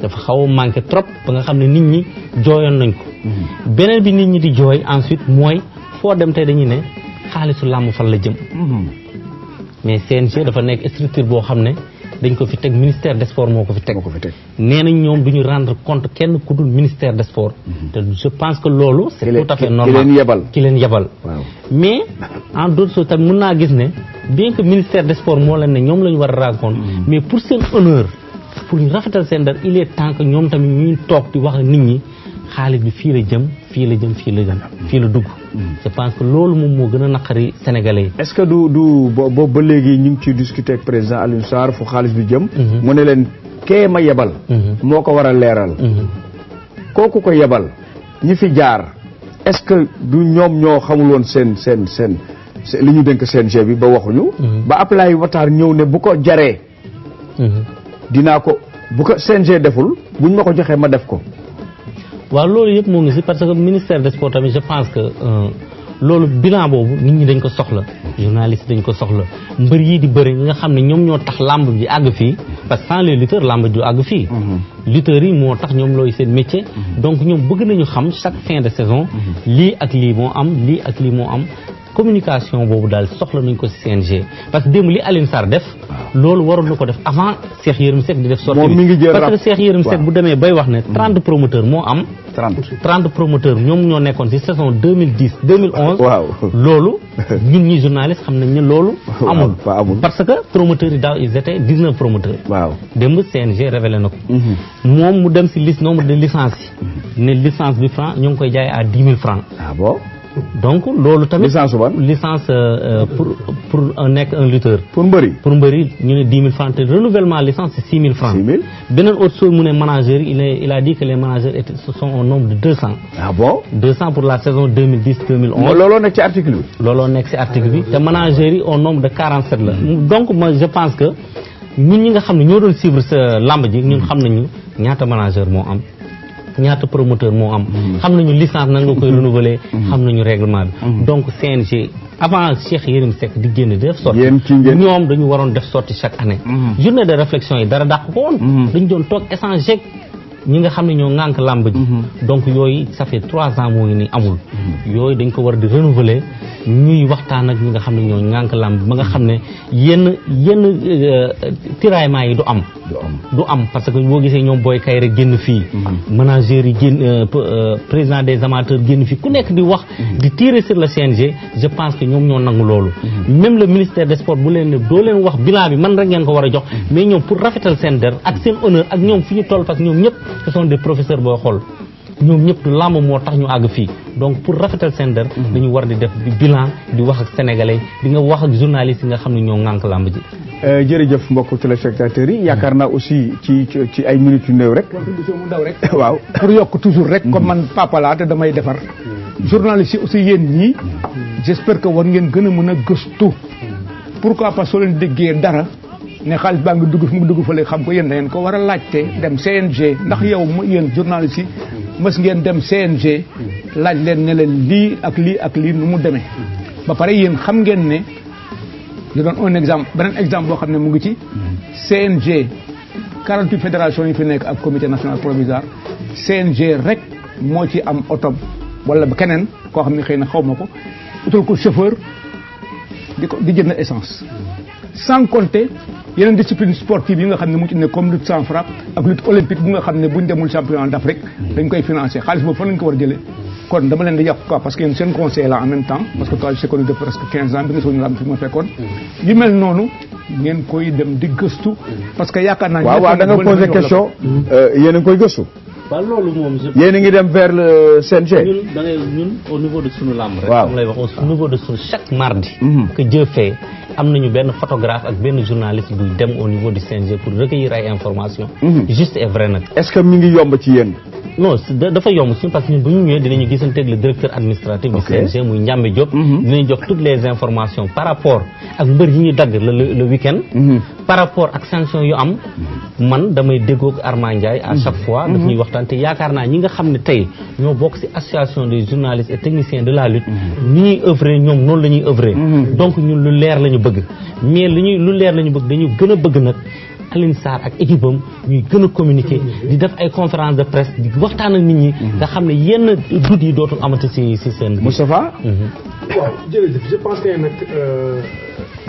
dafa xaw a manqué trop ba nga xam ne nit ñi jooyoon nañ ko mhm. beneen bi nit ñi di jooy ensuite mooy foo dem tey dañuy ne xaalisu làmb fan la jëm mais CNG dafa nekk structure boo xam ne dañ ko fi teg ministère des sports moo ko fi teg nee nañ ñoom du ñu rendre compte kenn ku dul ministère des sports mm-hmm. te je pense que loolu c' est tout à fait normal ki leen yebal mais en d' autres tamit mën naa gis ne bien que ministère des sports moo leen ne ñoom la ñu war a rendre compte mm-hmm. mais pour seen honneur pour ñu rafetal seen dar il est ñoom tamit ñu toog di wax nit ñi xaalis bi fii la jëm fii la jëm fii la jëm fii la dugg mm. je pense que loolu moom moo gën a naqari sénégalais yi est-ce que du du boobu ba léegi ñu ngi ciy discuter ak président Alioune Sarr fu xaalis bi jëm mm-hmm. mu ne leen kee ma yebal mm-hmm. moo ko war a leeral mm-hmm. kooku ko yebal ñi fi jaar est-ce que du ñoom ñoo xamul woon seen seen seen li ñu dénk CNG bi ba waxuñu ba Abdoulaye Watar ñëw ne bu ko jaree dinaa ko bu ko CNG deful buñ ma ko joxee ma def ko waaw loolu yëpp moo ngi si parce que ministère des sports tamit je pense que euh, loolu bilan boobu nit ñi dañ ko soxla journaliste dañ ko soxla mbër yi di bëri ñi nga xam ne ñoom ñoo tax lamb bi àgg fii parce que sans les làmb lamb du àgg fii mhm. lutteurs yi moo tax ñoom looy seen métier mhm. donc ñoom bëgg nañu xam chaque fin de saison mhm. lii ak lii moo am lii ak lii moo am communication boobu daal soxla nañ ko CNG parce que démb li Alioune Sarr def loolu waroon na ko def avant Cheikh Yérim Seck di def sortie parce que Cheikh Yérim bu demee bay wax ne mm. trente promoteurs moo am trente promoteurs ñoom ñoo nekkoon ci saison 2010 2011 waaw loolu ñun ñi journaliste xam nañ ne loolu amul parce que promoteurs yi daaw ils étaient 19 promoteurs waaw démb CNG révélé na ko mm-hmm. moom mu dem ci liste nombre de licence yi mm-hmm. ne licence bi franc ñu ngi koy jaay à 10 000 francs ah donc loolu tamit licence ban licence euh, euh, pour pour nekk un lutteur. pour mbëri pour mbëri ñu ne 10 000 francs te renouvellement licence c'est 6 000 francs. 6 000 beneen autre chose mu ne manager il est il a dit que les managers étaient sont au nombre de 200. ah pour la saison 2010 2011. looloo nekk ci looloo nekk ci article bi te managers yi au nombre de 47 la. donc ma je pense que ñun ñi nga xam ne ñoo doon suivre sa lamb ji ñun xam nañu ñaata manager moo am. ñaata promoteur moo am xam nañu licence nan nga koy mm-hmm. renouveler mm-hmm. xam nañu règlement bi mm-hmm. donc CNG avant Cheikh Yérim Seck di génn di def sorti ñoom dañu waroon def sorti chaque année journée de réflexion yi dara dàq ko woon dañu doon toog échanger ñi nga xam ne ñoo ŋànk làmb ji mhm. donc yooyu ça fait trois ans moo ngi amul yooyu dañ ko war di renouveler ñuy waxtaan ak ñi nga xam ne ñoo ŋànk làmb ba nga xam ne yenn yenn euh, tiraillement yi du am du am parce que boo gisee ñoom booy kay rek génn fii mhm. managers yi génn euh, euh, président des amateurs génn fii ku nekk di wax mhm. di tirer sur le CNG je pense que ñoom ñoo nangu loolu même la ministère des sports bu leen ne doo leen wax bilan bi man rek ngeen ko war a jox mais ñoom pour rafetal seen der ak ñoom fi ñu toll parce que ñëpp ce sont des professeurs boo xool ñoom ñëpp làmb moo tax ñu àgg fii donc pour rafetal seen der mm-hmm. dañu war di def bilan di wax ak sénégalais di nga wax ak journalistes yi nga xam ne ñoo ngànk làmb ji euh, jërëjëf mbokk téléspectateurs yi yaakaar naa aussi ci ci ay minutes yu néew rek mu ndaw rek waaw pour yokk toujours rek comme mm-hmm. man papalaat laa te damay defar journalistes yi aussi yéen ñii mm-hmm. j'espère que war ngeen gën a mën a gëstu pourquoi pas soo leen déggee dara ne xaalis baa ngi dugg fi mu dugg fële xam ko yen da ngeen ko war a laajte dem CNG ndax yow mu yéen journaliste yi mës ngeen dem CNG laaj leen ne leen lii ak lii ak lii nu mu demee ba pare yéen xam ngeen ne di doon un exemple beneen exemple boo xam ne mu ngi ci CNG 48 fédération yi fi nekk ak comité national provisoire CNG rek moo ci am oto wala ba keneen koo xam ne xëy na xaw ma ko utal ko chauffeur di ko di jënd essence sans compter yeneen discipline sportive yi nga xam ne mu ci ne comme lutte sans frappe ak lutte olympique bu nga xam ne buñ demul championnat d'Afrique dañ koy financé xaalis boobu fan lañ ko war a kon dama leen di yàqu quoi parce que seen conseil la en même temps parce que toi de presque quinze ans bi nga soo ñu la fi ma fekkoon yu mel noonu ngeen koy dem di gëstu parce que yaakaar naa waaw waaw da nga posé question euh, yéen a ngi koy gëstu waaw loolu dem vers le CNG. ñun da am nañu benn photographe ak benn journaliste buy dem au niveau du CNG pour recueillir ay informations. Mhm. juste et vrai nag. est-ce que mi ngi yomb ci yéen. non dafa yomb suñu parce que ñun bu ñu ñëwee dinañu gisante ak le directeur administratif du CNG muy Ndiambe Diop. Mhm. dinañ jox toutes les informations par rapport ak mbër yi ñu dagg le le week mhm. par rapport ak sanction yu am man damay déggoog Armand Ndiaye à chaque fois daf ñuy waxtaan te yaakaar naa ñi nga xam ne tey ñoo bokk ci association des journalistes et techniciens de la lutte ni ñuy œuvrer ñoom noonu la ñuy œuvrer mm-hmm. donc ñun lu leer la ñu bëgg mais li ñuy lu leer la ñu bëgg dañu gën a bëgg nag Alioune Sarr ak équipe am ñuy gën a communiquer di def ay conférence de presse waxtaan ak nit ñi nga xam ne yenn dut yi dootul amati si si seen Moustapha mhm. waaw jërëjëf je pense euh,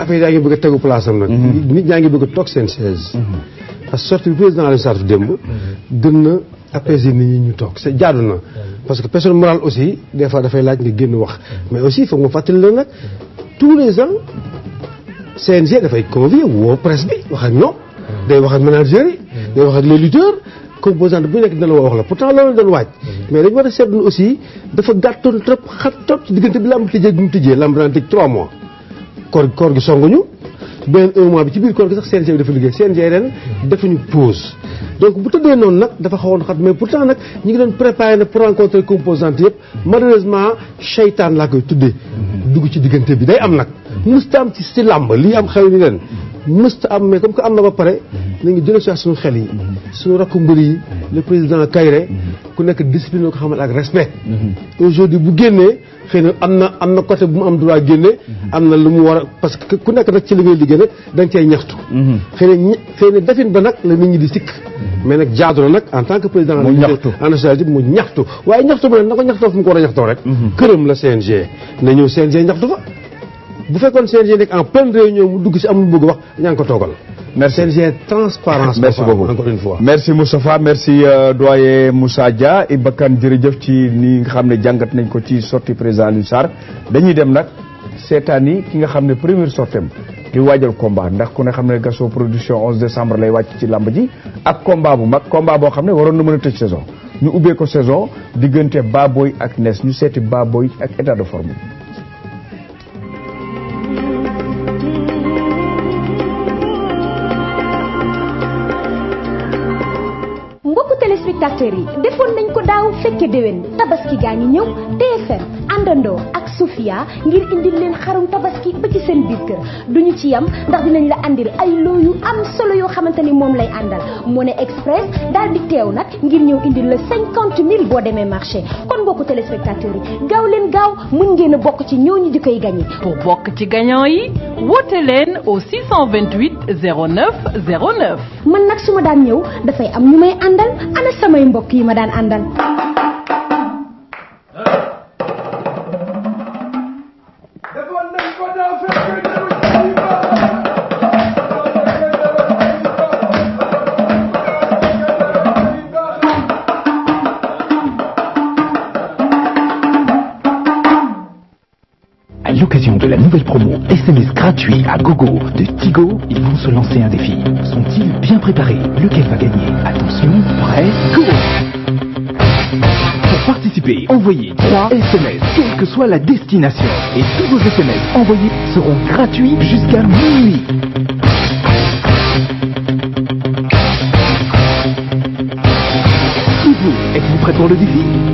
bëgg a tegu place am nag mhm. nit ñaa ngi bëgg a toog seen chaise mhm. parce que sortie bi président Alioune Sarr démb gën na apaiser nit ñi ñu toog c'est jaadu na parce que personne morale aussi des fois dafay laaj nga génn wax mais aussi foog ma fàttali la nag tous les ans CNG dafay convier woo presse wax ak ñoom day wax ak manager yi. day wax ak les lutteurs. composant bu nekk dina la wax la pourtant loolu doon waaj. mais dañu war a seetlu aussi dafa gàttoon trop xat trop ci diggante bi lamb tëjee bi mu tëjee lamb daan tëj 3 mois. koor koor gi songuñu benn mois bi ci biir koor gi sax CNG bi dafa liggéey CNG ren defuñu pause. donc bu noonu nag dafa xawoon xat mais pourtant nag ñu ngi doon préparé nag pour rencontrer composante yëpp malheureusement seytaan laa koy tuddee. dugg ci diggante bi day am nag. mustaam ci si làmb lii am xew ni ren mësta am mais comme que am na ba pare nañu jëlee si suñu xel yi suñu rakku mbër yi le président Kayre ku nekk discipline ko xamal ak respect aujourd'hui bu génnee xëy na am na am na côté bu mu am droit génne am na lu mu war a parce que ku nekk nag ci li ngay liggéey nag da nga cay ñaxtu xëy na xëy na defin ba nag la nit ñi di sikk mais nag jaadu nag en tant que président en associatif mu ñaxtu waaye ñaxtu ba nag na ko ñaxtoo fu mu ko war a ñaxtoo rek mhm. këram la CNG na ñëw CNG ñaxtu fa bu fekkoon CNG nekk en pleine réunion mu dugg si amul bëgg wax ñaa ngi ko toogal. merci CNG transparence merci beaucoup encore une fois. merci Moustapha merci euh, doyen Moussa Dia Ibakan jërëjëf ci ni nga xam ne jàngat nañ ko ci sortie président Alioune Sarr dañuy dem nag seetaan yi ki nga xam ne première sortem di waajal combat ndax ku ne xam ne Gaston production 11 décembre lay wàcc ci làmb ji ak combat bu mag combat boo xam ne waroon na mën a tëj saison ñu ubbee ko saison diggante Baboy ak Nes ñu seeti Baboy ak état de forme téléspectateurs yi defoon nañ ko daaw fekke déwén tabaski gaa ngi ñëw TFM àndandoo Sofia ngir indil leen xarum tabaski ba ci seen biir kër duñu ci yam ndax dinañ la andil ay loo yu am solo yoo xamante ni moom lay àndal moo ne Express daal di teew nag ngir ñëw indil la cinquante mille boo demee marché kon mbokku téléspectateurs yi gaaw leen gaaw mën ngeen a bokk ci ñooñu di koy gagné. pour bokk ci gagnant yi woote leen au 628 09 09. man nag su ma daan ñëw dafay am ñu may àndal ana samay mbokk yi ma daan àndal. nouvelle promo SMS gratuit à gogo de Tigo. Ils vont se lancer un défi. Sont-ils bien préparés Lequel va gagner Attention, prêt, go pour participer, envoyez 3 SMS, quelle que soit la destination. Et tous vos SMS envoyés seront gratuits jusqu'à minuit. Et vous, êtes-vous prêt pour le défi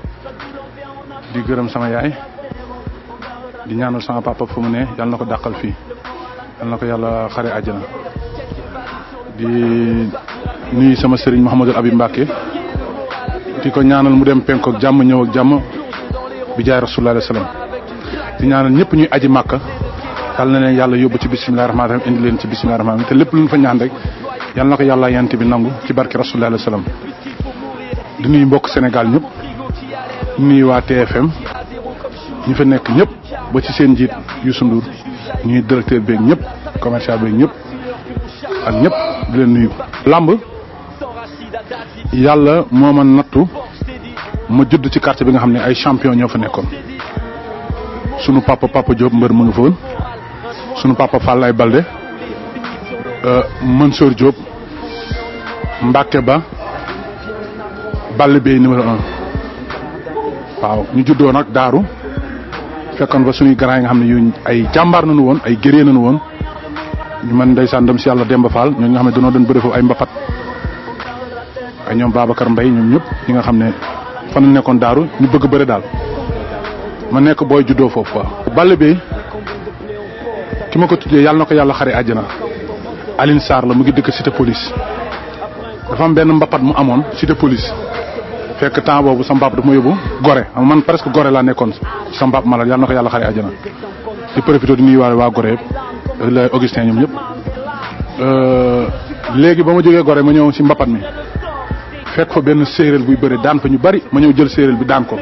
di gërëm sama yaay di ñaanal sama papa fu mu ne yal na ko dàqal fii yal na ko yàlla xare àjjana di nuyu sama sëriñ Mouhamadul Habib Mbacke di ko ñaanal mu dem penk jàmm ñëw jàmm bi jaay rasulullah alayhi salaam di ñaanal ñëpp ñuy aji màkka yal na leen yàlla yóbbu ci bisimilah rahmaan rahim indi leen ci bisimilah rahmaan rahim te lépp lu ñu fa ñaan rek yal na ko yàlla yant bi nangu ci barki rasulullah alayhi di nuyu mbokk Sénégal ñëpp. nuyu waa TFM ñi fa nekk ñëpp ba ci seen njiit yu Ndour ñuy directeur beeg ñëpp commercial beeg ñëpp ak ñëpp di leen nuyu. làmb yàlla moo ma nattu ma judd ci quartier bi nga xam ne ay champion ñoo fa nekkoon sunu papa papa Diop mbër mu ngi fa woon sunu papa Fallaye Balde euh, Mansour Diop Mbacke Ba Balla Bèye numéro un. waaw ñu juddoo nag daaru fekkoon fa suñuy grand yi nga xam ne yu ay jàmbaar nañu woon ay gëree nañu woon ñu man ndeysaan dem si yàlla Demba Fall ñooñu nga xam ne dañoo doon bëri foofu ay mbapat ay ñoom Babacar Mbaye ñoom ñëpp ñi nga xam ne fan la nekkoon daaru ñu bëgg bëri daal ma nekk booy juddoo foofu quoi. Balla bi ki ma ko tuddee yàlla ko yàlla xare àjjana Aline saar la mu ngi dëkk cité police dafa am benn mbapat mu amoon cité police. fekk temps boobu sa mbaab daf ma yóbbu gore man presque gore laa nekkoon sa mbaab malal yàlla na ko yàlla xare àjjana di profité di nuyuwaale waa gore euh, ñoom ñëpp euh, léegi ba ma jógee gore ma ñëw si mbapat mi fekk fa benn séeréel buy bëri daan fa ñu bari ma ñëw jël séeréel bi daan ko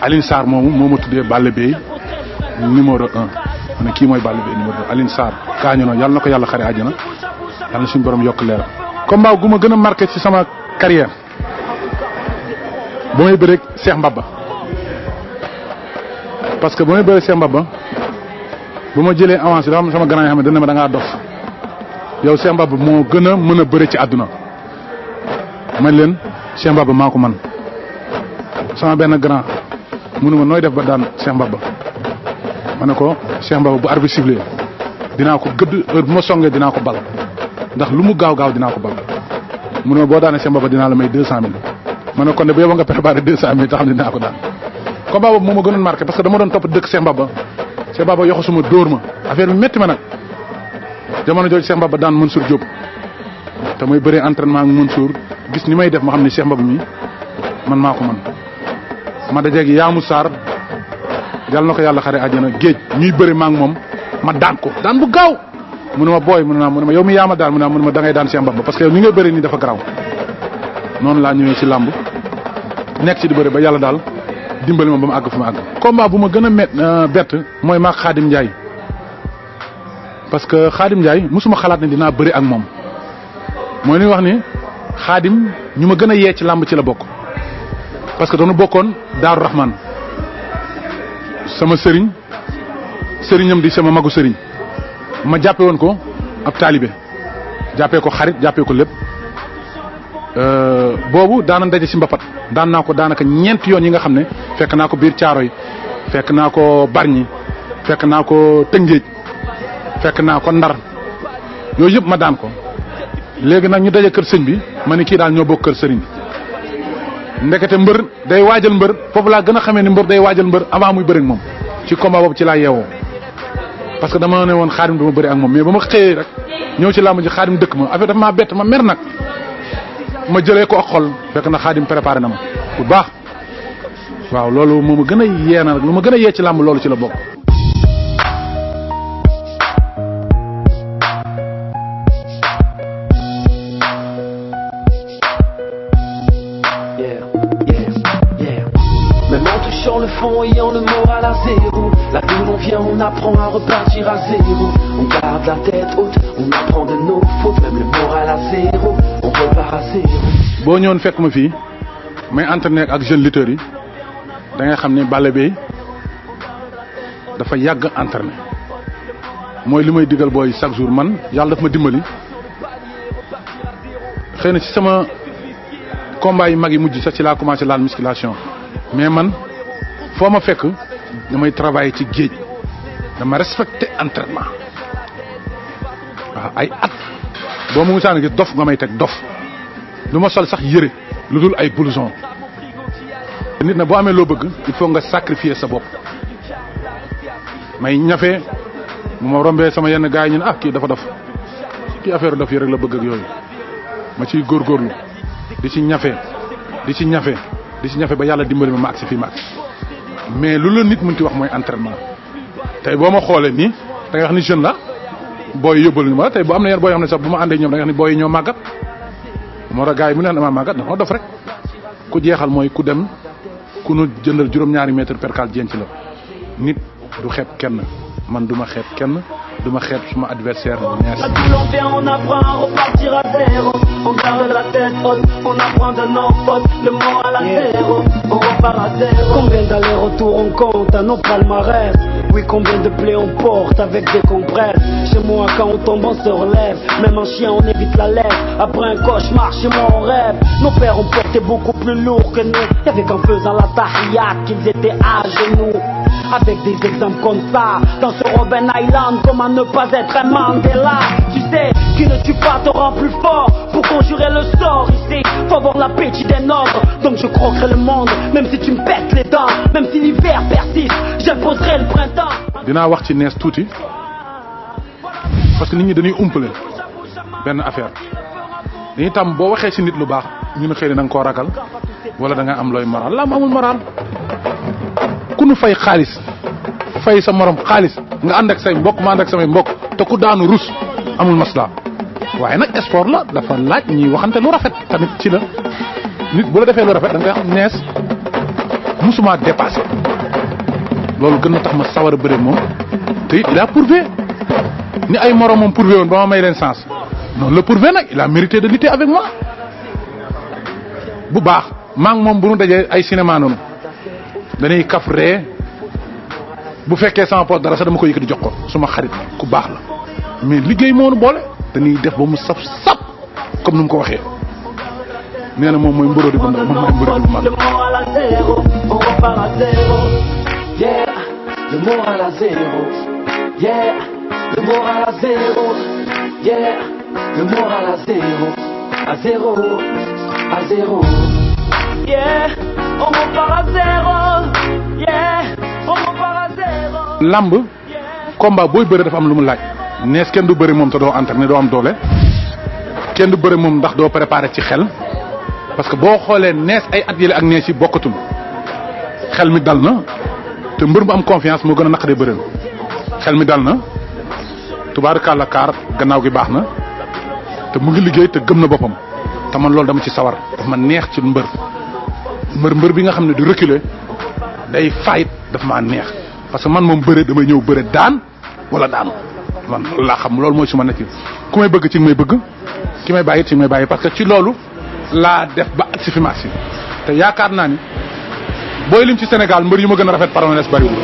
Aline Sarr moo ma tuddee Balla Beye numéro un kii mooy Balla Beye numéro un Aline na yàlla na ko yàlla xare àjjana yàlla na suñu borom yokk leeram combat gu ma gën a marqué ci sama carrière bu may bëreeg Cheikh Mbaba parce que bu may bëreeg Cheikh Mbaba bu ma jëlee avance dafa am sama grand yoo xam ne dana ma dangaa ngaa dof yow Cheikh Mbaba moo gën a mën a bëre ci àdduna man leen Cheikh Mbaba maa ko man sama benn grand mënuma nooy def ba daan Cheikh ba ma ne ko Cheikh Mbaba bu arbitre sifflé dinaa ko gëdd heure bu ma songee dinaa ko bal ndax lu mu gaaw gaaw dinaa ko bal mënuma boo daanee Cheikh Mbaba dinaa la may cent mille ma ne kon ne bu yóbbu nga préparé deux cent mille te xam ne naa ko daan combat boobu moo ma gënoon marqué parce que dama doon topp dëkk Cheikh ba Cheikh Mbaba yoxu suma dóor ma affaire bi métti ma nag jamono jooju Cheikh Mbaba daan Mansour Diop te muy bëree entraînement ak Mansour gis ni may def ma xam ne Cheikh Mbaba mi man maa ko man ma dajeeg Yaamu Sarr yàlla na ko yàlla xare àjjana géej ñuy bëri maak moom ma daan ko daan bu gaaw mu ne ma booy mu a ma yow mi yaama daan mu ne ma da ngay daan Cheikh Mbaba parce que yow ni ngay bëri nii dafa garaaw noonu laa ñëwee si làmb nekk ci di bëre ba yàlla daal dimbali ma ba ma àgg fu ma àgg. combat bu ma gën a met euh, bett mooy maag Xaadim Ndiaye parce que Xaadim Ndiaye mosuma xalaat ne dinaa bëri ak moom mooy li wax ni Xaadim ñu ma gën a yee ci làmb ci la bokk parce que dañu bokkoon Daaru Rahman sama sëriñ sëriñam di sama magu sëriñ ma jàppe woon ko ab taalibe jàppee ko xarit jàppee ko lépp. Euh, boobu daana ndaje si mbapat daan naa ko daanaka ñeent yoon yi nga xam ne fekk naa ko biir caaro yi fekk naa ko barñi fekk naa ko tëngéej fekk naa ko ndar yooyu yëpp ma daan ko léegi nag ñu daje kër sëñ bi ma ni kii daal ñoo bokk kër sëriñ bi ndekete mbër day waajal mbër foofu laa gën a xamee ni mbër day waajal mbër avant muy bëri ak moom ci combat boobu ci laa yeewoo parce que dama ne woon xaarim dama bari ak moom mais ba ma xëyee rek ñëw ci làmb ji xaarim dëkk ma affaire dafa maa ma mer nag ma jëlee ko ak xol fekk na xaadim préparé na ma bu baax waaw loolu moo ma gën a yee na nag lu ma gën a yee ci làmb loolu ci la bokk. Sur le fond ayant le moral à zéro Là d'où l'on on apprend à repartir à zéro On garde la tête haute, on apprend de nos fautes Même le moral à zéro boo ñëwoon fekk ma fii may entraîner ak jeunes lutteurs yi da ngay xam ni Balla Gaye dafa yàgg entraîné mooy li may diggal booy chaque jour man yàlla daf ma dimbali xëy na ci sama combat yi mag yi mujj sax ci laa commencé laal musculation mais man foo ma fekk damay travailler ci géej dama respecté entraînement waaw ay at boo mu musaan gis dof nga may teg dof lu ma sol sax yére lu dul ay blouson nit na boo amee loo bëgg il faut nga sacrifier sa bopp may ñafe mu ma rombee sama yenn gars yi ñu ne ah kii dafa dof kii affaire dof yi rek la bëgg ak yooyu ma ciy góor góorgóorlu di ci ñafe di ci ñafe di ci ñafe ba yàlla dimbali ma ma agsi fii ma agsi mais lu la nit mën ti wax mooy entraînement tey boo ma xoolee nii da nga wax ni jeune la booy yóbbalu ñu ma tey bu am na yenn booy xam ne sax bu ma àndee ñoom da nga xam ne booy yi yi bu neen damaa màggat dafa dof rek ku jeexal mooy ku dem ku nu jëndal juróom-ñaari mètre percal jenc la nit du xeeb kenn man duma ma kenn duma ma xeeb suma adversaire merci. on apprend, on partira zéro. On garde la tête on apprend de nos fautes. Le mot à la zéro, on repart à zéro. on compte à nos palmarès Oui, combien de plaies on porte avec des compresses chez moi quand on tombe on se relève Même un chien on évite la lèvre Après un cauchemar chez moi on rêve Nos pères ont porté beaucoup plus lourd que nous Y'avait qu'en faisant la tahiyat qu'ils étaient conjurer le sort ici, je croquerai le monde, même si tu me pètes les dents Même si l'hiver persiste, j'imposerai le printemps dinaa wax ci nees tuuti parce que nit ñi dañuy umpale benn affaire dañuy tam boo waxee ci nit lu baax ñu ne xëy na da koo ragal wala dangay am looy moral lam amul moral ku nu fay xaalis fay sa moroom xaalis nga ànd ak say mbokk ma ànd ak samay mbokk te ku daanu rus amul maslaa waaye nag sport la dafa laaj ñuy waxante lu rafet tamit ci la nit bu la defee lu rafet da nga koy xam nees musuma dépassé loolu gën na tax ma sawar a bëre moom te it il a prouvé ni ay moromam pourvu woon ba ma may leen sens noonu la pourvu nag il a mérité de lutter avec moi bu baax maa moom bu nu dajee ay cinéma noonu dañuy kaf ree bu fekkee sama poche dara sax dama ko yëkkati jox ko suma xarit ku baax la mais liggéey moo nu boole dañuy def ba mu saf sap comme nu ko waxee nee na moom mooy mborodi bu bu mag. Yeah, the Le moral combat booy bëre dafa am lu mu laaj. nees kenn du bëri moom te doo entraîné doo am doole kenn du bëri moom ndax doo préparé ci xel parce que boo xoolee nees ay at yële ak nees yi bokkatul xel mi dal na te mbër bu am confiance moo gën a naqaree bëri xel mi dal na. tubaarkàlla kaar gannaaw gi baax na te mu ngi liggéey te gëm na boppam te man loolu dama ci sawar daf ma neex ci mbër mbër mbër bi nga xam ne du reculer day fayit daf maa neex parce que man moom bëre damay ñëw bëre daan wala daanu man loolu laa xam loolu mooy su ma nekk ku may bëgg ci may bëgg ci may bàyyi ci may bàyyi parce que ci loolu laa def ba ak si fi yi te yaakaar naa ni booy lim ci Sénégal mbër yu ma gën a rafet palmarès bariwul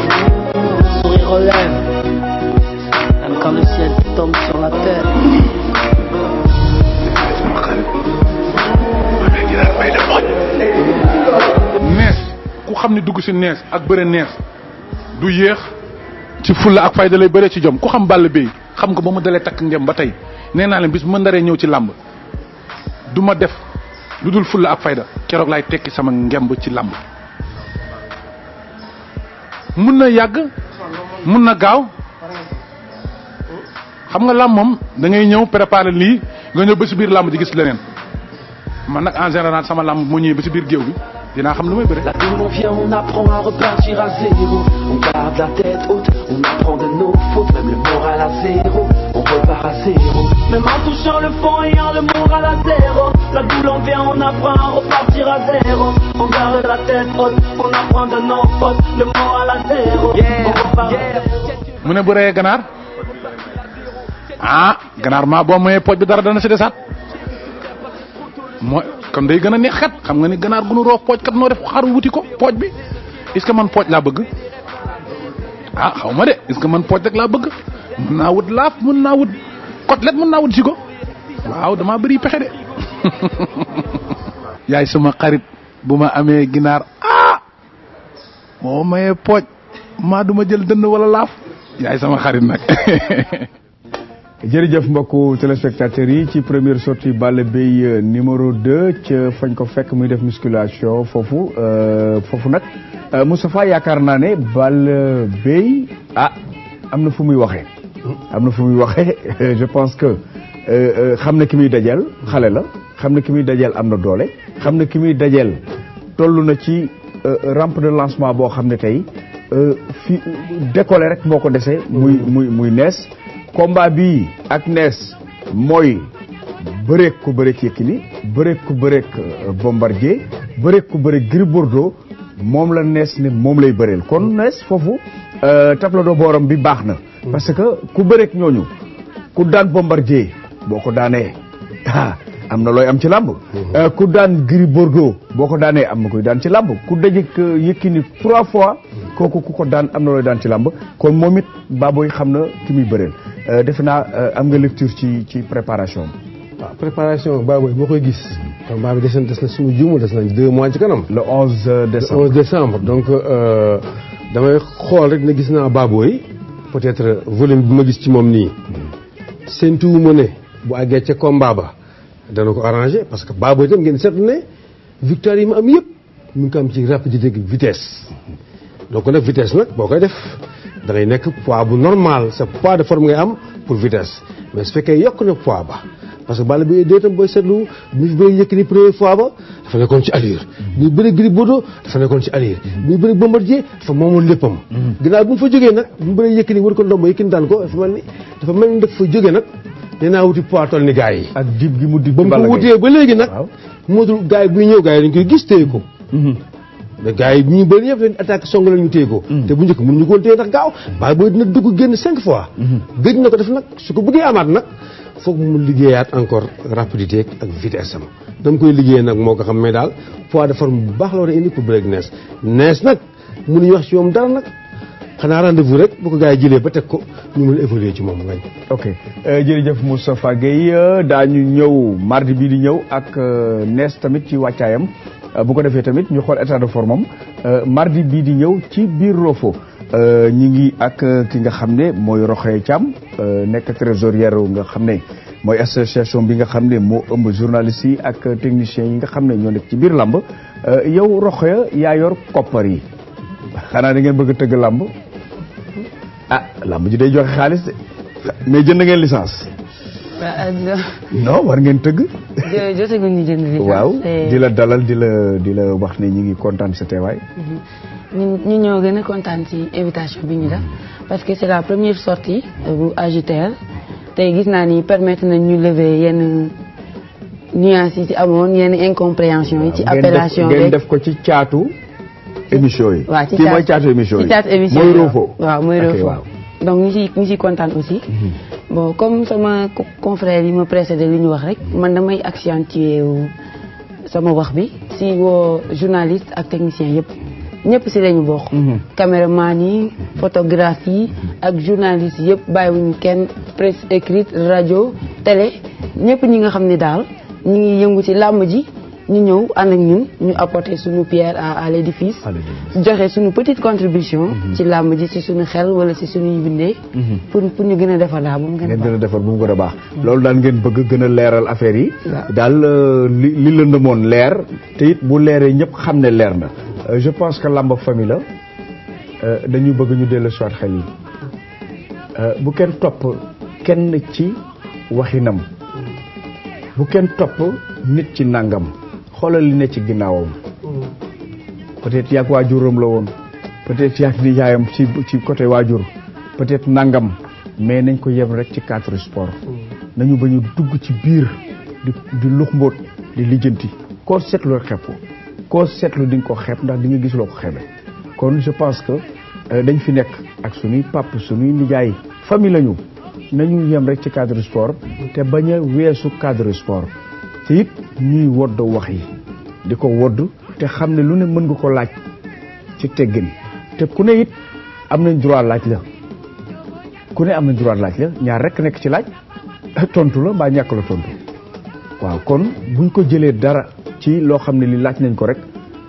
quand nees ku xam ne dugg ci nees ak bëre nees du yéex ci fulla ak fayda lay bëree ci jom ku xam bàll bay xam nga ba mu dalee takk ngem ba tey nee naa leen bis ma ndaree ñëw ci làmb duma def lu dul fulla ak fayda keroog laay tekki sama ngemb ci làmb mun na yàgg mun na gaaw xam nga làmb moom da ñëw préparer lii nga ñëw ba si biir làmb ji gis leneen man nag en général sama làmb mu ñëwee ba si biir géew bi dinaa xam lu may bëre. la la tête haute on apprend de nos fautes même touchant le fond le moral à zéro la douleur on on apprend à repartir à zéro on garde la tête haute on apprend de nos fautes le moral à zéro on mu ne bu bëree ganaar. ah ganaar maa boo mayee pooj bi dara dana si desaat mooy kon day gën a neex kat xam nga ni ganaar gunu roof pooj kat noo def xaru wuti ko pooj bi est-ce man pooj laa bëgg ah xaw ma de est que man pooj rek laa bëgg mën naa wut laaf mun naa wut côtelette mën naa wut si ko waaw damaa bëri pexe de yaay sama xarit bu ma amee ginaar ah moo mayee pooj ma duma jël dënn wala laaf yaay sama xarit nag jërëjëf mbokku téléspectateurs yi ci première sortie balle Beye euh, numéro 2 ci fañ ko fekk muy def musculation foofu euh, foofu nag euh, Moustapha yaakaar naa ne Balla Beye ah am na fu muy waxee. am na fu muy waxee je pense que xam na ki muy dajeel xale la xam na ki muy dajeel am na doole xam na ki muy dajeel toll na ci rampe de lancement boo xam ne tey fi décoller rek moo ko dese. muy muy muy nees. combat bii ak nees mooy bëreek ku bëreek Yékini bëreek ku bëreek euh, Bombardier bëreek ku bëreek Gris Bordeaux moom la nees ne moom lay bëreel kon nees foofu euh, tableau de booram bi baax na. parce que ku bëreek ñooñu ku daan Bombardier boo ko daanee ah am na looy am ci làmb mhm. euh, ku daan Gris Bordeaux boo ko daanee am na koy daan ci làmb ku dajëk euh, Yékini trois fois mhm. kooku ku ko daan am na looy daan ci làmb kon moom it Baboy xam na ki muy bëreel euh, defe naa am nga lecture ci ci préparation waaw ah, préparation Baboy boo koy gis combat mhm. bi des na des na suñu des na deux mois ci kanam le onze décembre le onze décembre donc damay xool rek ne gis naa Baboy peut-être volume bi ma gis ci moom nii seentuwu ma ne bu àggee ca combat ba dana ko arrangé parce que baaboo itam ngeen seetlu ne victoire yi mu am yëpp mu ngi ko am ci rapidité donc nag vitesse nag boo koy def da ngay nekk poids bu normal sa poids de forme ngay am pour vitesse mais su fekkee yokk na poids ba parce que Balla bi dee tam booy seetlu mi fi bëri yëkk ni première fois ba dafa nekkoon ci allure muy bëri Gris Bordeaux dafa nekkoon ci allure muy bëri Bombardier dafa moomoon léppam ginnaaw bi mu fa jógee nag mu bëri yëkk ni war ko ndomb yëkk ni daan ko dafa mel ni dafa mel nag nee naa wuti poids ni gars yi ak dib gi mu dib ba mu wutee ba léegi nag moo dul gars buy ñëw gars yi dañ koy gis téye ko mhm. mais gars yi ñu bëri yëpp leen attaque song la ñu téye ko mm. te bu njëkk mën ñu koon téye ndax gaaw waaye mm. booy dina dugg génn cinq fois mm-hmm. gëj na ko def nag su ko bëggee amaat nag foog mu liggéeyaat encore rapidité ak vitesse am dama koy liggéey nag moo ko xam mais daal poids de forme bu baax la war a indi pour bëreeg nees nees nag mënuñu wax ci moom dara nag xanaa rendez-vous rek boo ko gars yi jëlee ba teg ko ñu mën a évoluer ci moom ngañ ok euh, jërëjëf Moustapha Guèye daañu ñëw mardi bii di ñëw ak euh, nees tamit ci wàccaayam Euh, bu ko defee tamit ñu xool état de forme am euh, mardi bii di ñëw ci biir Rofo euh, ñi ngi ak ki nga xam ne mooy Roxee Thiam nekk trésorière nga xam ne mooy association bi nga xam ne moo ëmb journalistes yi ak techniciens yi nga xam ne ñoo nekk ci biir làmb yow Roxee yaa yor koppar yi xanaa da ngeen bëgg tëgg làmb ah làmb ji day joxe xaalis de mais jënd ngeen licence. non war ngeen tëgg. jotaguñu jënd bi. waaw eh. di la dalal di la di la wax ne ñi ngi kontaan sa teewaay. Mhm. ñu ñoo gën a kontaan ci invitation bi ñu def parce que c'est la première sortie euh, bu AJTL te gis naa ni permettre nañ ñu lever yenn nuances yi ci amoon yenn incompréhension yi. ci appellation rek ngeen def ko ci caatu émission yi. waaw ci caatu kii mooy caatu émission yi. mooy roofoo. waaw mooy roofoo. donc ñu si ñu si kontaan aussi. Mhm. bon comme sama confrère yi ma précédé li ñu wax rek man damay accentuer sama wax bi si woo journaliste ak technicien yëpp ñëpp si lañu bokk. Mhm. caméraman yi photographe yi ak journaliste yëpp bàyyiwuñu kenn presse écrite rajo télé ñëpp ñi nga xam ni daal ñu ngi yëngu ci làmb ji. ñu ñëw ànd ak ñun ñu apporter suñu pierre à à l'édifice joxe suñu petite contribution mhm. ci làmb ji ci suñu xel wala ci suñuy bindee mhm. pour pour ñu gën a defar daal bu mu gën a gën a defar bu mu gën a baax mhm. loolu daan ngeen bëgg gën a leeral affaire yi daal euh, li li lëndëmoon leer te it bu leeree ñëpp xam ne leer na euh, je pense que làmb famille la euh, dañu bëgg ñu dellu soit xel yi bu kenn topp kenn ci waxinam bu kenn topp nit ci nangam xoolal li ne ci ginnaawam peut-être yàgg waajuram la woon peut-être yàgg nijaayam ci ci côté waajur peut-être nangam mais nañ ko yem rek ci cadre sport nañu bañ a dugg ci biir di di lux mbóot di lijjanti koo seetlu rek xeeb ko koo seetlu di ko xeeb ndax di nga gis loo ko xeebe kon je pense que euh, dañ fi nekk ak suñuy pap suñuy nijaay famille lañu nañu yem rek ci cadre sport te bañ a weesu cadre sport te it ñuy wodd wax yi di ko wodd te xam ne lu ne mën nga ko laaj ci teggin te ku ne it am nañ droit laaj la ku ne am nañ droit laaj la ñaar rekk nekk ci laaj tontu la mbaa ñàkk la tontu waaw kon buñ ko jëlee dara ci loo xam ne li laaj nañ ko rek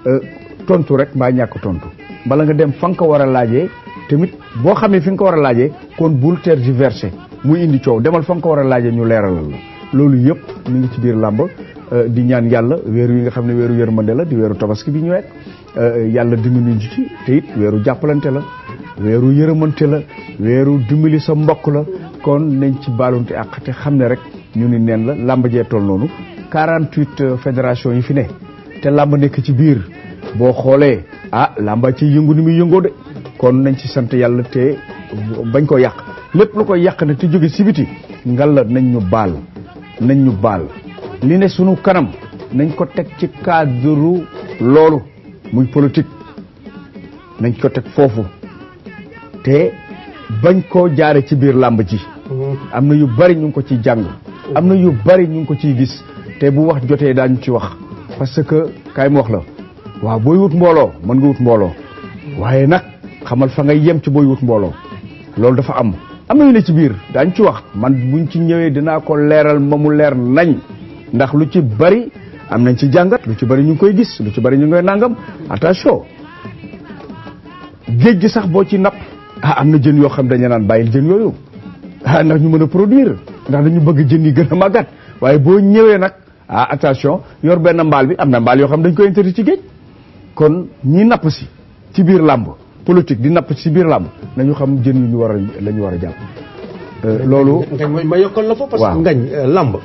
euh, tontu rek mbaa ñàkk tontu bala nga dem fa nga ko war a laajee tamit boo xamee fi nga ko war a laajee kon bul tergiverser muy indi coow demal fa nga ko war a laajee ñu leeralal la loolu yëpp mi ngi ci biir làmb euh, di ñaan yàlla weeru yi nga xam ne weeru yërmande la di weeru tabaski bi ñu weet euh, yàlla dimbali ñu ci te weeru jàppalante la weeru yërëmante la weeru dimbali sa mbokk la kon nañ ci baalonte àq te xam ne rek ñu ni nen la làmb jee toll noonu 48 euh, fédération yi fi ne te làmb nekk ci biir boo xoolee ah làmba ci yëngu ni muy yëngoo de kon nañ ci sant yàlla te bañ ko yàq lépp lu koy yàq ne te jóge si biti ngal nañ baal nañ ñu baal li ne sunu kanam nañ ko teg ci cadre loolu muy politique nañ ko teg foofu te bañ koo jaare ci biir làmb ji mm-hmm. am na yu bari ñu ko ci jàng am na yu bari ñu ko ciy gis te bu wax jotee daañu ci wax parce que kaay mu wax la waaw booy wut mbooloo mën nga wut mbooloo mm-hmm. waaye nag xamal fa ngay yem ci booy wut mbooloo loolu dafa am am na ñu ne ci biir daañ ci wax man buñ ci ñëwee dinaa ko leeral ma mu leer nañ ndax lu ci bari am nañ ci jàngat lu ci bari ñu ngi koy gis lu ci bari ñu ngi koy nangam attention géej gi sax boo ci napp ah am na jën yoo xam dañu naan bàyyil jën yooyu ah ndax ñu mën a produire ndax dañu bëgg jën yi gën a màggat waaye boo ñëwee nag ah attention yor benn mbaal bi am na mbaal yoo xam dañ koy interdit ci géej kon ñi napp si ci biir làmb politique di nappa ci biir na ñu xam jën yu ñu war a la ñu war a jàpp. Euh, loolu ma yokkal la fa parce que ngañ euh, làmb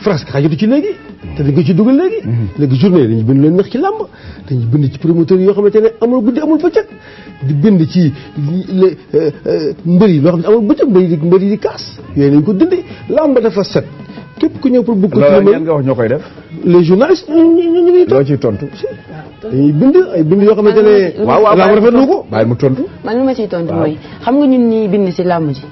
France xajatu ci léegi. Mm-hmm. te dañ ko ci dugal léegi. Mm-hmm. léegi journée dañu bind leen neex ci làmb dañu bind ci promoteur yoo xamante ne amul guddi amul bëccëg di bind ci euh, mbër yi loo xam ne amul bëccëg mbër yi di kaas yooyu lañ ko dindi lamb dafa set. képp ku ñëw pour bukk ñoo koy def. les ñu ngi loo ciy tontu. dañuy bind ay ko bàyyi mu tontu. man lu ma ciy tontu mooy xam nga ñun ñii bind ci làmb ji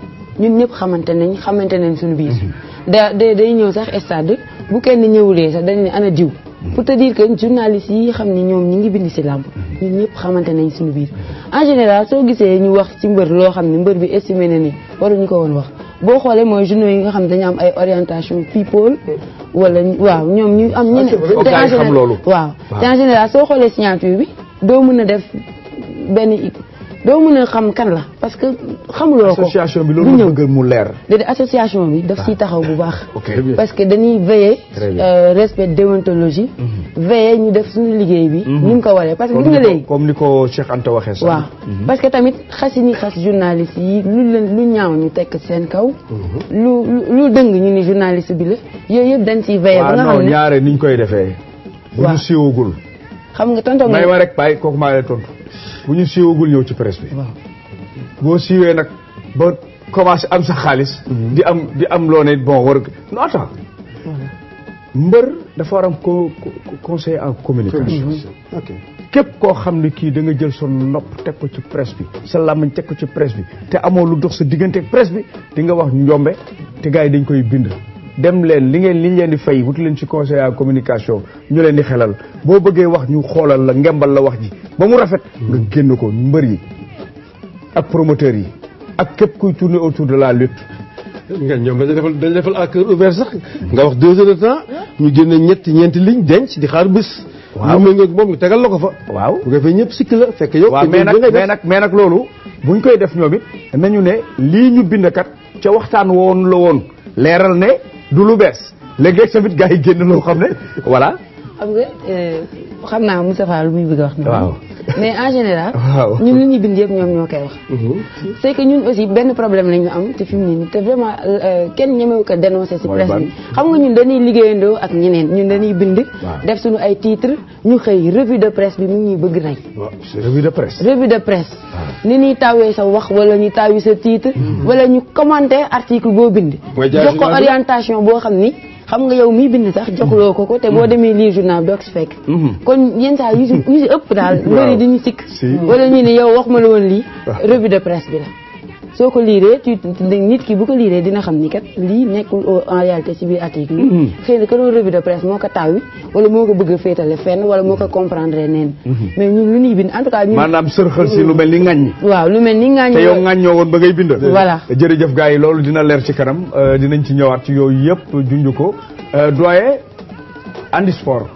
ñun ñëpp xamante nañ xamante nañ suñu biir. Mhm. da day ñëw sax stade bu kenn ñëwulee sax dañ ne ana diw. Mhm. pour te dire que journalistes yi xam ni ñoom ñu ngi bind si làmb mhm. ñun ñëpp xamante nañ suñu biir en général soo gisee ñu wax ci mbër loo xam ne mbër bi estimé na ni waruñu ko woon wax. boo xoolee mooy journaux yi nga xam dañu am ay orientation people wala waaw ñoom ñu am ñu ne ah, général waaw te en général soo xoolee signature bi doo mën a def benn doo mun a xam kan la parce que xamuloo ko association bi lu la bëgg mu leer. déedéet association bi daf ciy ah. taxaw bu baax. parce que dañuy veiller. Euh, respect déontologie. Mhm. veiller ñu def suñu liggéey bi. Mhm. ni ko waree parce que gis nga léegi. ni ko Cheikh Anta waxee sax. waaw mhm. parce que tamit xas yi ñuy xas journaliste yi lu leen lu ñaaw ñu tekk seen kaw. lu lu dëng ñu ni journaliste bi la. yooyu yëpp dañ ciy veiller ba nga xam ne ñaare niñ koy defee. waaw bu ñu xam nga tontu may ma rek bàyyi kooku maa leen tontu. bu ñu siiwagul ñëw ci presse bi. boo siiwee nag ba commencé am sa xaalis. Mhm. di am di am loole ne bon war non attends mhm. mbër dafa war am ko conseil en communication. Mhm. ok képp koo xam ne kii da nga jël sa nopp teg ko ci presse bi sa làmmiñ teg ko ci presse bi te amoo lu dox sa digganteek ak presse bi di nga wax njombe te gars yi dañ koy bind. dem leen li ngeen liñ leen di fay wuti leen ci conseil en communication ñu leen di xelal boo bëggee wax ñu xoolal la ngembal la wax ji ba mu rafet nga génn ko mbër yi ak promoteurs yi ak képp kuy tourner autour de la lutte nga ñoom dañu defal dañu defal à cœur ouvert sax nga wax deux heures de temps ñu génne ñetti ñeenti ligne denc di xaar bés waaw ñu méngoog moom ñu tegal la ko fa waaw bu ko fee ñëpp sikk la fekk yow waaw mais nag mais nag mais nag loolu buñ koy def ñoom it nañu ne lii ñu bind ca waxtaan woon la woon leeral ne du lu bees léeg-léeg tamit gars yi génn loo xam ne voilà. xam nga euh, xam naa Moussa Fall lu mais en général. waaw ñun li ñuy bind yëpp ñoom ñoo koy wax. Mhm. c' que ñun aussi benn problème la ñu am te fi mu ne nii te vraiment euh, kenn ñemewu ko dénoncé si presse bi xam nga ñun dañuy liggéeyandoo ak ñeneen ñun dañuy bind. def suñu ay titres ñu xëy revue de presse bi mu ñuy bëgg rey. revue de presse. revue de presse. ni ñuy tawee sa wax wala ñu tawee sa titre. Mhm. wala ñu commenté article boo bind. jox ko orientation boo xam ni. xam nga yow miy bind sax joxuloo ko ko te boo mm-hmm. demee lii journal doog si fekk mm-hmm. kon yenn saa yu si yu si ëpp daal mbëri sikk wala ñu ne yow wax ma la woon lii ah. revue de presse bi la soo ko liiree ci nit ki bu ko liiree dina xam ni kat lii nekkul en réalité ci biir article yi mm-hmm. xëy na ka doon moo ko taawi wala moo ko bëgg a féetale fenn wala moo ko comprendre neen mm-hmm. mais ñun lu ñuy bind en tout cas maanaam sërxal si lu mel ni ŋàññi waaw lu mel ni ŋàññi te yow ŋàññoo woon ba ngay bind voilà jërëjëf gars yi loolu dina leer ci kanam euh, dinañ ci ñëwaat ci yooyu yëpp junj ko euh, doyen andi sport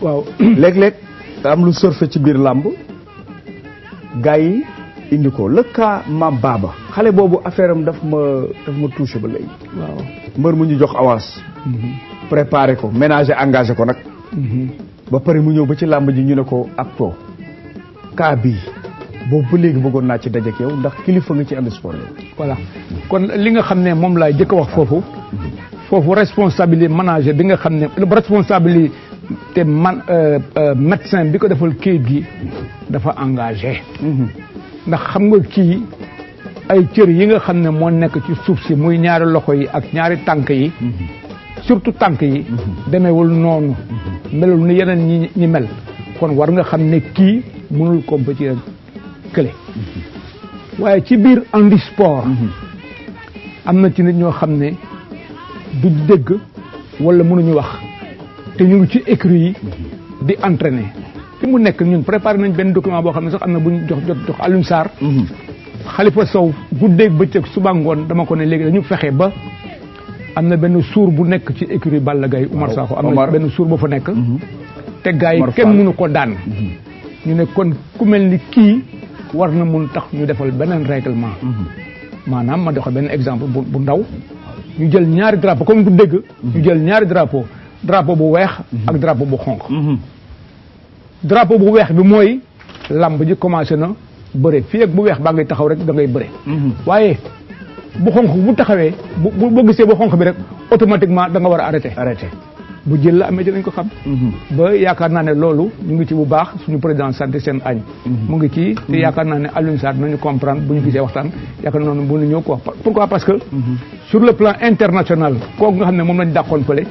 waaw léeg-léeg am lu surfe ci biir làmb gars indi ko le cas baaba xale boobu affaire am daf ma daf ma touché ba léegi. mbër mu ñu jox avance. Mhm. préparé ko ménager engagé ko nag. Mhm. ba pare mu ñëw ba ci làmb ji ñu ne ko ak too cas bii boobu ba léegi bëggoon naa ci dajek yow ndax kilifa nga ci ànd sport yow. voilà kon li nga xam ne moom laay jëkk wax foofu. foofu responsabilité ménager bi nga xam ne responsabilité te man euh, euh, médecin bi ko defal kayit gi dafa engagé. Mhm. ndax xam nga kii ay cër yi nga xam ne moo nekk ci suuf si muy ñaari loxo yi ak ñaari tànk yi mm-hmm. surtout tànk yi mm-hmm. demewul noonu mm-hmm. melul ni yeneen ñi ñi mel kon war nga xam ne kii mënul compétir ak kële waaye ci biir handisport am na ci nit ñoo xam ne du dégg wala mënuñu wax te ñu ngi ci écrit yi di entraîner fi mu nekk ñun préparé nañ benn document boo xam ne sax am na bu ñu jox jot jox Alioune Sarr. Khalifa mhm. Sow guddeeg bëccëg suba ngoon dama ko ne léegi dañu fexe ba am na benn suur bu nekk ci écurie Balla Gaye Umar Sakho am na benn suur ba fa nekk. Mhm. te gars yi kenn mënu ko daan. Mhm. ñu ne kon ku mel ni kii war na mun tax ñu defal beneen règlement. maanaam ma doxe benn exemple bu ndaw. ñu jël ñaari drapo comme ku dégg. ñu jël ñaari drapeau drapeau bu weex. ak drapeau bu xonq. drapeau bu weex bi mooy lamb ji commencé na bëre fi ak bu weex baa ngay taxaw rek da ngay bëre. Mhm. waaye bu xonq bu taxawee bu bu gisee bu xonq bi rek automatiquement da nga war a arrêté. arrêté bu jël la amee dinañ ko xam. Mhm. ba yaakaar naa ne loolu ñu ngi ci bu baax suñu président santé seen añ. Mhm. mu ngi ci te mhm. yaakaar naa ne Alioune nañu comprendre bu ñu gisee waxtaan yaakaar naa ne bu ñu ñëw ko pourquoi parce que. sur le plan international kooku nga xam ne moom lañ dàqoon fële.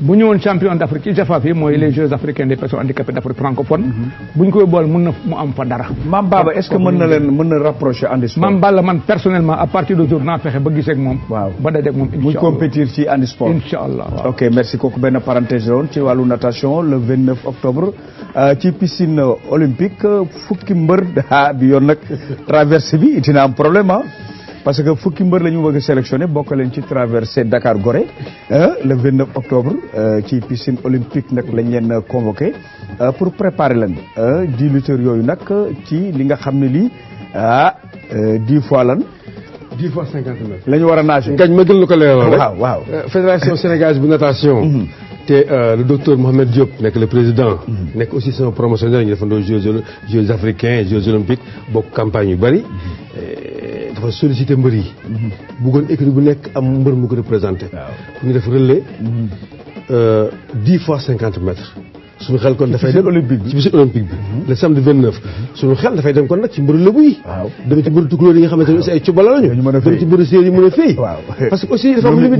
bu ñëwoon champion d' Afrique IJAFAF yi mooy les Jeux africains des personnes handicapées d' francophone. bu ñu koy boole mën na mu am fa dara. maam man personnellement parenthèse la ci wàllu natation le 29 octobre euh, ci piscine olympique fukki mbër ah bi yoon nag traversée bi dina am problème parce que fukki mbër lañu ñu bëgg a sélectionné bokk leen ci traversé Dakar Gorée euh, le 29 octobre euh, ci piscine olympique nag lañ leen convoqué pour préparer leen di lutteurs yooyu nag ci li nga xam ne li ah dix fois lan. dix fois cinquante a nager. ngañ ma gën lu ko leeralal rek waaw fédération sénégalaise bu natation. Mm-hmm. te euh, le docteur Mohamed Diop nekk le président. Mm. nekk aussi sama promotionnaire ñu defandoo jeux jeux africains jeux olympiques bokk campagne yu bëri. dafa sollicité mbër yi. Mm-hmm. bëggoon équipe bu nekk am mbër mu ko représenté. ñu def relais. Mm-hmm. Euh, dix fois cinquante mètres. Mhm. suñu xel dafay dem kon nag ci mbiru lëbu yi dem ci mbiru tukulóor yi nga ne ay cubala lañu dem ci mbiru séer mën a fay parce que aussi dafa am mhm. mhm.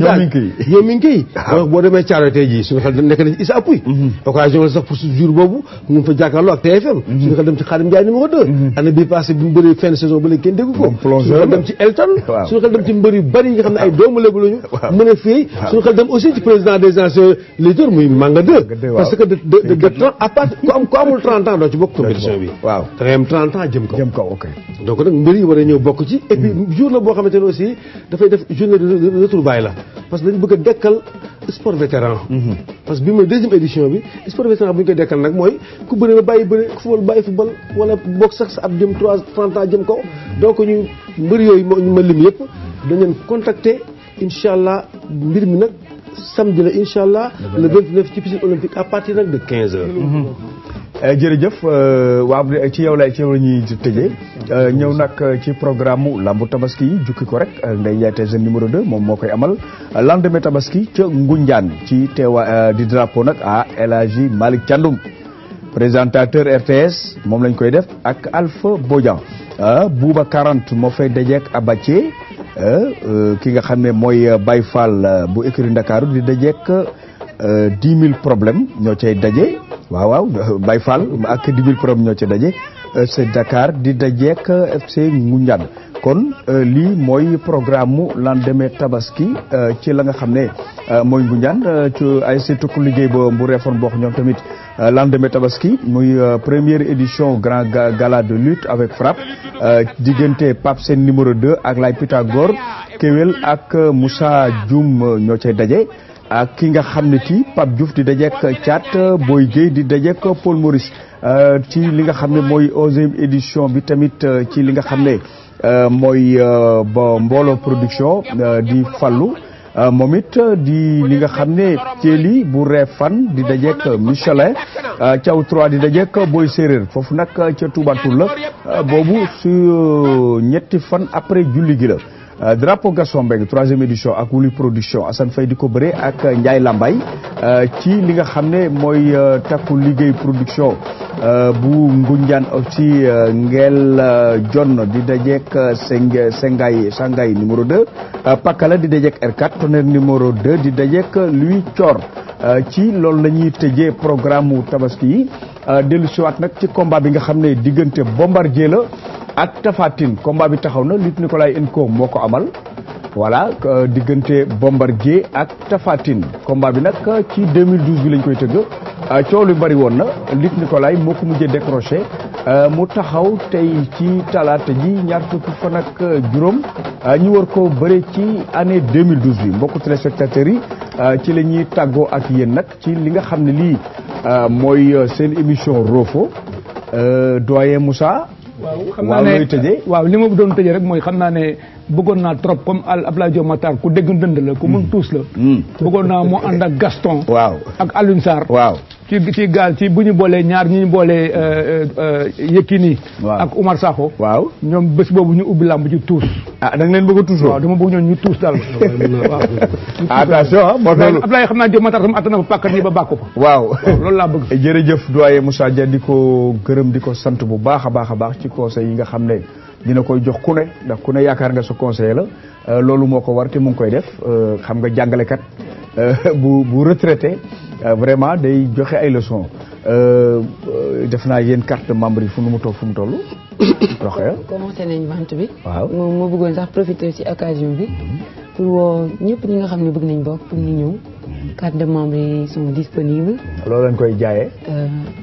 mu bëree fin de saison ba léegi kenn déggu ko suñu ci Elton suñu xel dem ci mbër bari yi xam ne ay doomu lëbu lañu mën a fay suñu xel dem aussi ci président des anciens muy Manga 2 parce docteur à doo ci bokk compétition bi waaw da ngay am 30 ans jëm kaw jëm kaw hmm. ne aussi que dañu bëgg a dekkal sport hmm. parce que bi mooy deuxième édition bi sport vétéran bu ñu koy dekkal nag mooy ku bëri ba bàyyi bëri ku football bàyyi hmm. yooyu ma lim yëpp dañu leen contacter mbir mi nag samedi la incha allah le 29 ci piscine olympique à parti nag de 15 heures. Eh, jërëjëf euh, waa ci yow lay ci yow la ñuy tëjee euh, ñëw nag euh, ci programme mu lambu tabaski yi jukki ko rek Ndeye Ndiaye Tyson numéro 2 moom moo koy amal lendemain tabaski ca Ngunjaan ci teewa di drapeau nag à El Hadji présentateur RTS moom lañ koy def ak Alpha Bodian Bouba 40 moo fay dajeek Abathie Euh, euh, ki nga xam ne mooy euh, Baye Fall bu écurie Ndakaaru di dajeek dix mille problèmes ñoo cay daje waaw waaw Baye Fall ak dix mille problèmes ñoo cay daje FC Dakar di dajeek FC Ngoundiane kon euh, lii mooy programme mu lendemain tabaski euh, ci la nga xam ne euh, mooy Ngoundiane ci ay si tukku liggéey bo bu réforme boo ñoom tamit lendemain tabaski muy première édition grand gala de lutte avec frappe diggante Pape seen numéro 2 ak lay Pythagore Kewel ak Moussa Dioum ñoo cay daje ak ki nga xam ne kii Pape Diouf di dajeek Thiat Boy Guèye di dajeek Paul Maurice ci li nga xam ne mooy onzième édition bi tamit ci li nga xam ne Euh, mooy euh, ba mbooloo production euh, di fallu moom it di li nga xam ne Thiely bu fan di dajeek Michelin Thiaw 3 di dajeek Boy Séeréer foofu nag ca Toubatoul la boobu su ñetti fan après julli gi la Euh, drapeau Gaston Mbengue troisième édition ak Wuli production Assane Faye di ko bëree ak euh, Ndiaye Lambay euh, ci li nga xam ne mooy takku liggéey production bu Ngunjaan ci ngeel jonn di dajeek seng sengay sangay numéro 2 Pakala di dajeek R4 numéro 2 di dajeek Louis Thior ci loolu lañuy ñuy programme mu tabaski yi dellu siwaat nag ci combat bi nga xam ne diggante bombardier la ak Tafatine combat bi taxaw na Luc Nicolaï Enco moo ko amal voilà diggante Bombardier ak Tafatine combat bi nag ci 2012 bi lañ koy tëgg euh, coow lu bari woon na Luc Nicolaï moo ko mujjee décroché euh, mu taxaw tey ci talaata ji ñaar fukki fan ak euh, juróom ñu war ko bëre ci année 2012 bi mbokku téléspectateurs yi ci la ñuy tàggoo ak yéen nag ci li nga xam ne lii mooy seen émission Roffo doyen Moussa. waaw xam naa ne waaw looy tëjee waaw li ma doon tëjee rek mooy xam naa ne bëggoon naa trop comme al Abdoulaye Diop Matar ku dégg ndënd la ku mën mm. tuus la mm. bëggoon naa moo ànd ak Gaston waaw ak Alioune Sarr waaw ci ci gaal ci bu ñu boolee ñaar ñi ñu boolee euh, euh, euh, Yekini ak Oumar Sakho waaw ñoom bés boobu ñu ubbi làmb ci tuus ah da nga leen bëgg a tuus waaw dama bëgg ñoon ñu tuus daal waaw attention ah, moo xam naa Diop Matar sama attana fa pàkkat ñi ba bàkku waaw loolu laa bëgg jërëjëf doyen Moussa Dia di ko gërëm di ko sant bu baax a baax a baax ci conseil yi nga xam ne dina koy jox ku ne ndax ku ne yaakaar nga sa conseiller la euh, loolu moo ko war te mu koy def euh, xam nga jàngalekat euh, bu bu retraité vraiment day joxe ay leçons def naa yéen carte membre yi fu nu mu toog fu mu toll. doxee commencé nañ vente bi. waaw moom moo bëggoon sax profiter ci occasion bi. Mhm. pour ñëpp ñi nga xam ne bëgg nañ bokk pour ñu ñëw. Mhm. carte de membre yi sont disponibles. loolu lañ koy jaaye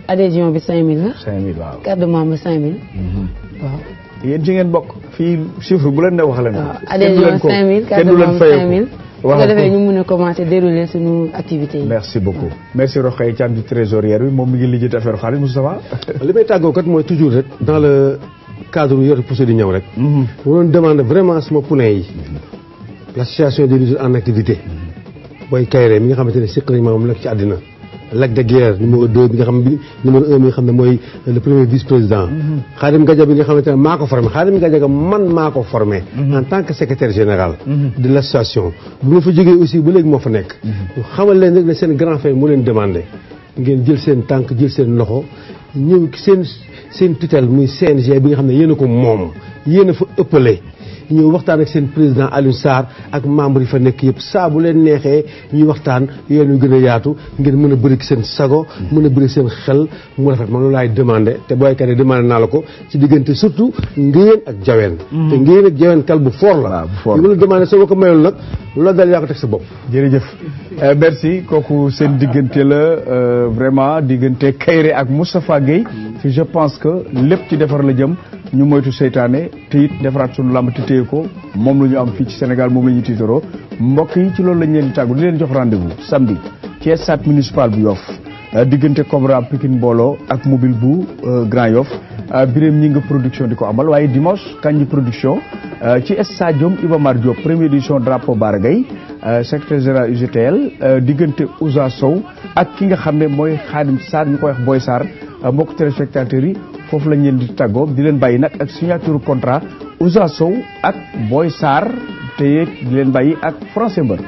adhésion bi 5000 la. 5000 waaw carte mhm. waaw. yéen ci ngeen bokk fii chiffre bu leen ne wax leen ko. adhésion 5000 Casamance 5000 wax nga defee ñu mën a commencé déroulé bi moom mi ngi lijjit affaire xaalis Moustapha. li may tàggoo mooy toujours rek dans le cadre yor poussé di ñëw rek. Mhm. mu doon demande vraiment sama poulain yi. l' association des lutteurs en activité. Mhm. booy Kayre mi nga xamante ne seq nañ moom nag ci àddina. Lac de Guiers numéro 2 bi nga xam bi numéro 1 xam ne mooy le premier vice président. Mhm. Khadim Gadiaga bi nga xamante ne maa ko formé Khadim Gadiaga man maa ko formé. Mhm. en tant que secrétaire général. Mhm. de l' association bu ma fa jógee aussi ba léegi moo fa nekk. xamal leen rek ne seen grand frère mu leen demande ngeen jël seen tànk jël seen loxo ñëw seen seen tutelle muy CNG bi nga xam ne yéen a ko moom yéen a fa ëppale. ñu waxtaan ak seen président Alioune Sarr ak membre yi fa nekk yëpp saa bu leen neexee ñuy waxtaan yoon ñu gën a yaatu ngeen mën a bëri seen sago mën a bëri seen xel mu rafet man loolu laay demandé te booykat yi demande naa la ko ci diggante surtout ngéyeen ak jaween mm. te ngéyeen ak jaween kal bu fort la li ma la demandé soo ko mayoon nag loolu daal yaa ko teg sa bopp jërëjëf eh, merci kooku seen ah. diggante la euh, vraiment diggante Kairé ak Moustapha Guèye mm. je pense que lépp ci defar la jëm ñu moytu seytaane te it defaraat sunu làmb te téye ko moom la ñu am fii ci Sénégal moom la ñuy tiitaroo mbokk yi ci loolu lañ leen taagu tàggu leen jox rendez-vous samedi ci stade municipal bu Yoff euh, diggante Cobra Pikine Mbooloo ak mobile bu euh, Grand Yoff euh, Birame ñi nga production di ko amal waaye dimanche Kandji production ci stadium Iba Mar Diop première édition drapeau Bara Gaye secrétaire général UGTL diggante a Sow ak ki nga xam ne mooy Khadim Sarr ñu koy wax Euh, mbokk téléspectateurs yi foofu lañ leen di tàggoo di leen bàyyi nag ak signature contrat Ousa Sow ak booy Sarr te di leen bàyyi ak Français Mbeur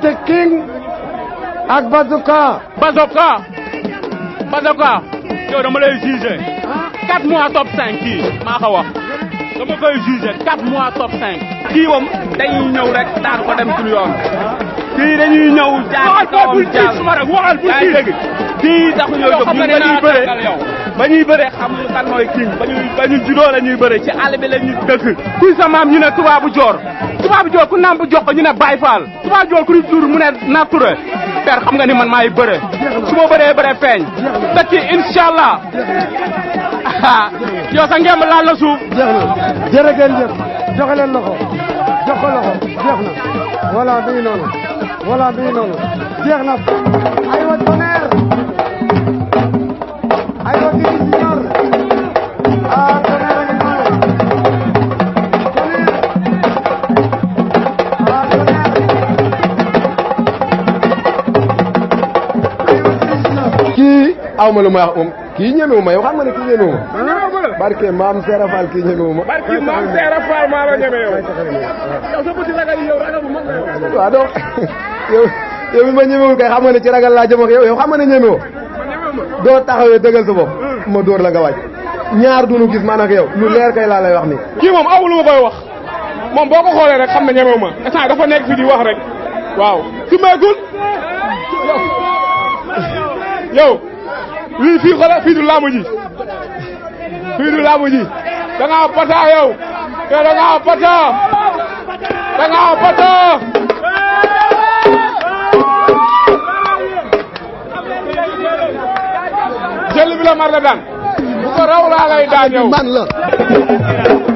diggante King ak Bazooka. Bazooka Bazooka yow dama lay jugé 4 mois top 5 kii maa ko wax dama koy jugé 4 mois top 5. kii moom dañuy ñëw rek daan ko dem suñu yoon. kii dañuy ñëw jaar kawam jaar waxal bul kii dégg kii taxu ñoo jóg ñun dañuy bëre ba ñuy bëre xamuñu kan mooy King ba ñuy ba ñu juddoo la ñuy bëre ci àll bi la ñu dëkk. kuy sa maam ñu ne tubaabu joor. tubaab jool ku nàmp jox ko ñu ne Baye Fall tubaab jool ku mu ne nature père xam nga ni man maay bëre su ma bëree bëre feeñ te ci incha allah yow sa ngemb laal na suuf jërëjëf joxe leen loxo jox ko loxo jeex na voilà bi noonu voilà bi noonu jeex na aywa tonnerre aw ma lu ma wax moom um, ma yow xam ne kii ñemewu ma. barke maam Seera Fall kii ñemewu ma. barke maam Seera Fall maa la ñeme ñemewul kay xam ci ragal laa jëm ak yow yow xam nga ne ñemewoo. doo taxawee dëggal hmm. ma dóor la nga wàcc. ñaar du nu gis maanaam yow lu leer kay laa lay wax nii. kii moom aw lu ma koy wax moom boo ko xoolee rek xam na ñemewu ma instant dafa nekk fi di wax rek waaw. su meegul yow. wii fii xoolal fii du laamu fii du laamu ji da ngaa pata yow yow eh, da ngaa pata bi la mar la daan bu raw laa lay daan yow.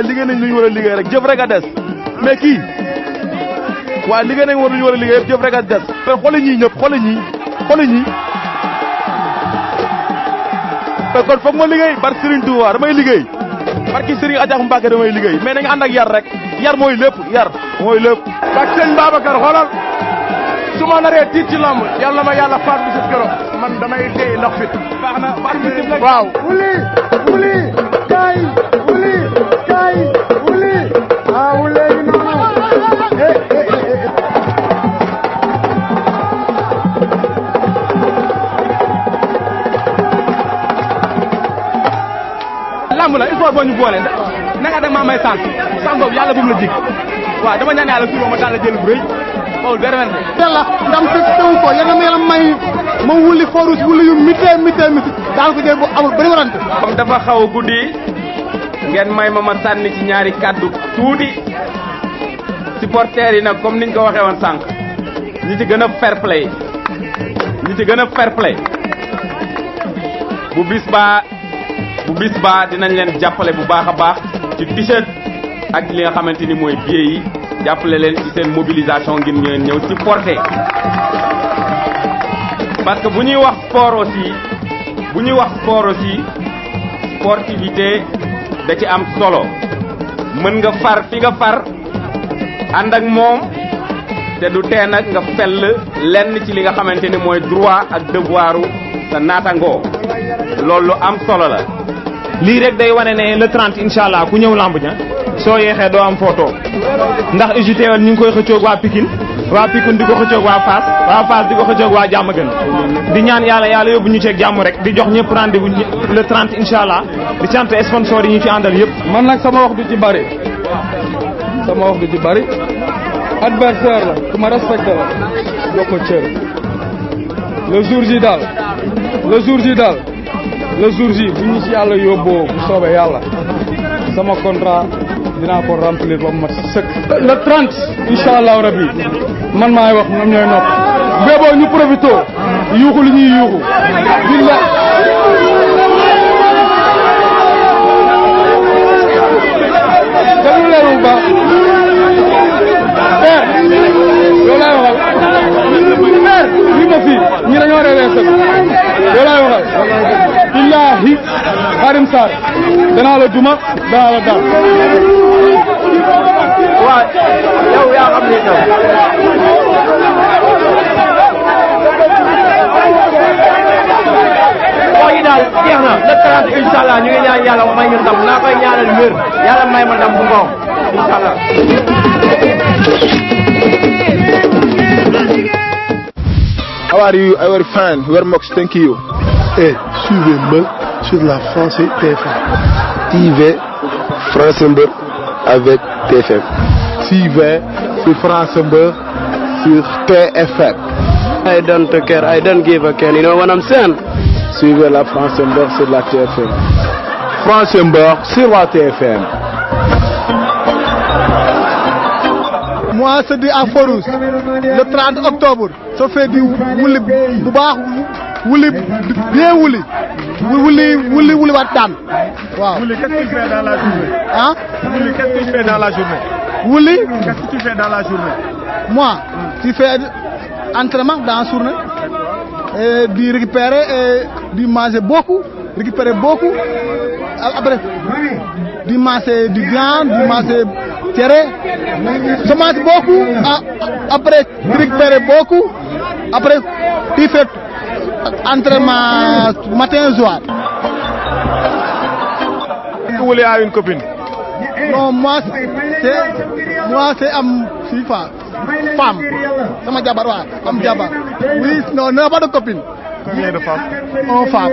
instant yi liggéey nañ lu ñu war a liggéey rek jëf rek a des mais kii waaye liggéey nañ war a liggéey jëf rek a des te xooli ñii ñëpp xooli ñii xooli ñii te kon foog ma liggéey barki Serigne Touba damay liggéey barki Serigne Adja Mbacke damay liggéey mais nañ ànd ak yar rek yar mooy lépp yar mooy lépp ak sëñ Babacar xoolal su ma naree tiit ci lamb yàlla ma yàlla faat bi sut man damay dee ndax fit waaw wuli wuli kaay ñu boole naka da maa may sànq sànq boobu yàlla bu mu la jig waaw dama ñaan yàlla suba ma daal la jël bu rëy bawul benn benn yàlla ndam te tewu ko yàlla na yàlla may ma wuli forus wuli yu mitee mitee miti daal ko jël bu amul bëri warante comme dafa xaw a guddi ngeen may ma ma sànni ci ñaari kàddu yi nag comme niñ ko waxee woon sànq ñi ci gën a fair ci gën bu bis ba bu bis baa dinañ leen jàppale bu baax a baax ci t-shirt ak li nga xamante ni mooy billet yi jàppale leen ci seen mobilisation ngir ngeen ñëw ci porté parce que bu ñuy wax sport aussi ñuy wax sport aussi sportivité da ci am solo mën nga far fi nga far ànd ak moom te du tee nag nga fell lenn ci li nga xamante ni mooy droit ak devoiru sa naatangoo loolu am solo la lii rek day wane na le 30 incha allah ku ñëw lamb ja soo yeexee doo am photo ndax UJTL ñu ngi koy xëccoog waa Pikine waa Pikine di ko xëccoog waa Fass waa Fass di ko xëccoog waa Diamaguène di ñaan yàlla yàlla yóbbu ñu ceeg jàmm rek di jox ñëpp rendez-vous le 30 incha allah di sant sponsor yi ñu ci àndal yëpp. man nag sama wax du ci bari sama wax du ci bari adversaire la ku ma respecté la jox ko cër le jour ji daal daal. la jour ji bu ñu ci yàlla yóbboo bu soobee yàlla sama contrat dinaa ko remplir ba mu mat sëkk. man maay wax ñoom ñooy nopp béboo ñu profité yuuxu li ñuy yuuxu billa dañu leer bu baax père yow laay waxal père li ma fii ñi dañoo reeree sëkk yow laay billaahi Xarim Sarr danaa la duma danaa la daal. waaw yow yaa xam ne waaw daal jeex na le 30 incha allah ñu ngi ñaan yàlla may ñu ndam naa koy ñaanal wér yàlla may ma ndam bu ngoon incha allah. how are you our fan where Mox thank you. Eh. suivez Mbeur sur la France TFM. TV France Mbeur avec TFM. TV sur France Mbeur sur TFM. I don't care, I don't give a care, you know what I'm saying? Suivez la France Mbeur sur la TFM. France Mbeur sur la TFM. Moi, c'est du Aforus. Le 30 octobre, ça fait du Woulib. wuli bien wuli wuli wuli wuli waat daan waaw. wuli qu'est-ce qu'il fait dans la journée. ah. wuli qu'est-ce qu'il fait moi. tu fais entraînement dans journée. et di récupérer et di manger beaucoup récupérer beaucoup après di manger du viande di manger cere je mange beaucoup après récupérer beaucoup après tu fais ak entraînement matin soir. wala y a une moi c'est moi c'est am fii fa sama jabar waaw am jabar oui non non pas de copine. combien de femmes.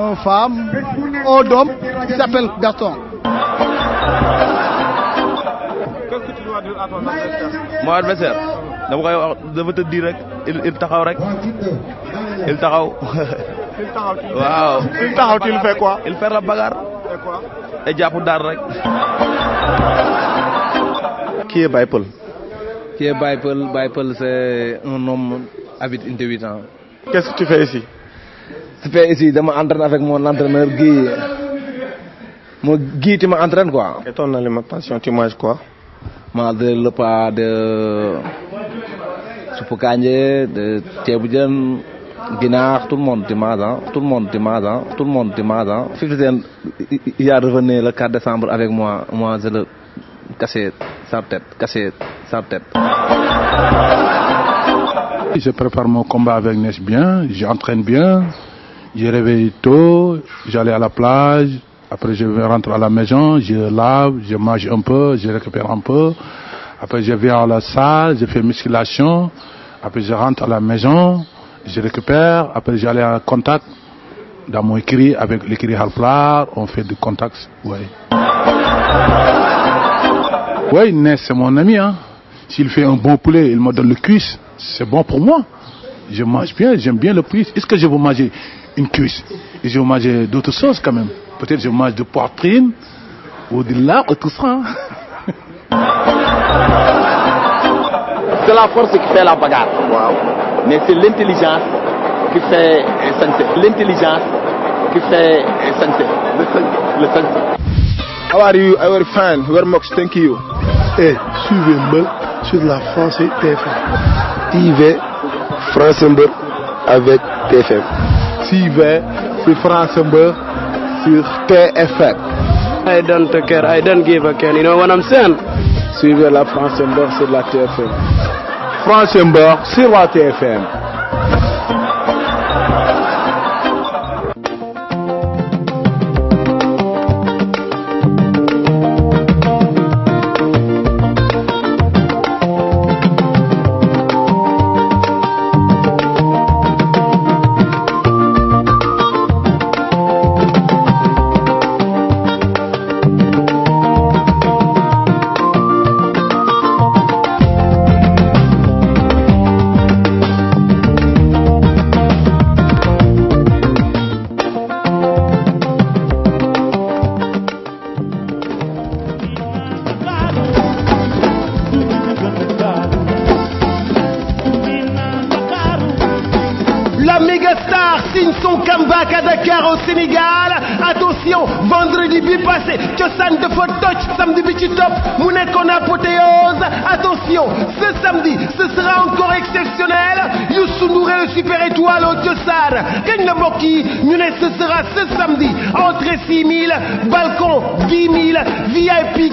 un femme un Gaston. Mon adversaire dama koy wax dafa tëddi il taxaw rek. il taxaw. il taxaw til waaw il taxaw til fait quoi. il fait la bagarre. et daar rek. qui est Baye Peul. qui est Baye Peul Baye Peul c'est un homme qu'est-ce que tu fais ici. je fais ici dama entraîne avec mon entraîneur Guy. Mon Guy, tu m'entraînes quoi. et ton alimentation tu manges quoi. le repas de suppu kanje de ceebu Guinard, tout le monde dimanche, hein, tout le monde dimanche, hein, tout le monde dimanche. Hein. 50 il a revenu le 4 décembre avec moi, moi je le cassé sa tête, cassé sa tête. Je prépare mon combat avec Nes bien, j'entraîne bien, je réveille tôt, j'allais à la plage, après je rentre à la maison, je lave, je mange un peu, je récupère un peu, après je viens à la salle, je fais musculation, après je rentre à la maison, je récupère, après j'allais en contact dans mon écrit avec l'écrit Halplar, on fait du contact, ouais. Oui, Ness, c'est mon ami. Hein. S'il fait un bon poulet, il me donne le cuisse. C'est bon pour moi. Je mange bien, j'aime bien le cuisse. Est-ce que je vais manger une cuisse Et je vais manger d'autres choses quand même. Peut-être je mange de poitrine ou de lard ou tout ça. Hein. c'est la force qui fait la bagarre. waaw mais c'est l'intelligence qui fait sañse l'intelligence qui fait sañse le sañse le sañse. How are you? I very fine. Very much. Thank you. Eh, suivez Mbeur sur la France TFM. TV France Mbeur avec TFM. TV c'est France Mbeur sur TFM. I don't care. I don't give a care. You know what I'm saying? Suivez la France Mbeur sur la TFM. France Mbeur sur la TFM Lyon ce samedi ce sera encore exceptionnel Youssou Ndour et le super étoile au Tessar kañ la mbokk ñu ne ce sera ce samedi entrée 6 000 balcon VIP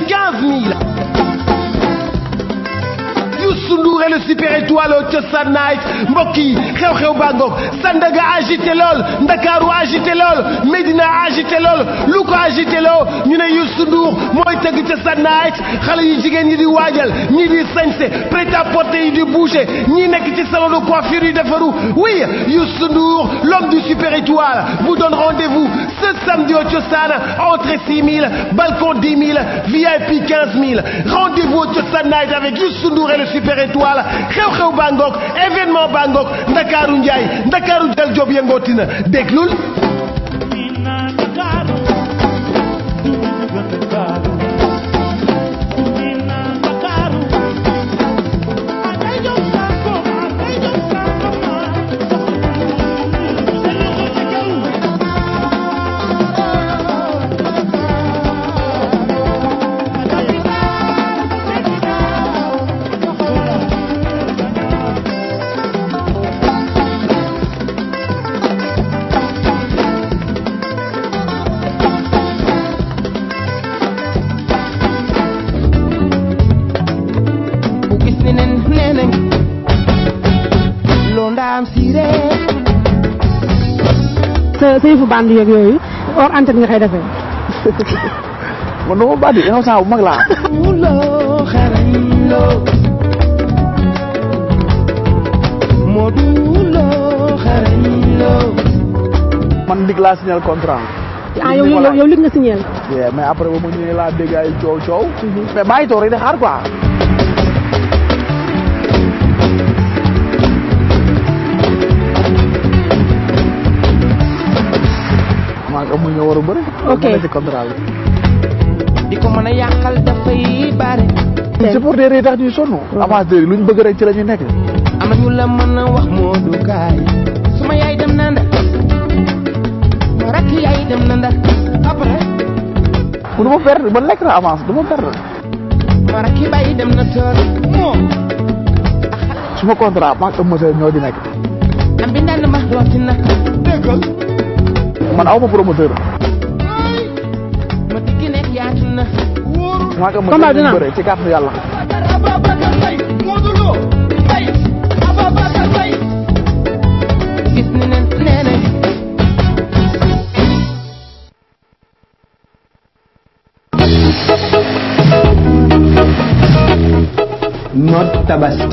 récupéré toile cosaan night mbokk yi xew-xew baa ngoog Sandaga agité lool Ndakaaru agité lool Medina agité lool lu ko agité loo ñu ne Youssou Ndour mooy tëgg cosaan night xale yu ñi di waajal ñi di sañse prêt à porter yi di nekk ci salon de coiffure yu defaru oui Youssou Ndour l'homme du super étoile vous donne rendez-vous ce samedi au cosaan entrée 6 000 balcon 10 000 VIP 15 000 rendez-vous au cosaan night avec Youssou et le super xew-xew baa ngoog événement baa ngoog ndakaaru njaay ndakaaru jël job yëngooti na déglul sa sa yëfu band yeeg yooyu hors antenne nga koy defee. man dama bandi innocent bu mag laa. man lig laa signé contrat. ah yow lig nga signé. mais après ba mu ñëwee laa dégg ay coow coow. Mhm. mais maa ngi toog rek di xaar amul ñoo war a bëri. ok ci contrat bi. di ko mën a yàqal dafay bare. supporters yi tax ñuy sonn. avanceurs yi luñ bëgg rek ci la ñu nekk. am na ñu la mën a wax Modou Kaay. suma yaay dem na Ndar. rakk yaay dem na Ndar. après. du ma perdre ba lekk na avance du ma perdre. ma rakk dem na Sër moom. suma contrat maa ngi ëpp ma ñoo di nekk. am bi ma rooti na déggal. man aw ma promoteur. combat dina am bëre ci kàttu yàlla. noot tabaski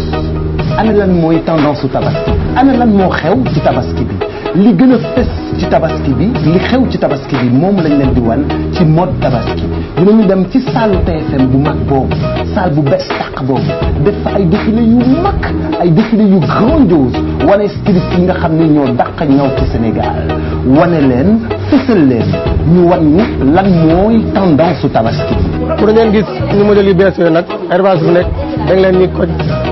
ana lan mooy tendance su tabaski ana lan moo xew ci tabaski bi. li gën a fës ci tabaski bi li xew ci tabaski bi moom lañ leen di wan ci mode tabaski dinañu dem ci saalu TFM bu mag boobu saal bu bees tàq boobu def fa ay défilé yu mag ay défilé yu grandiose wane styliste yi nga xam ne ñoo dàq ñaw ci Sénégal wane leen fësal leen ñu wan ñu lan mooy tendance su tabaski bi. pour ngeen gis ñu modèle yu bees yooyu nag élevage bu nekk da leen ni ko.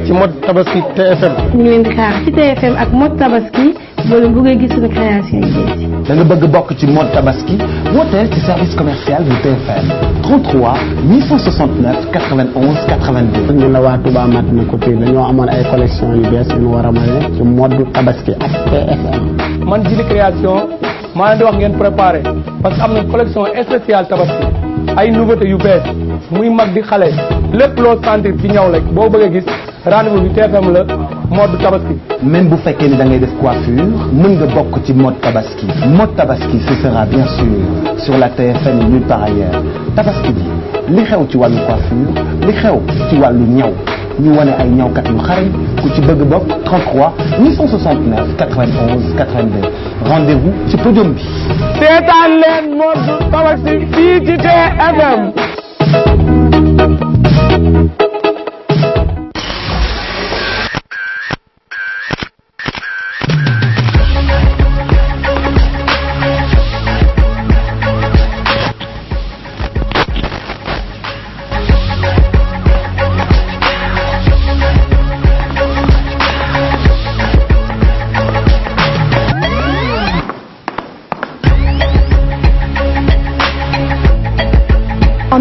ci mode tabaski TFM. ñu ngi leen di xaar ci TFM ak mode tabaski wala bu ngay gis suñu création yi. da nga bëgg bokk ci mode tabaski wooteel ci service commercial bu TFM 33 869 91 92. ñu la waa Touba Matina Couture dañoo amoon ay collection yu bees yu ñu war a mayee ci mode tabaski ak TFM. man jili création maa leen di wax ngeen préparé parce que am na collection spéciale tabaski. ay nouveauté yu bees muy mag di xale le loo sentir ci ñaw rek boo bëggee gis rendez-vous bi TFM la mode tabaski. même bu fekkee ni da ngay def coiffure mën nga bokk ci mode tabaski mode tabaski ce sera bien sûr sur la TFM et nulle part ailleurs tabaski bi li xew ci wàllu coiffure li xew ci wàllu ñaw. ñu wane ay ñawkat yu xarañ ku ci bëgg bokk 33 869 91 82 rendez-vous ci podium bi. seetaan leen Modou Tabaski fii ci TFM.